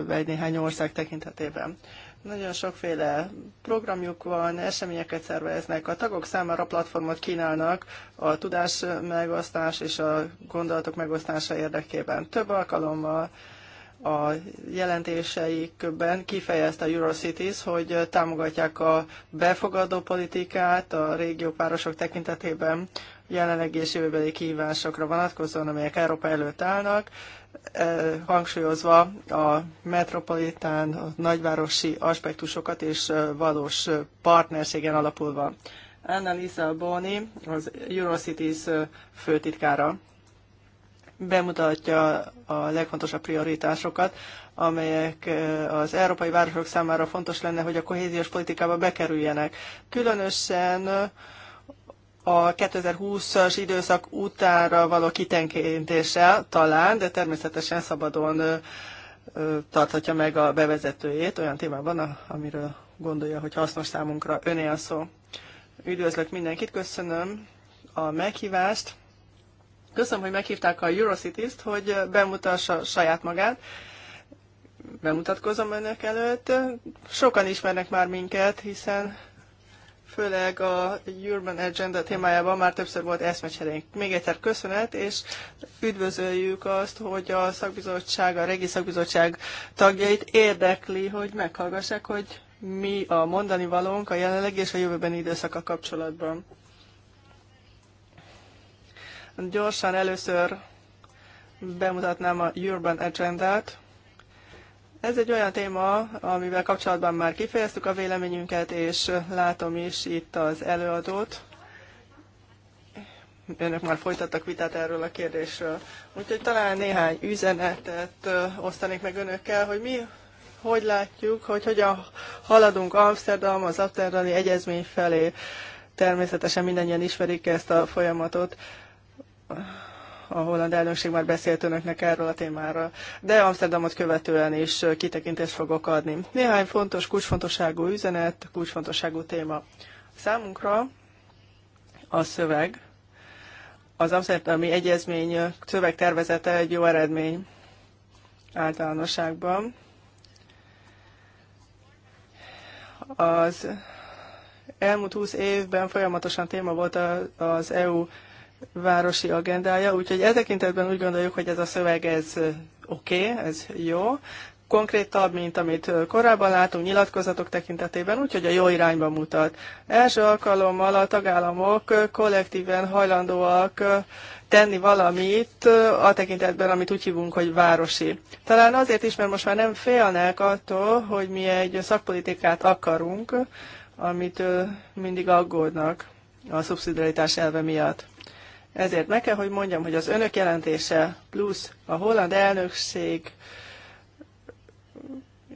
vagy néhány ország tekintetében. Nagyon sokféle programjuk van, eseményeket szerveznek, a tagok számára platformot kínálnak a tudás megosztás és a gondolatok megosztása érdekében. Több alkalommal a jelentéseikben kifejezte a Eurocities, hogy támogatják a befogadó politikát a régiópárosok tekintetében jelenleg és jövőbeli kihívásokra vonatkozóan, amelyek Európa előtt állnak, hangsúlyozva a metropolitán, a nagyvárosi aspektusokat és valós partnerségen alapulva. Annalisa Boni, az Eurocities főtitkára bemutatja a legfontosabb prioritásokat, amelyek az európai városok számára fontos lenne, hogy a kohéziós politikába bekerüljenek. Különösen a 2020-as időszak utára való kitenkéntéssel talán, de természetesen szabadon tarthatja meg a bevezetőjét olyan témában, amiről gondolja, hogy hasznos számunkra. Öné a szó. Üdvözlök mindenkit, köszönöm a meghívást. Köszönöm, hogy meghívták a Eurocities-t, hogy bemutassa saját magát. Bemutatkozom önök előtt. Sokan ismernek már minket, hiszen főleg a Urban Agenda témájában már többször volt eszmecserénk. Még egyszer köszönet, és üdvözöljük azt, hogy a szakbizottság, a regi szakbizottság tagjait érdekli, hogy meghallgassák, hogy mi a mondani valónk a jelenlegi és a jövőbeni időszaka kapcsolatban. Gyorsan először bemutatnám a Urban Agenda-t. Ez egy olyan téma, amivel kapcsolatban már kifejeztük a véleményünket, és látom is itt az előadót. Önök már folytattak vitát erről a kérdésről. Úgyhogy talán néhány üzenetet osztanék meg önökkel, hogy mi hogy látjuk, hogy hogyan haladunk Amsterdam, az Amsterdami Egyezmény felé. Természetesen mindannyian ismerik ezt a folyamatot a holland elnökség már beszélt önöknek erről a témáról, de Amsterdamot követően is kitekintést fogok adni. Néhány fontos, kulcsfontosságú üzenet, kulcsfontosságú téma. Számunkra a szöveg, az Amsterdami Egyezmény szövegtervezete egy jó eredmény általánosságban. Az elmúlt húsz évben folyamatosan téma volt az EU városi agendája, úgyhogy e tekintetben úgy gondoljuk, hogy ez a szöveg ez oké, okay, ez jó, konkrétabb, mint amit korábban látunk nyilatkozatok tekintetében, úgyhogy a jó irányba mutat. Első alkalommal a tagállamok kollektíven hajlandóak tenni valamit a tekintetben, amit úgy hívunk, hogy városi. Talán azért is, mert most már nem félnek attól, hogy mi egy szakpolitikát akarunk, amit mindig aggódnak a szubszidiaritás elve miatt. Ezért meg kell, hogy mondjam, hogy az önök jelentése plusz a holland elnökség,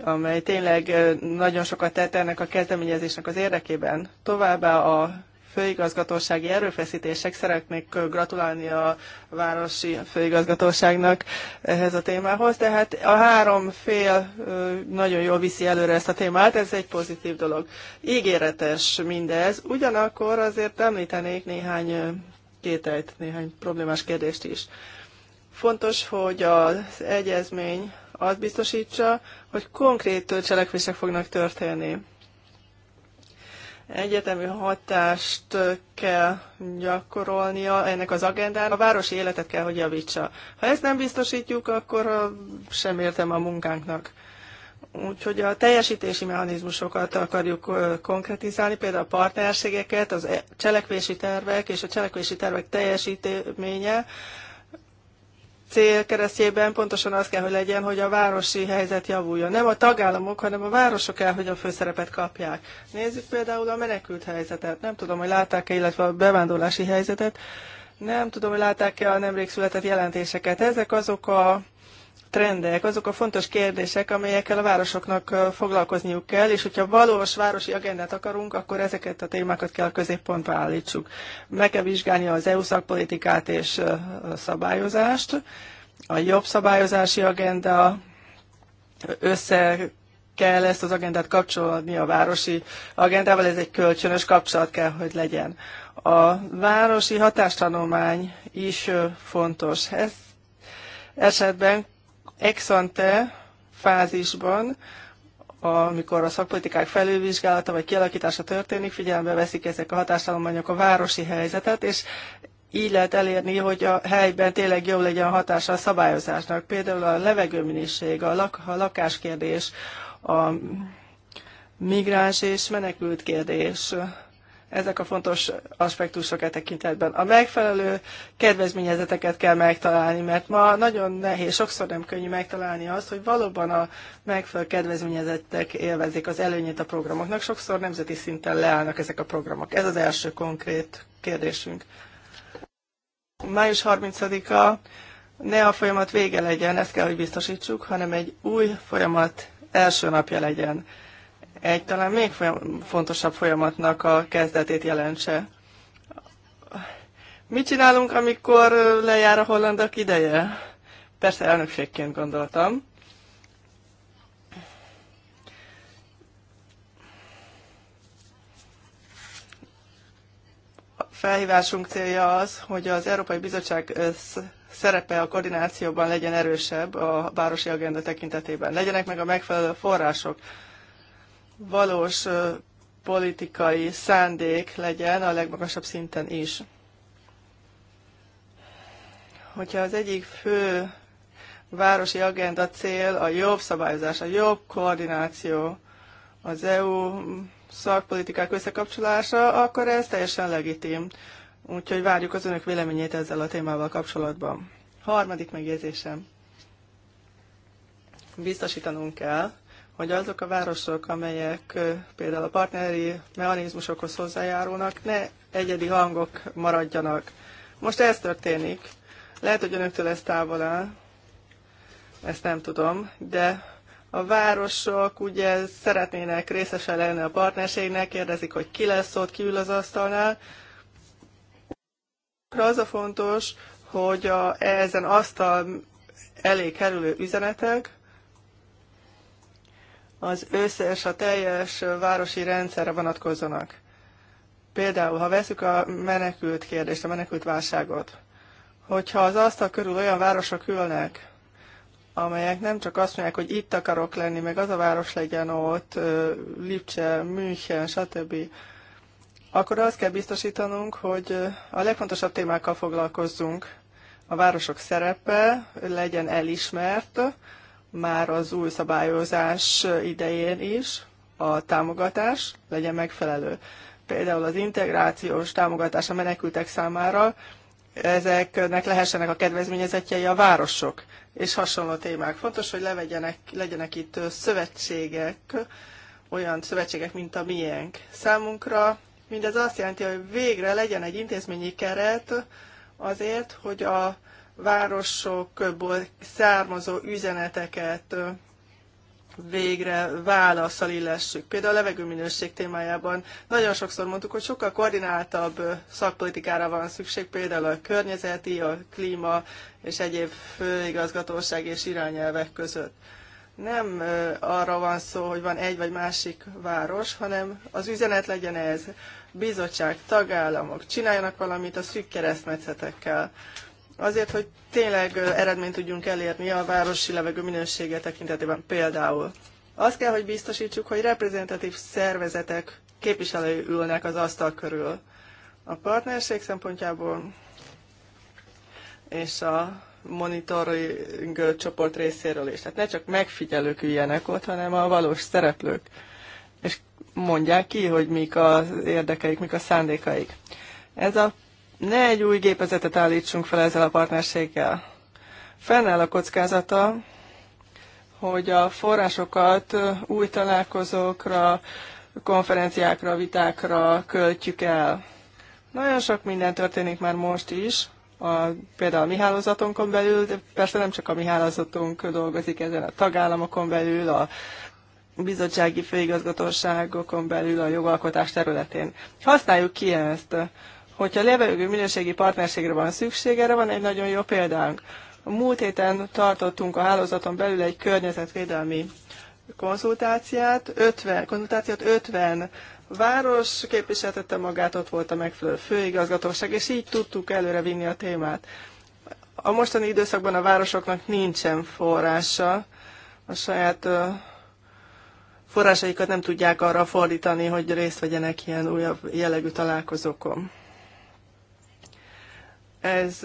amely tényleg nagyon sokat tett ennek a kezdeményezésnek az érdekében. Továbbá a főigazgatósági erőfeszítések. Szeretnék gratulálni a városi főigazgatóságnak ehhez a témához. Tehát a három fél nagyon jól viszi előre ezt a témát, ez egy pozitív dolog. Ígéretes mindez, ugyanakkor azért említenék néhány kételyt, néhány problémás kérdést is. Fontos, hogy az egyezmény azt biztosítsa, hogy konkrét cselekvések fognak történni. Egyetemű hatást kell gyakorolnia ennek az agendának, a városi életet kell, hogy javítsa. Ha ezt nem biztosítjuk, akkor sem értem a munkánknak. Úgyhogy a teljesítési mechanizmusokat akarjuk konkretizálni, például a partnerségeket, az e, cselekvési tervek és a cselekvési tervek teljesítménye célkeresztjében pontosan az kell, hogy legyen, hogy a városi helyzet javuljon. Nem a tagállamok, hanem a városok kell, hogy a főszerepet kapják. Nézzük például a menekült helyzetet. Nem tudom, hogy látták-e, illetve a bevándorlási helyzetet. Nem tudom, hogy látták-e a nemrég született jelentéseket. Ezek azok a trendek, azok a fontos kérdések, amelyekkel a városoknak foglalkozniuk kell, és hogyha valós városi agendát akarunk, akkor ezeket a témákat kell a középpontba állítsuk. Meg kell vizsgálni az EU szakpolitikát és szabályozást, a jobb szabályozási agenda össze kell ezt az agendát kapcsolni a városi agendával, ez egy kölcsönös kapcsolat kell, hogy legyen. A városi hatástanulmány is fontos. Ez esetben ex-ante fázisban, amikor a szakpolitikák felülvizsgálata vagy kialakítása történik, figyelembe veszik ezek a hatásállományok a városi helyzetet, és így lehet elérni, hogy a helyben tényleg jó legyen a hatása a szabályozásnak. Például a levegőminőség, a, lak, a lakáskérdés, a migráns és menekült kérdés, ezek a fontos aspektusok e tekintetben. A megfelelő kedvezményezeteket kell megtalálni, mert ma nagyon nehéz, sokszor nem könnyű megtalálni azt, hogy valóban a megfelelő kedvezményezettek élvezik az előnyét a programoknak. Sokszor nemzeti szinten leállnak ezek a programok. Ez az első konkrét kérdésünk. Május 30-a ne a folyamat vége legyen, ezt kell, hogy biztosítsuk, hanem egy új folyamat első napja legyen egy talán még folyam- fontosabb folyamatnak a kezdetét jelentse. Mit csinálunk, amikor lejár a hollandak ideje? Persze elnökségként gondoltam. A felhívásunk célja az, hogy az Európai Bizottság szerepe a koordinációban legyen erősebb a városi agenda tekintetében. Legyenek meg a megfelelő források valós politikai szándék legyen a legmagasabb szinten is. Hogyha az egyik fő városi agenda cél a jobb szabályozás, a jobb koordináció, az EU szakpolitikák összekapcsolása, akkor ez teljesen legitim. Úgyhogy várjuk az önök véleményét ezzel a témával kapcsolatban. Harmadik megjegyzésem. Biztosítanunk kell, hogy azok a városok, amelyek például a partneri mechanizmusokhoz hozzájárulnak, ne egyedi hangok maradjanak. Most ez történik. Lehet, hogy önöktől ez távol áll, ezt nem tudom, de a városok ugye szeretnének részesen lenni a partnerségnek, kérdezik, hogy ki lesz ott, ki ül az asztalnál. Az a fontos, hogy a, ezen asztal elé kerülő üzenetek az összes, a teljes városi rendszerre vonatkozzanak. Például, ha veszük a menekült kérdést, a menekült válságot, hogyha az asztal körül olyan városok ülnek, amelyek nem csak azt mondják, hogy itt akarok lenni, meg az a város legyen ott, Lipcse, München, stb., akkor azt kell biztosítanunk, hogy a legfontosabb témákkal foglalkozzunk. A városok szerepe legyen elismert, már az új szabályozás idején is a támogatás legyen megfelelő. Például az integrációs támogatás a menekültek számára, ezeknek lehessenek a kedvezményezetjei a városok, és hasonló témák. Fontos, hogy levegyenek, legyenek itt szövetségek, olyan szövetségek, mint a miénk. Számunkra mindez azt jelenti, hogy végre legyen egy intézményi keret azért, hogy a városokból származó üzeneteket végre válaszsal illessük. Például a levegőminőség témájában nagyon sokszor mondtuk, hogy sokkal koordináltabb szakpolitikára van szükség, például a környezeti, a klíma és egyéb főigazgatóság és irányelvek között. Nem arra van szó, hogy van egy vagy másik város, hanem az üzenet legyen ez. Bizottság, tagállamok csináljanak valamit a szűk keresztmetszetekkel. Azért, hogy tényleg eredményt tudjunk elérni a városi levegő minősége tekintetében például. Azt kell, hogy biztosítsuk, hogy reprezentatív szervezetek képviselői ülnek az asztal körül. A partnerség szempontjából és a monitoring csoport részéről is. Tehát ne csak megfigyelők üljenek ott, hanem a valós szereplők. És mondják ki, hogy mik az érdekeik, mik a szándékaik. Ez a ne egy új gépezetet állítsunk fel ezzel a partnerséggel. Fennáll a kockázata, hogy a forrásokat új találkozókra, konferenciákra, vitákra költjük el. Nagyon sok minden történik már most is, a, például a mi hálózatunkon belül, de persze nem csak a mi hálózatunk dolgozik ezen, a tagállamokon belül, a bizottsági főigazgatóságokon belül, a jogalkotás területén. Használjuk ki ezt. Hogyha levegő minőségi partnerségre van szükség, erre van egy nagyon jó példánk. Múlt héten tartottunk a hálózaton belül egy környezetvédelmi konzultáciát, 50, konzultációt 50 város képviseltette magát, ott volt a megfelelő főigazgatóság, és így tudtuk előre vinni a témát. A mostani időszakban a városoknak nincsen forrása, a saját forrásaikat nem tudják arra fordítani, hogy részt vegyenek ilyen újabb jellegű találkozókon. Ez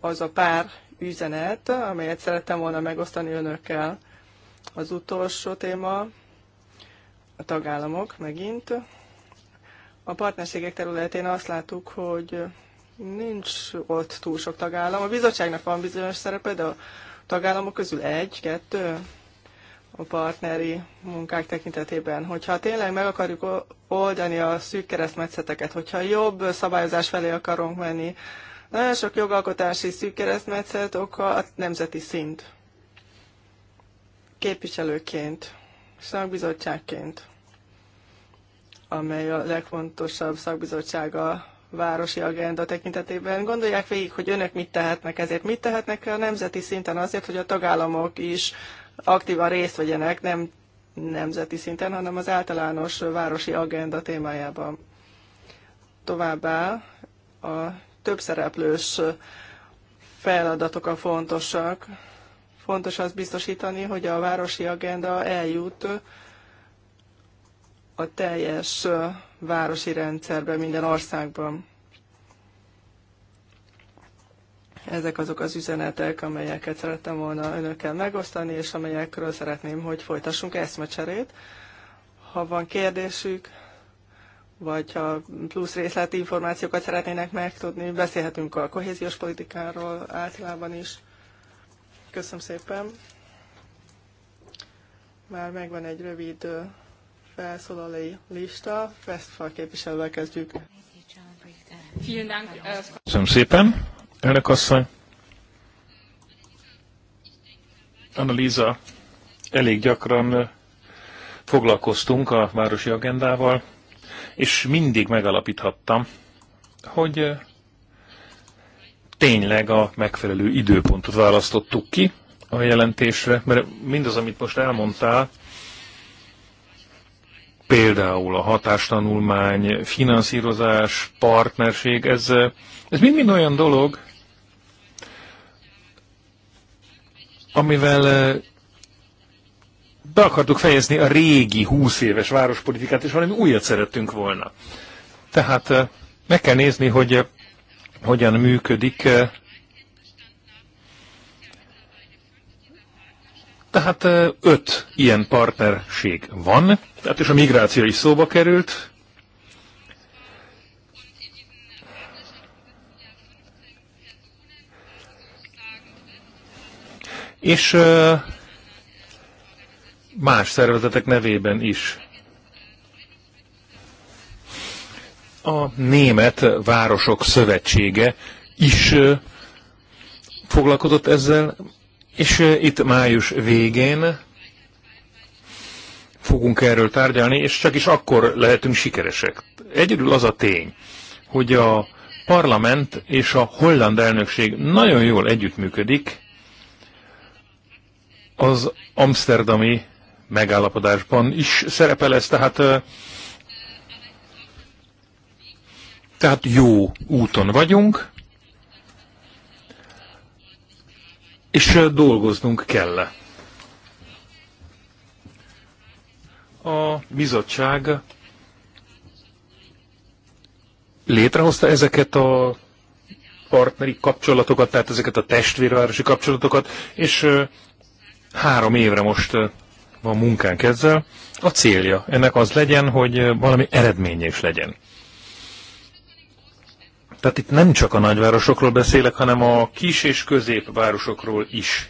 az a pár üzenet, amelyet szerettem volna megosztani önökkel. Az utolsó téma, a tagállamok megint. A partnerségek területén azt láttuk, hogy nincs ott túl sok tagállam. A bizottságnak van bizonyos szerepe, de a tagállamok közül egy, kettő, a partneri munkák tekintetében. Hogyha tényleg meg akarjuk oldani a szűk keresztmetszeteket, hogyha jobb szabályozás felé akarunk menni, nagyon sok jogalkotási szűk keresztmetszet oka a nemzeti szint. Képviselőként, szakbizottságként, amely a legfontosabb szakbizottsága városi agenda tekintetében. Gondolják végig, hogy önök mit tehetnek ezért, mit tehetnek a nemzeti szinten azért, hogy a tagállamok is aktívan részt vegyenek, nem nemzeti szinten, hanem az általános városi agenda témájában. Továbbá a többszereplős feladatok a fontosak. Fontos az biztosítani, hogy a városi agenda eljut a teljes városi rendszerbe minden országban. Ezek azok az üzenetek, amelyeket szerettem volna önökkel megosztani, és amelyekről szeretném, hogy folytassunk eszmecserét. Ha van kérdésük, vagy ha plusz részleti információkat szeretnének megtudni, beszélhetünk a kohéziós politikáról általában is. Köszönöm szépen. Már megvan egy rövid felszólalói lista. Westfall képviselővel kezdjük. Äh, Köszönöm szépen. Elnök asszony. Annalíza, elég gyakran foglalkoztunk a városi agendával, és mindig megalapíthattam, hogy tényleg a megfelelő időpontot választottuk ki a jelentésre, mert mindaz, amit most elmondtál, például a hatástanulmány, finanszírozás, partnerség, ez ez mind ez olyan dolog, amivel eh, be akartuk fejezni a régi 20 éves várospolitikát, és valami újat szerettünk volna. Tehát eh, meg kell nézni, hogy eh, hogyan működik. Tehát öt ilyen partnerség van, tehát és a migráció is szóba került. És más szervezetek nevében is. A Német Városok Szövetsége is foglalkozott ezzel, és itt május végén fogunk erről tárgyalni, és csak is akkor lehetünk sikeresek. Egyedül az a tény, hogy a parlament és a holland elnökség nagyon jól együttműködik az amsterdami megállapodásban is szerepel ez, tehát, tehát jó úton vagyunk, és dolgoznunk kell. a bizottság létrehozta ezeket a partneri kapcsolatokat, tehát ezeket a testvérvárosi kapcsolatokat, és három évre most van munkánk ezzel. A célja ennek az legyen, hogy valami eredménye is legyen. Tehát itt nem csak a nagyvárosokról beszélek, hanem a kis és középvárosokról is.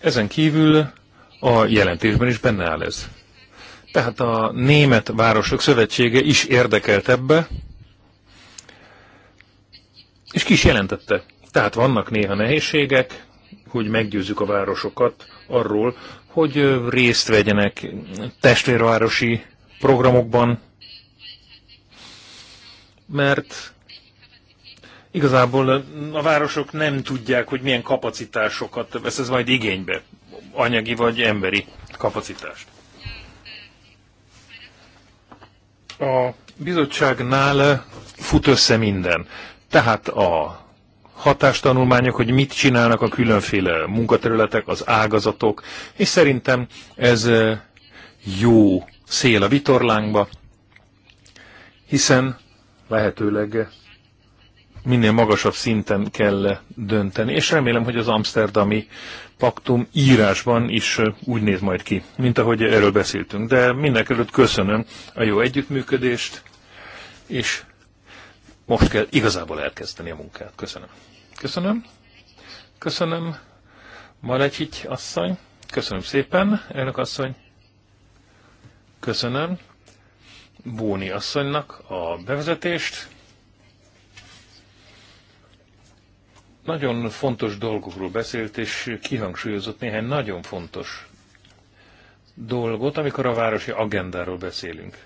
Ezen kívül a jelentésben is benne áll ez. Tehát a Német Városok Szövetsége is érdekelt ebbe, és ki is jelentette. Tehát vannak néha nehézségek, hogy meggyőzzük a városokat arról, hogy részt vegyenek testvérvárosi programokban, mert igazából a városok nem tudják, hogy milyen kapacitásokat vesz ez majd igénybe anyagi vagy emberi kapacitást. A bizottságnál fut össze minden. Tehát a hatástanulmányok, hogy mit csinálnak a különféle munkaterületek, az ágazatok, és szerintem ez jó szél a vitorlánkba, hiszen lehetőleg minél magasabb szinten kell dönteni, és remélem, hogy az amsterdami paktum írásban is úgy néz majd ki, mint ahogy erről beszéltünk. De mindenek előtt köszönöm a jó együttműködést, és most kell igazából elkezdeni a munkát. Köszönöm. Köszönöm. Köszönöm, Malecsics asszony. Köszönöm szépen, elnök asszony. Köszönöm Bóni asszonynak a bevezetést. Nagyon fontos dolgokról beszélt, és kihangsúlyozott néhány nagyon fontos dolgot, amikor a városi agendáról beszélünk.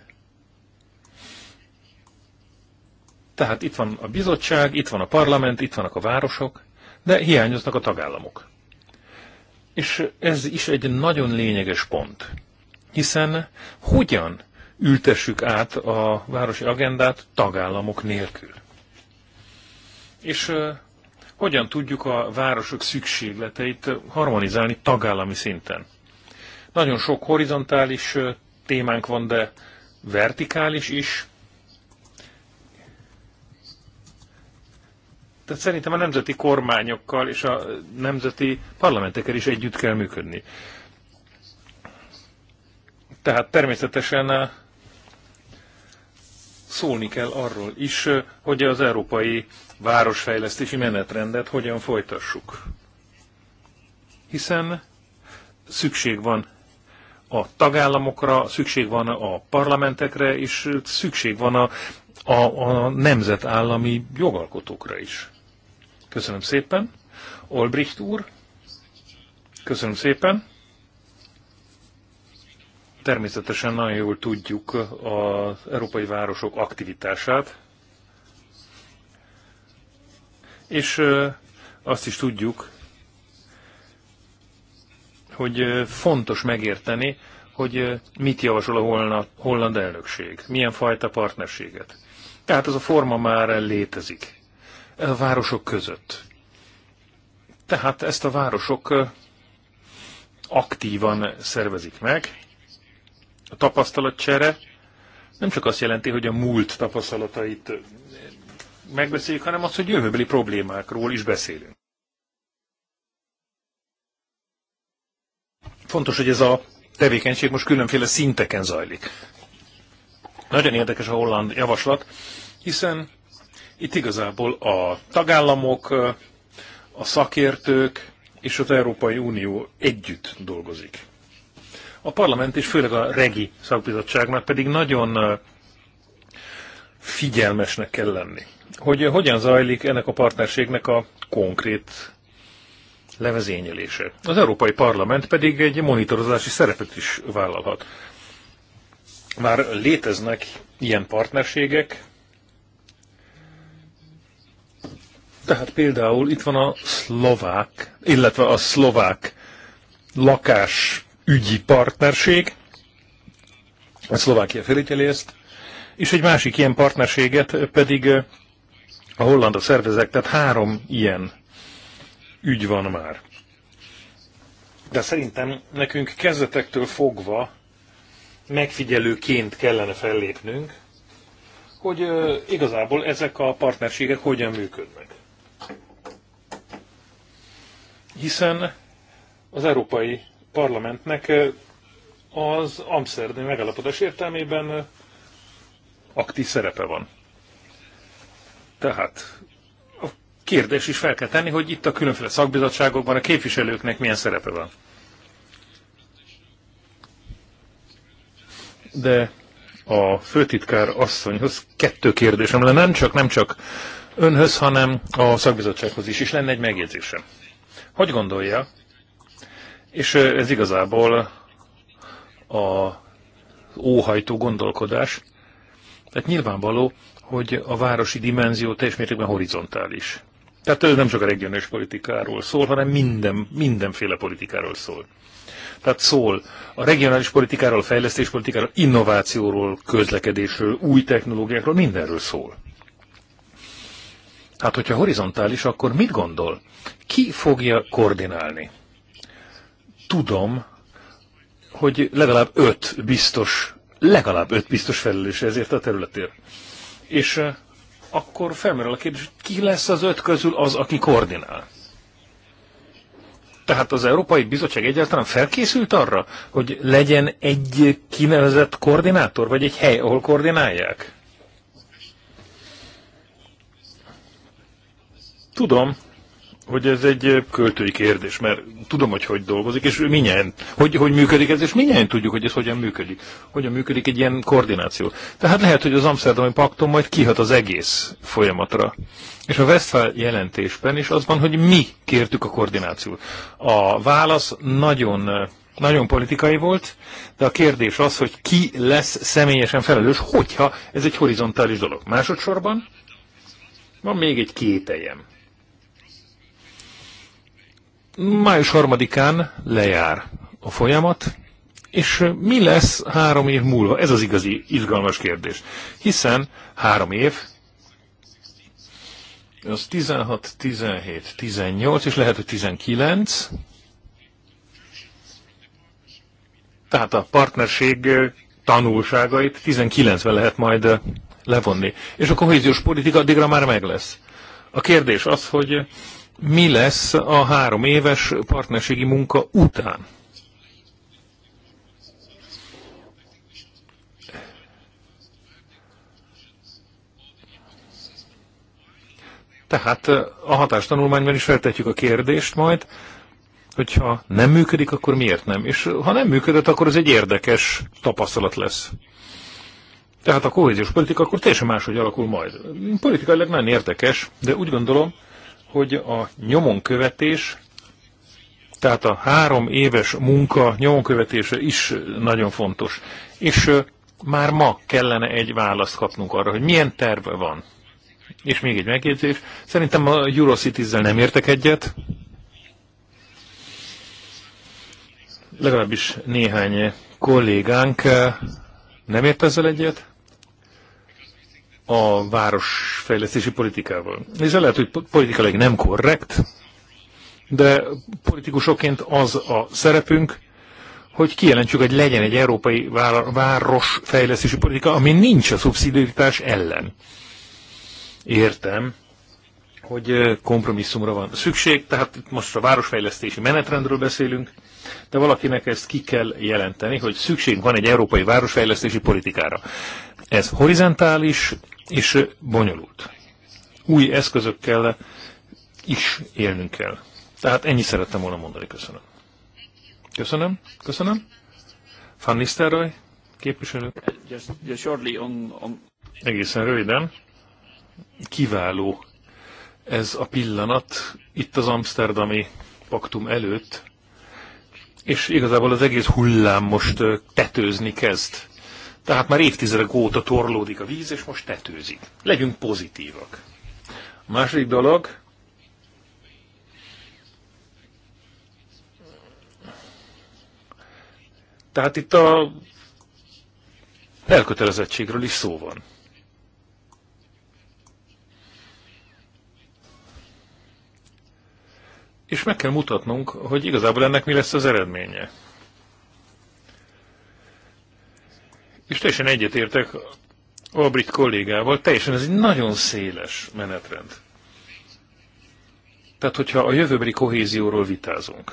Tehát itt van a bizottság, itt van a parlament, itt vannak a városok, de hiányoznak a tagállamok. És ez is egy nagyon lényeges pont, hiszen hogyan ültessük át a városi agendát tagállamok nélkül? És hogyan tudjuk a városok szükségleteit harmonizálni tagállami szinten. Nagyon sok horizontális témánk van, de vertikális is. Tehát szerintem a nemzeti kormányokkal és a nemzeti parlamentekkel is együtt kell működni. Tehát természetesen szólni kell arról is, hogy az európai városfejlesztési menetrendet hogyan folytassuk. Hiszen szükség van a tagállamokra, szükség van a parlamentekre, és szükség van a, a, a nemzetállami jogalkotókra is. Köszönöm szépen. Olbricht úr, köszönöm szépen. Természetesen nagyon jól tudjuk az európai városok aktivitását, és azt is tudjuk, hogy fontos megérteni, hogy mit javasol a holna, holland elnökség, milyen fajta partnerséget. Tehát ez a forma már létezik a városok között. Tehát ezt a városok aktívan szervezik meg. A tapasztalatcsere nem csak azt jelenti, hogy a múlt tapasztalatait megbeszéljük, hanem az, hogy jövőbeli problémákról is beszélünk. Fontos, hogy ez a tevékenység most különféle szinteken zajlik. Nagyon érdekes a holland javaslat, hiszen itt igazából a tagállamok, a szakértők és az Európai Unió együtt dolgozik. A parlament és főleg a regi szakbizottságnak pedig nagyon figyelmesnek kell lenni. Hogy hogyan zajlik ennek a partnerségnek a konkrét levezényelése. Az Európai Parlament pedig egy monitorozási szerepet is vállalhat. Már léteznek ilyen partnerségek, tehát például itt van a szlovák, illetve a szlovák lakásügyi partnerség, a Szlovákia felügyeli ezt, és egy másik ilyen partnerséget pedig a holland a szervezek, tehát három ilyen ügy van már. De szerintem nekünk kezdetektől fogva megfigyelőként kellene fellépnünk, hogy igazából ezek a partnerségek hogyan működnek. Hiszen az Európai Parlamentnek az Amsterdam megállapodás értelmében aktív szerepe van. Tehát a kérdés is fel kell tenni, hogy itt a különféle szakbizottságokban a képviselőknek milyen szerepe van. De a főtitkár asszonyhoz kettő kérdésem lenne, nem csak, nem csak önhöz, hanem a szakbizottsághoz is, is lenne egy megjegyzésem. Hogy gondolja, és ez igazából a óhajtó gondolkodás, tehát nyilvánvaló, hogy a városi dimenzió teljes mértékben horizontális. Tehát ez nem csak a regionális politikáról szól, hanem minden, mindenféle politikáról szól. Tehát szól a regionális politikáról, a fejlesztéspolitikáról, innovációról, közlekedésről, új technológiákról, mindenről szól. Tehát, hogyha horizontális, akkor mit gondol? Ki fogja koordinálni? Tudom, hogy legalább öt biztos legalább öt biztos felelőse ezért a területért. És eh, akkor felmerül a kérdés, hogy ki lesz az öt közül az, aki koordinál? Tehát az Európai Bizottság egyáltalán felkészült arra, hogy legyen egy kinevezett koordinátor, vagy egy hely, ahol koordinálják? Tudom, hogy ez egy eh, költői kérdés, mert tudom, hogy hogy dolgozik, és minnyien, hogy, hogy működik ez, és minnyien tudjuk, hogy ez hogyan működik. Hogyan működik egy ilyen koordináció. Tehát lehet, hogy az Amsterdami Paktum majd kihat az egész folyamatra. És a Westphal jelentésben is az van, hogy mi kértük a koordinációt. A válasz nagyon, eh, nagyon politikai volt, de a kérdés az, hogy ki lesz személyesen felelős, hogyha ez egy horizontális dolog. Másodszorban van még egy kételjem május harmadikán lejár a folyamat, és mi lesz három év múlva? Ez az igazi izgalmas kérdés. Hiszen három év, az 16, 17, 18, és lehet, hogy 19. Tehát a partnerség tanulságait 19-ben lehet majd levonni. És a kohéziós politika addigra már meg lesz. A kérdés az, hogy mi lesz a három éves partnerségi munka után. Tehát eh, a hatástanulmányban is feltetjük a kérdést majd, hogyha nem működik, akkor miért nem? És eh, ha nem működött, akkor ez egy érdekes tapasztalat lesz. Tehát a kohéziós politika akkor teljesen máshogy alakul majd. Politikailag nagyon érdekes, de úgy gondolom, hogy a nyomonkövetés, tehát a három éves munka nyomonkövetése is nagyon fontos. És már ma kellene egy választ kapnunk arra, hogy milyen terv van. És még egy megjegyzés. Szerintem a Eurocities-zel nem értek egyet. Legalábbis néhány kollégánk nem ért ezzel egyet a városfejlesztési politikával. És lehet, hogy politikailag nem korrekt, de politikusoként az a szerepünk, hogy kijelentjük, hogy legyen egy európai városfejlesztési politika, ami nincs a szubszidiaritás ellen. Értem, hogy kompromisszumra van szükség, tehát itt most a városfejlesztési menetrendről beszélünk, de valakinek ezt ki kell jelenteni, hogy szükség van egy európai városfejlesztési politikára. Ez horizontális és bonyolult. Új eszközökkel is élnünk kell. Tehát ennyi szerettem volna mondani. Köszönöm. Köszönöm. Köszönöm. Van Nistelrooy, képviselő. Egészen röviden. Kiváló ez a pillanat itt az Amsterdami paktum előtt, és igazából az egész hullám most tetőzni kezd. Tehát már évtizedek óta torlódik a víz, és most tetőzik. Legyünk pozitívak. A második dolog, tehát itt a elkötelezettségről is szó van. És meg kell mutatnunk, hogy igazából ennek mi lesz az eredménye. És teljesen egyetértek a brit kollégával, teljesen ez egy nagyon széles menetrend. Tehát, hogyha a jövőbeli kohézióról vitázunk,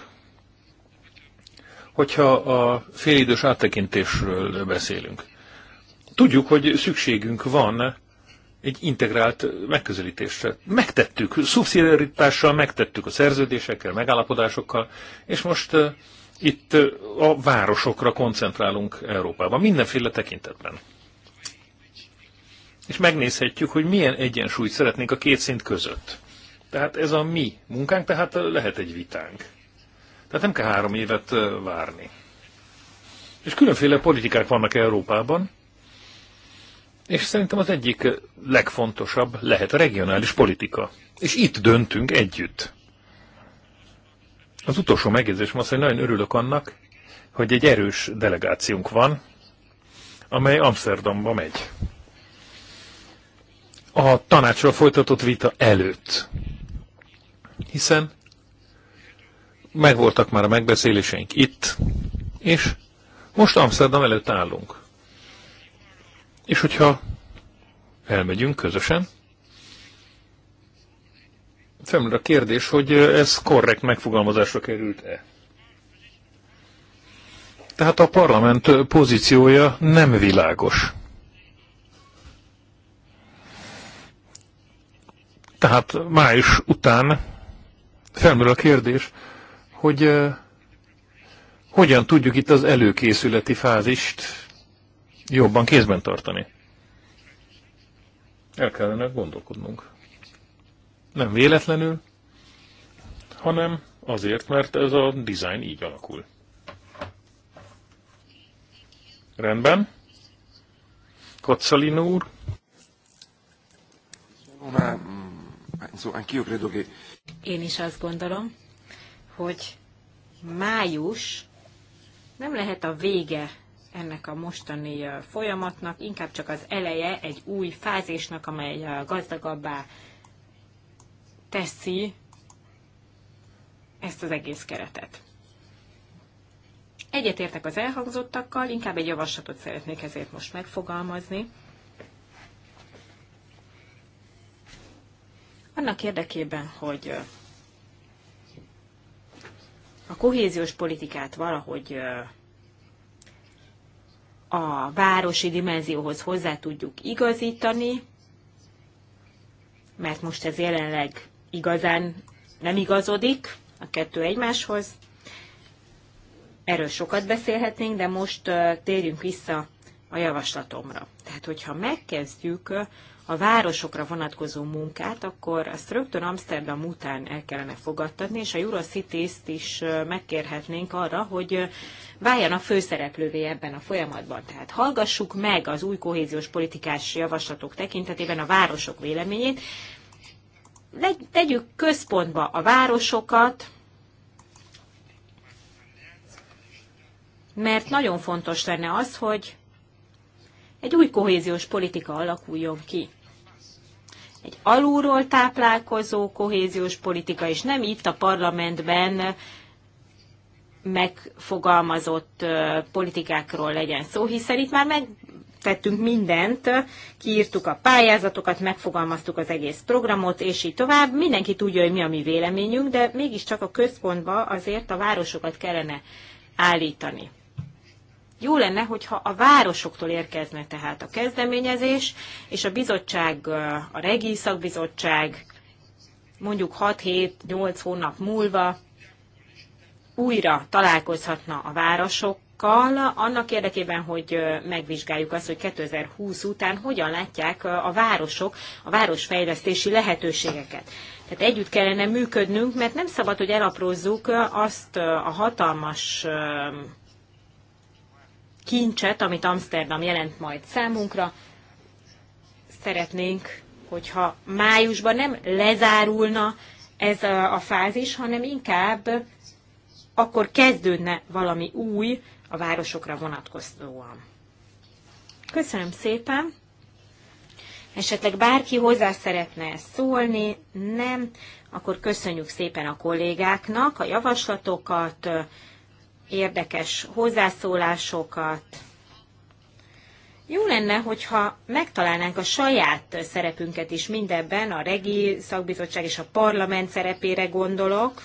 hogyha a félidős áttekintésről beszélünk, tudjuk, hogy szükségünk van egy integrált megközelítésre. Megtettük, szubszidiaritással megtettük a szerződésekkel, megállapodásokkal, és most itt a városokra koncentrálunk Európában, mindenféle tekintetben. És megnézhetjük, hogy milyen egyensúlyt szeretnénk a két szint között. Tehát ez a mi munkánk, tehát lehet egy vitánk. Tehát nem kell három évet várni. És különféle politikák vannak Európában, és szerintem az egyik legfontosabb lehet a regionális politika. És itt döntünk együtt. Az utolsó megjegyzésem az, hogy nagyon örülök annak, hogy egy erős delegációnk van, amely Amsterdamba megy. A tanácsról folytatott vita előtt. Hiszen megvoltak már a megbeszéléseink itt, és most Amsterdam előtt állunk. És hogyha elmegyünk közösen, felmerül a kérdés, hogy ez korrekt megfogalmazásra került-e. Tehát a parlament pozíciója nem világos. Tehát május után felmerül a kérdés, hogy eh, hogyan tudjuk itt az előkészületi fázist jobban kézben tartani. El kellene gondolkodnunk. Nem véletlenül, hanem azért, mert ez a design így alakul. Rendben. Kocsalin úr. Én is azt gondolom, hogy május nem lehet a vége ennek a mostani folyamatnak, inkább csak az eleje egy új fázisnak, amely gazdagabbá teszi ezt az egész keretet. Egyetértek az elhangzottakkal, inkább egy javaslatot szeretnék ezért most megfogalmazni. Annak érdekében, hogy a kohéziós politikát valahogy a városi dimenzióhoz hozzá tudjuk igazítani, mert most ez jelenleg igazán nem igazodik a kettő egymáshoz. Erről sokat beszélhetnénk, de most térjünk vissza a javaslatomra. Tehát, hogyha megkezdjük a városokra vonatkozó munkát, akkor azt rögtön Amsterdam után el kellene fogadtatni, és a Eurocities-t is megkérhetnénk arra, hogy a főszereplővé ebben a folyamatban. Tehát hallgassuk meg az új kohéziós politikás javaslatok tekintetében a városok véleményét, tegyük központba a városokat, mert nagyon fontos lenne az, hogy egy új kohéziós politika alakuljon ki. Egy alulról táplálkozó kohéziós politika, és nem itt a parlamentben megfogalmazott politikákról legyen szó, hiszen itt már meg tettünk mindent, kiírtuk a pályázatokat, megfogalmaztuk az egész programot, és így tovább. Mindenki tudja, hogy mi a mi véleményünk, de mégiscsak a központba azért a városokat kellene állítani. Jó lenne, hogyha a városoktól érkezne tehát a kezdeményezés, és a bizottság, a regi szakbizottság mondjuk 6-7-8 hónap múlva újra találkozhatna a városok kollégákkal annak érdekében, hogy megvizsgáljuk azt, hogy 2020 után hogyan látják a városok a városfejlesztési lehetőségeket. Tehát együtt kellene működnünk, mert nem szabad, hogy elaprózzuk azt a hatalmas kincset, amit Amsterdam jelent majd számunkra. Szeretnénk, hogyha májusban nem lezárulna ez a fázis, hanem inkább akkor kezdődne valami új, a városokra vonatkozóan. Köszönöm szépen! Esetleg bárki hozzá szeretne szólni, nem, akkor köszönjük szépen a kollégáknak a javaslatokat, érdekes hozzászólásokat. Jó lenne, hogyha megtalálnánk a saját szerepünket is mindebben, a regi szakbizottság és a parlament szerepére gondolok.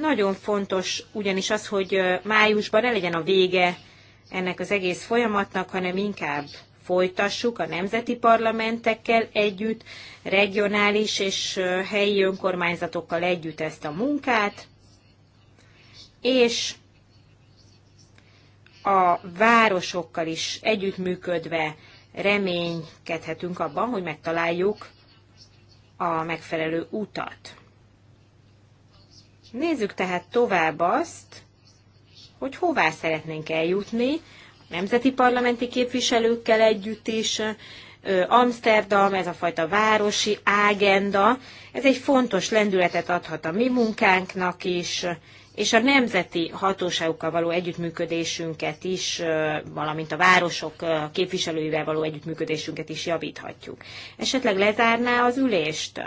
Nagyon fontos ugyanis az, hogy májusban ne legyen a vége ennek az egész folyamatnak, hanem inkább folytassuk a nemzeti parlamentekkel együtt, regionális és helyi önkormányzatokkal együtt ezt a munkát, és a városokkal is együttműködve reménykedhetünk abban, hogy megtaláljuk a megfelelő utat. Nézzük tehát tovább azt, hogy hová szeretnénk eljutni, nemzeti parlamenti képviselőkkel együtt is, Amsterdam, ez a fajta városi ágenda, ez egy fontos lendületet adhat a mi munkánknak is, és a nemzeti hatóságokkal való együttműködésünket is, valamint a városok képviselőivel való együttműködésünket is javíthatjuk. Esetleg lezárná az ülést?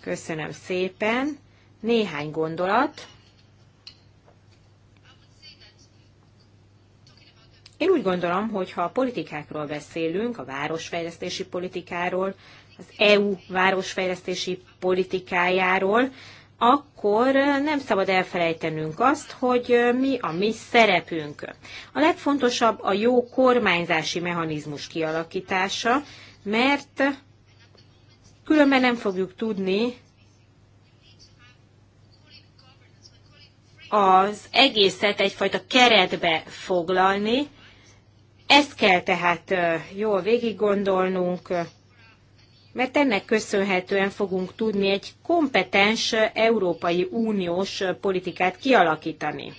Köszönöm szépen. Néhány gondolat. Én úgy gondolom, hogy ha a politikákról beszélünk, a városfejlesztési politikáról, az EU városfejlesztési politikájáról, akkor nem szabad elfelejtenünk azt, hogy mi a mi szerepünk. A legfontosabb a jó kormányzási mechanizmus kialakítása, mert különben nem fogjuk tudni az egészet egyfajta keretbe foglalni. Ezt kell tehát jól végig gondolnunk, mert ennek köszönhetően fogunk tudni egy kompetens Európai Uniós politikát kialakítani.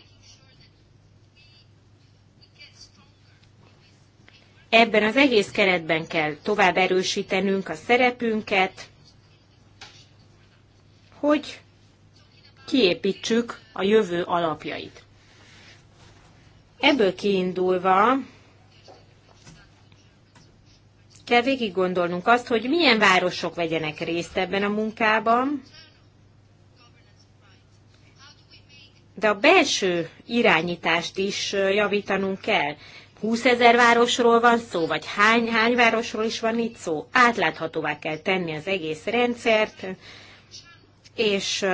Ebben az egész keretben kell tovább erősítenünk a szerepünket, hogy kiépítsük a jövő alapjait. Ebből kiindulva kell végig gondolnunk azt, hogy milyen városok vegyenek részt ebben a munkában, de a belső irányítást is javítanunk kell. 20 ezer városról van szó, vagy hány, hány városról is van itt szó. Átláthatóvá kell tenni az egész rendszert, és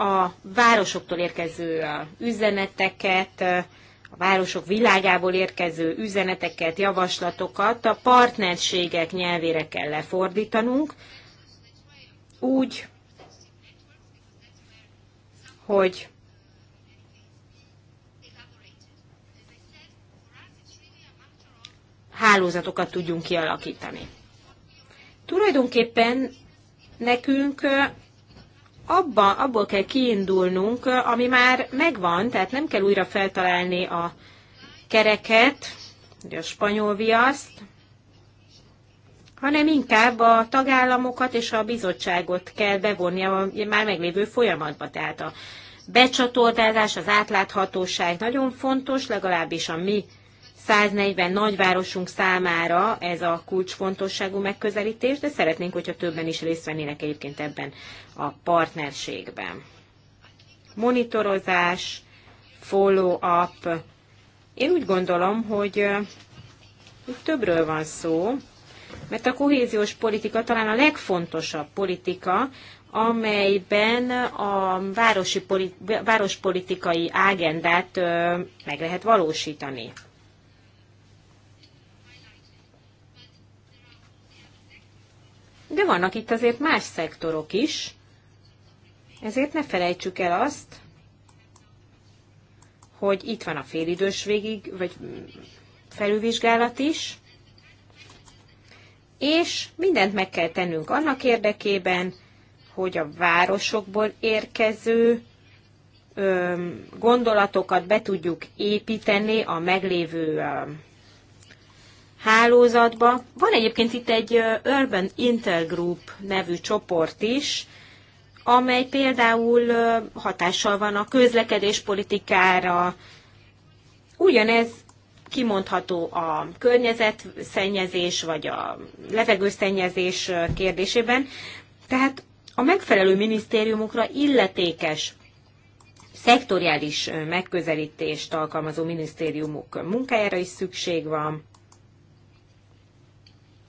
a városoktól érkező üzeneteket, a városok világából érkező üzeneteket, javaslatokat a partnerségek nyelvére kell lefordítanunk, úgy, hogy hálózatokat tudjunk kialakítani. Tulajdonképpen nekünk Abba, abból kell kiindulnunk, ami már megvan, tehát nem kell újra feltalálni a kereket, vagy a spanyol viaszt, hanem inkább a tagállamokat és a bizottságot kell bevonni a már meglévő folyamatba. Tehát a becsatornázás, az átláthatóság nagyon fontos, legalábbis a mi 140 nagyvárosunk számára ez a kulcsfontosságú megközelítés, de szeretnénk, hogyha többen is részt vennének egyébként ebben a partnerségben. Monitorozás, follow-up. Én úgy gondolom, hogy itt többről van szó, mert a kohéziós politika talán a legfontosabb politika, amelyben a városi, várospolitikai politikai ágendát meg lehet valósítani. De vannak itt azért más szektorok is, ezért ne felejtsük el azt, hogy itt van a félidős végig, vagy felülvizsgálat is, és mindent meg kell tennünk annak érdekében, hogy a városokból érkező gondolatokat be tudjuk építeni a meglévő hálózatba. Van egyébként itt egy Urban Intergroup nevű csoport is, amely például hatással van a közlekedés politikára. Ugyanez kimondható a környezetszennyezés vagy a levegőszennyezés kérdésében. Tehát a megfelelő minisztériumokra illetékes szektoriális megközelítést alkalmazó minisztériumok munkájára is szükség van.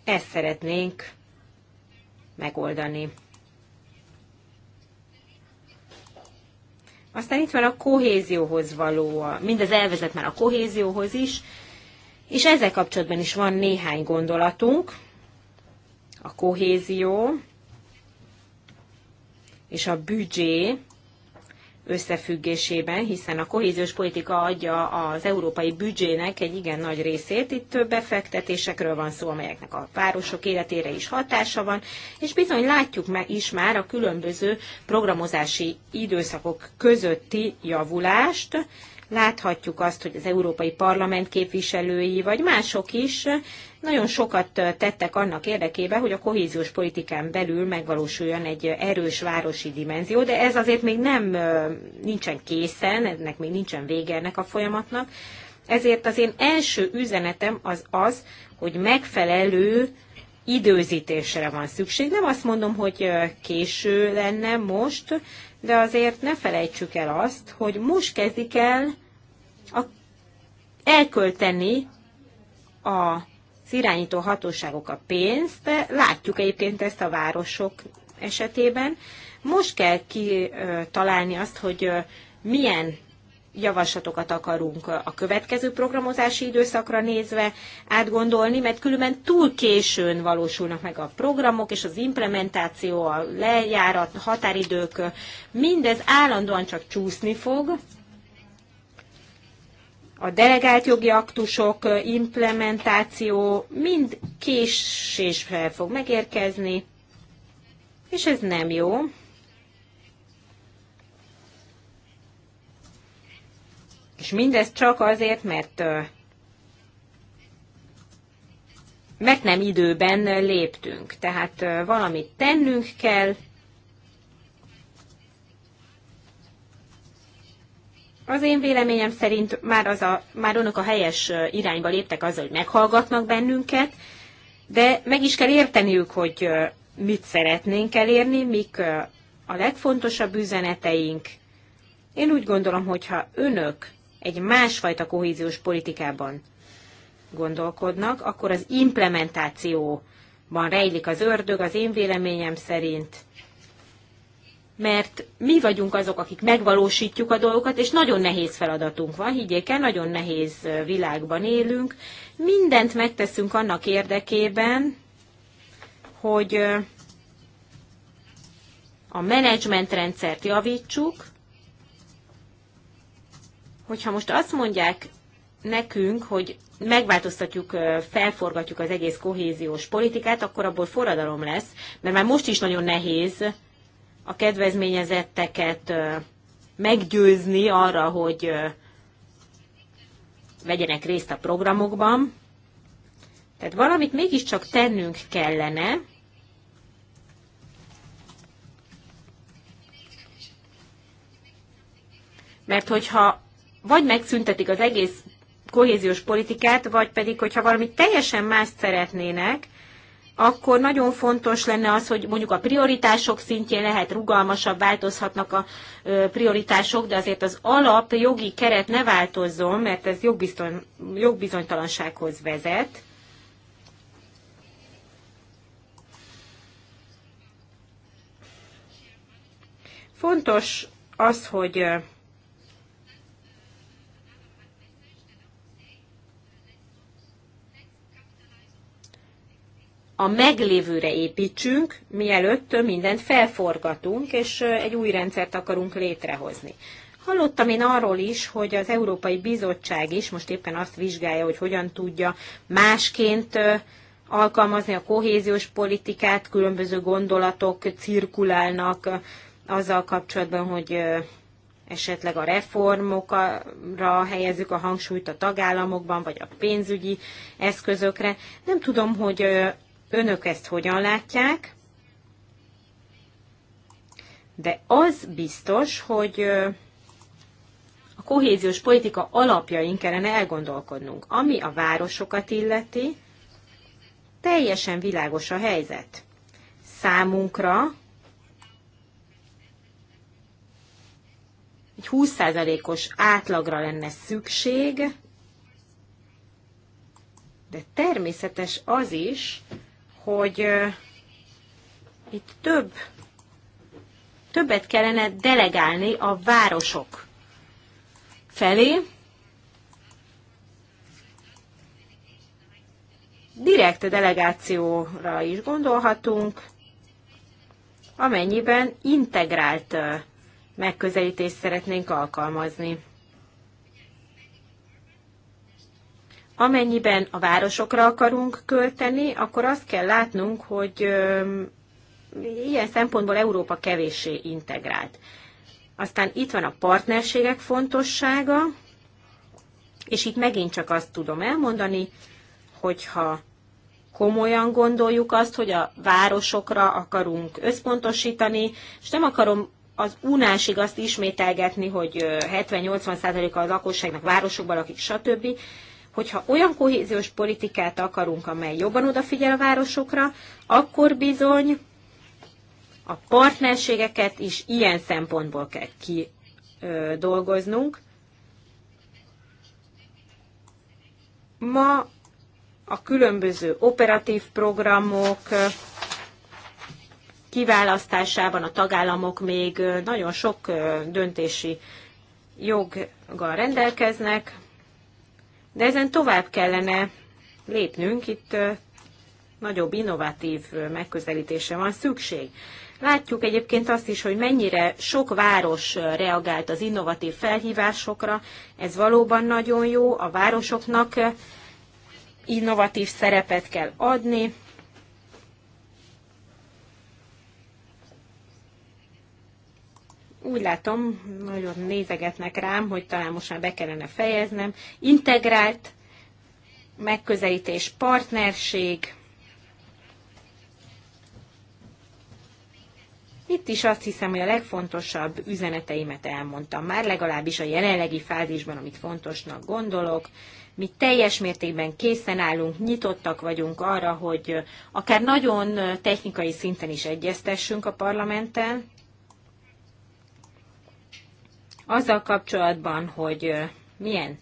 Ezt szeretnénk megoldani. Aztán itt van a kohézióhoz való, mindez elvezet már a kohézióhoz is, és ezzel kapcsolatban is van néhány gondolatunk. A kohézió és a büdzsé összefüggésében, hiszen a kohéziós politika adja az európai büdzsének egy igen nagy részét. Itt több befektetésekről van szó, amelyeknek a városok életére is hatása van, és bizony látjuk is már a különböző programozási időszakok közötti javulást, Láthatjuk azt, hogy az Európai Parlament képviselői, vagy mások is nagyon sokat tettek annak érdekében, hogy a kohéziós politikán belül megvalósuljon egy erős városi dimenzió, de ez azért még nem nincsen készen, ennek még nincsen vége ennek a folyamatnak. Ezért az én első üzenetem az az, hogy megfelelő időzítésre van szükség. Nem azt mondom, hogy késő lenne most, de azért ne felejtsük el azt, hogy most kezdik el a, elkölteni a az irányító hatóságok a pénzt, látjuk egyébként ezt a városok esetében. Most kell kitalálni azt, hogy milyen javaslatokat akarunk a következő programozási időszakra nézve átgondolni, mert különben túl későn valósulnak meg a programok, és az implementáció, a lejárat, határidők, mindez állandóan csak csúszni fog. A delegált jogi aktusok, implementáció mind késésre fog megérkezni, és ez nem jó. És mindez csak azért, mert meg nem időben léptünk. Tehát valamit tennünk kell, Az én véleményem szerint már, az a, már önök a helyes irányba léptek azzal, hogy meghallgatnak bennünket, de meg is kell érteniük, hogy mit szeretnénk elérni, mik a legfontosabb üzeneteink. Én úgy gondolom, hogy ha önök egy másfajta kohéziós politikában gondolkodnak, akkor az implementációban rejlik az ördög, az én véleményem szerint. Mert mi vagyunk azok, akik megvalósítjuk a dolgokat, és nagyon nehéz feladatunk van, higgyék el, nagyon nehéz világban élünk. Mindent megteszünk annak érdekében, hogy a menedzsmentrendszert javítsuk, hogyha most azt mondják nekünk, hogy megváltoztatjuk, felforgatjuk az egész kohéziós politikát, akkor abból forradalom lesz, mert már most is nagyon nehéz a kedvezményezetteket meggyőzni arra, hogy vegyenek részt a programokban. Tehát valamit mégiscsak tennünk kellene, mert hogyha vagy megszüntetik az egész kohéziós politikát, vagy pedig, hogyha valami teljesen mást szeretnének, akkor nagyon fontos lenne az, hogy mondjuk a prioritások szintjén lehet rugalmasabb, változhatnak a prioritások, de azért az alap jogi keret ne változzon, mert ez jogbizonytalansághoz vezet. Fontos az, hogy a meglévőre építsünk, mielőtt mindent felforgatunk, és egy új rendszert akarunk létrehozni. Hallottam én arról is, hogy az Európai Bizottság is most éppen azt vizsgálja, hogy hogyan tudja másként alkalmazni a kohéziós politikát, különböző gondolatok cirkulálnak azzal kapcsolatban, hogy esetleg a reformokra helyezzük a hangsúlyt a tagállamokban, vagy a pénzügyi eszközökre. Nem tudom, hogy önök ezt hogyan látják, de az biztos, hogy a kohéziós politika alapjain kellene elgondolkodnunk. Ami a városokat illeti, teljesen világos a helyzet. Számunkra egy 20%-os átlagra lenne szükség, de természetes az is, hogy itt több, többet kellene delegálni a városok felé, direkt delegációra is gondolhatunk, amennyiben integrált megközelítést szeretnénk alkalmazni. Amennyiben a városokra akarunk költeni, akkor azt kell látnunk, hogy ilyen szempontból Európa kevéssé integrált. Aztán itt van a partnerségek fontossága, és itt megint csak azt tudom elmondani, hogyha komolyan gondoljuk azt, hogy a városokra akarunk összpontosítani, és nem akarom az unásig azt ismételgetni, hogy 70-80%-a az lakosságnak városokban lakik, stb hogyha olyan kohéziós politikát akarunk, amely jobban odafigyel a városokra, akkor bizony a partnerségeket is ilyen szempontból kell kidolgoznunk. Ma a különböző operatív programok kiválasztásában a tagállamok még nagyon sok döntési joggal rendelkeznek, de ezen tovább kellene lépnünk, itt nagyobb innovatív megközelítése van szükség. Látjuk egyébként azt is, hogy mennyire sok város reagált az innovatív felhívásokra. Ez valóban nagyon jó, a városoknak innovatív szerepet kell adni, úgy látom, nagyon nézegetnek rám, hogy talán most már be kellene fejeznem. Integrált megközelítés, partnerség. Itt is azt hiszem, hogy a legfontosabb üzeneteimet elmondtam már, legalábbis a jelenlegi fázisban, amit fontosnak gondolok. Mi teljes mértékben készen állunk, nyitottak vagyunk arra, hogy akár nagyon technikai szinten is egyeztessünk a parlamenten, azzal kapcsolatban, hogy milyen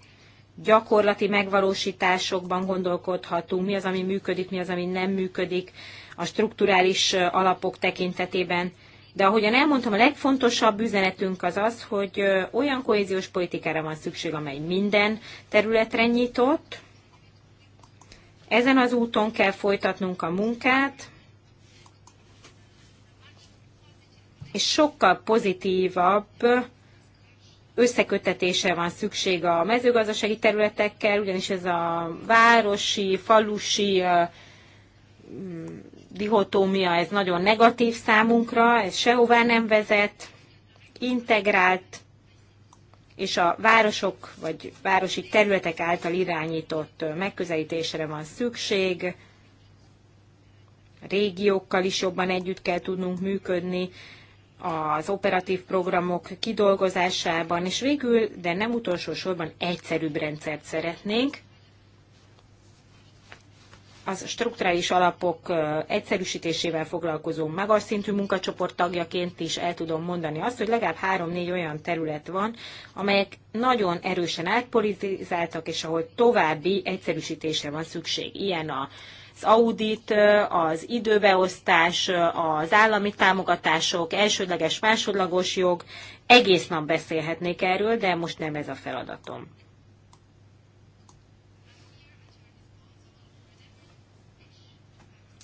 gyakorlati megvalósításokban gondolkodhatunk, mi az, ami működik, mi az, ami nem működik a strukturális alapok tekintetében. De ahogyan elmondtam, a legfontosabb üzenetünk az az, hogy olyan kohéziós politikára van szükség, amely minden területre nyitott. Ezen az úton kell folytatnunk a munkát, és sokkal pozitívabb összekötetése van szükség a mezőgazdasági területekkel, ugyanis ez a városi, falusi mm, dihotómia, ez nagyon negatív számunkra, ez sehová nem vezet, integrált és a városok vagy városi területek által irányított megközelítésre van szükség, régiókkal is jobban együtt kell tudnunk működni, az operatív programok kidolgozásában, és végül, de nem utolsó sorban egyszerűbb rendszert szeretnénk. Az strukturális alapok egyszerűsítésével foglalkozó magas szintű munkacsoport tagjaként is el tudom mondani azt, hogy legalább három-négy olyan terület van, amelyek nagyon erősen átpolitizáltak, és ahol további egyszerűsítésre van szükség. Ilyen a az audit, az időbeosztás, az állami támogatások, elsődleges, másodlagos jog. Egész nap beszélhetnék erről, de most nem ez a feladatom.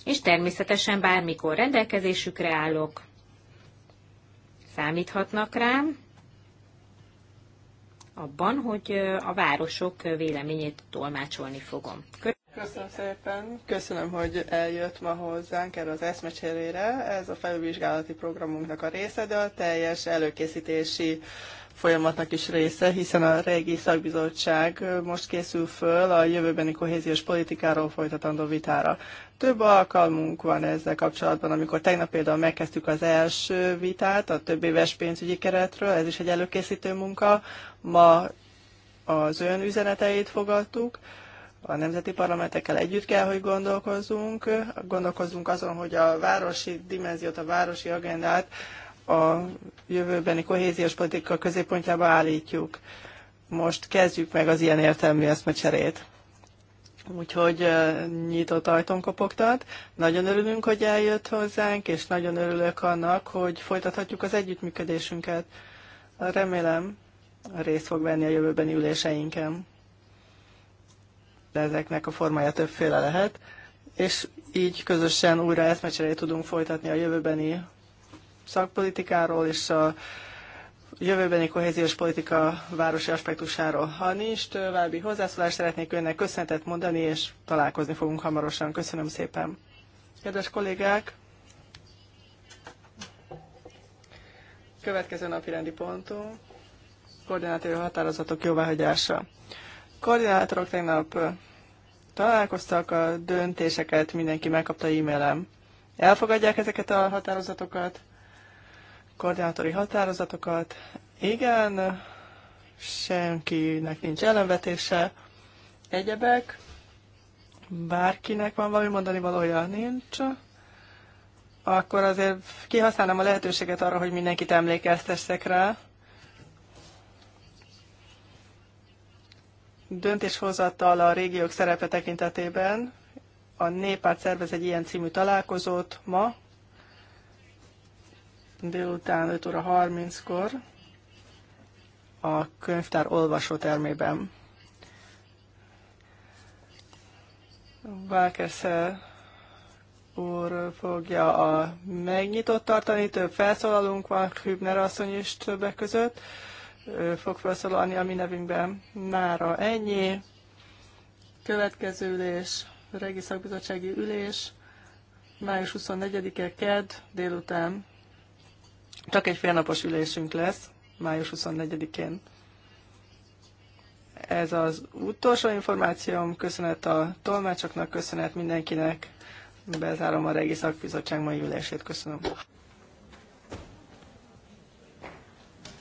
És természetesen bármikor rendelkezésükre állok, számíthatnak rám, abban, hogy a városok véleményét tolmácsolni fogom. Köszönöm szépen, köszönöm, hogy eljött ma hozzánk erre az eszmecserére. Ez a felülvizsgálati programunknak a része, de a teljes előkészítési folyamatnak is része, hiszen a régi szakbizottság most készül föl a jövőbeni kohéziós politikáról folytatandó vitára. Több alkalmunk van ezzel kapcsolatban, amikor tegnap például megkezdtük az első vitát a több éves pénzügyi keretről, ez is egy előkészítő munka. Ma az ön üzeneteit fogadtuk, a nemzeti parlamentekkel együtt kell, hogy gondolkozzunk. Gondolkozzunk azon, hogy a városi dimenziót, a városi agendát a jövőbeni kohéziós politika középpontjába állítjuk. Most kezdjük meg az ilyen értelmű eszmecserét. Úgyhogy nyitott ajtón kopogtat. Nagyon örülünk, hogy eljött hozzánk, és nagyon örülök annak, hogy folytathatjuk az együttműködésünket. Remélem, részt fog venni a jövőbeni üléseinken. De ezeknek a formája többféle lehet, és így közösen újra eszmecserét tudunk folytatni a jövőbeni szakpolitikáról és a jövőbeni kohéziós politika városi aspektusáról. Ha nincs további hozzászólást, szeretnék önnek köszönetet mondani, és találkozni fogunk hamarosan. Köszönöm szépen. Kedves kollégák! Következő napi rendi pontunk, koordinátori határozatok jóváhagyása. Koordinátorok tegnap találkoztak, a döntéseket mindenki megkapta e-mailem. Elfogadják ezeket a határozatokat? koordinátori határozatokat. Igen, senkinek nincs ellenvetése. Egyebek, bárkinek van valami mondani valója, nincs. Akkor azért kihasználom a lehetőséget arra, hogy mindenkit emlékeztessek rá. Döntéshozattal a régiók szerepe tekintetében a Népárt szervez egy ilyen című találkozót ma, délután 5 óra 30-kor a könyvtár olvasó termében Vákesze úr fogja a megnyitott tartani, több felszólalunk van, Hübner asszony is többek között. Ő fog felszólalni a mi nevünkben mára ennyi. Következő ülés, Regi Szakbizottsági ülés, május 24-e, KED, délután csak egy félnapos ülésünk lesz, május 24-én. Ez az utolsó információm. Köszönet a tolmácsoknak, köszönet mindenkinek. Bezárom a Regi Szakbizottság mai ülését. Köszönöm.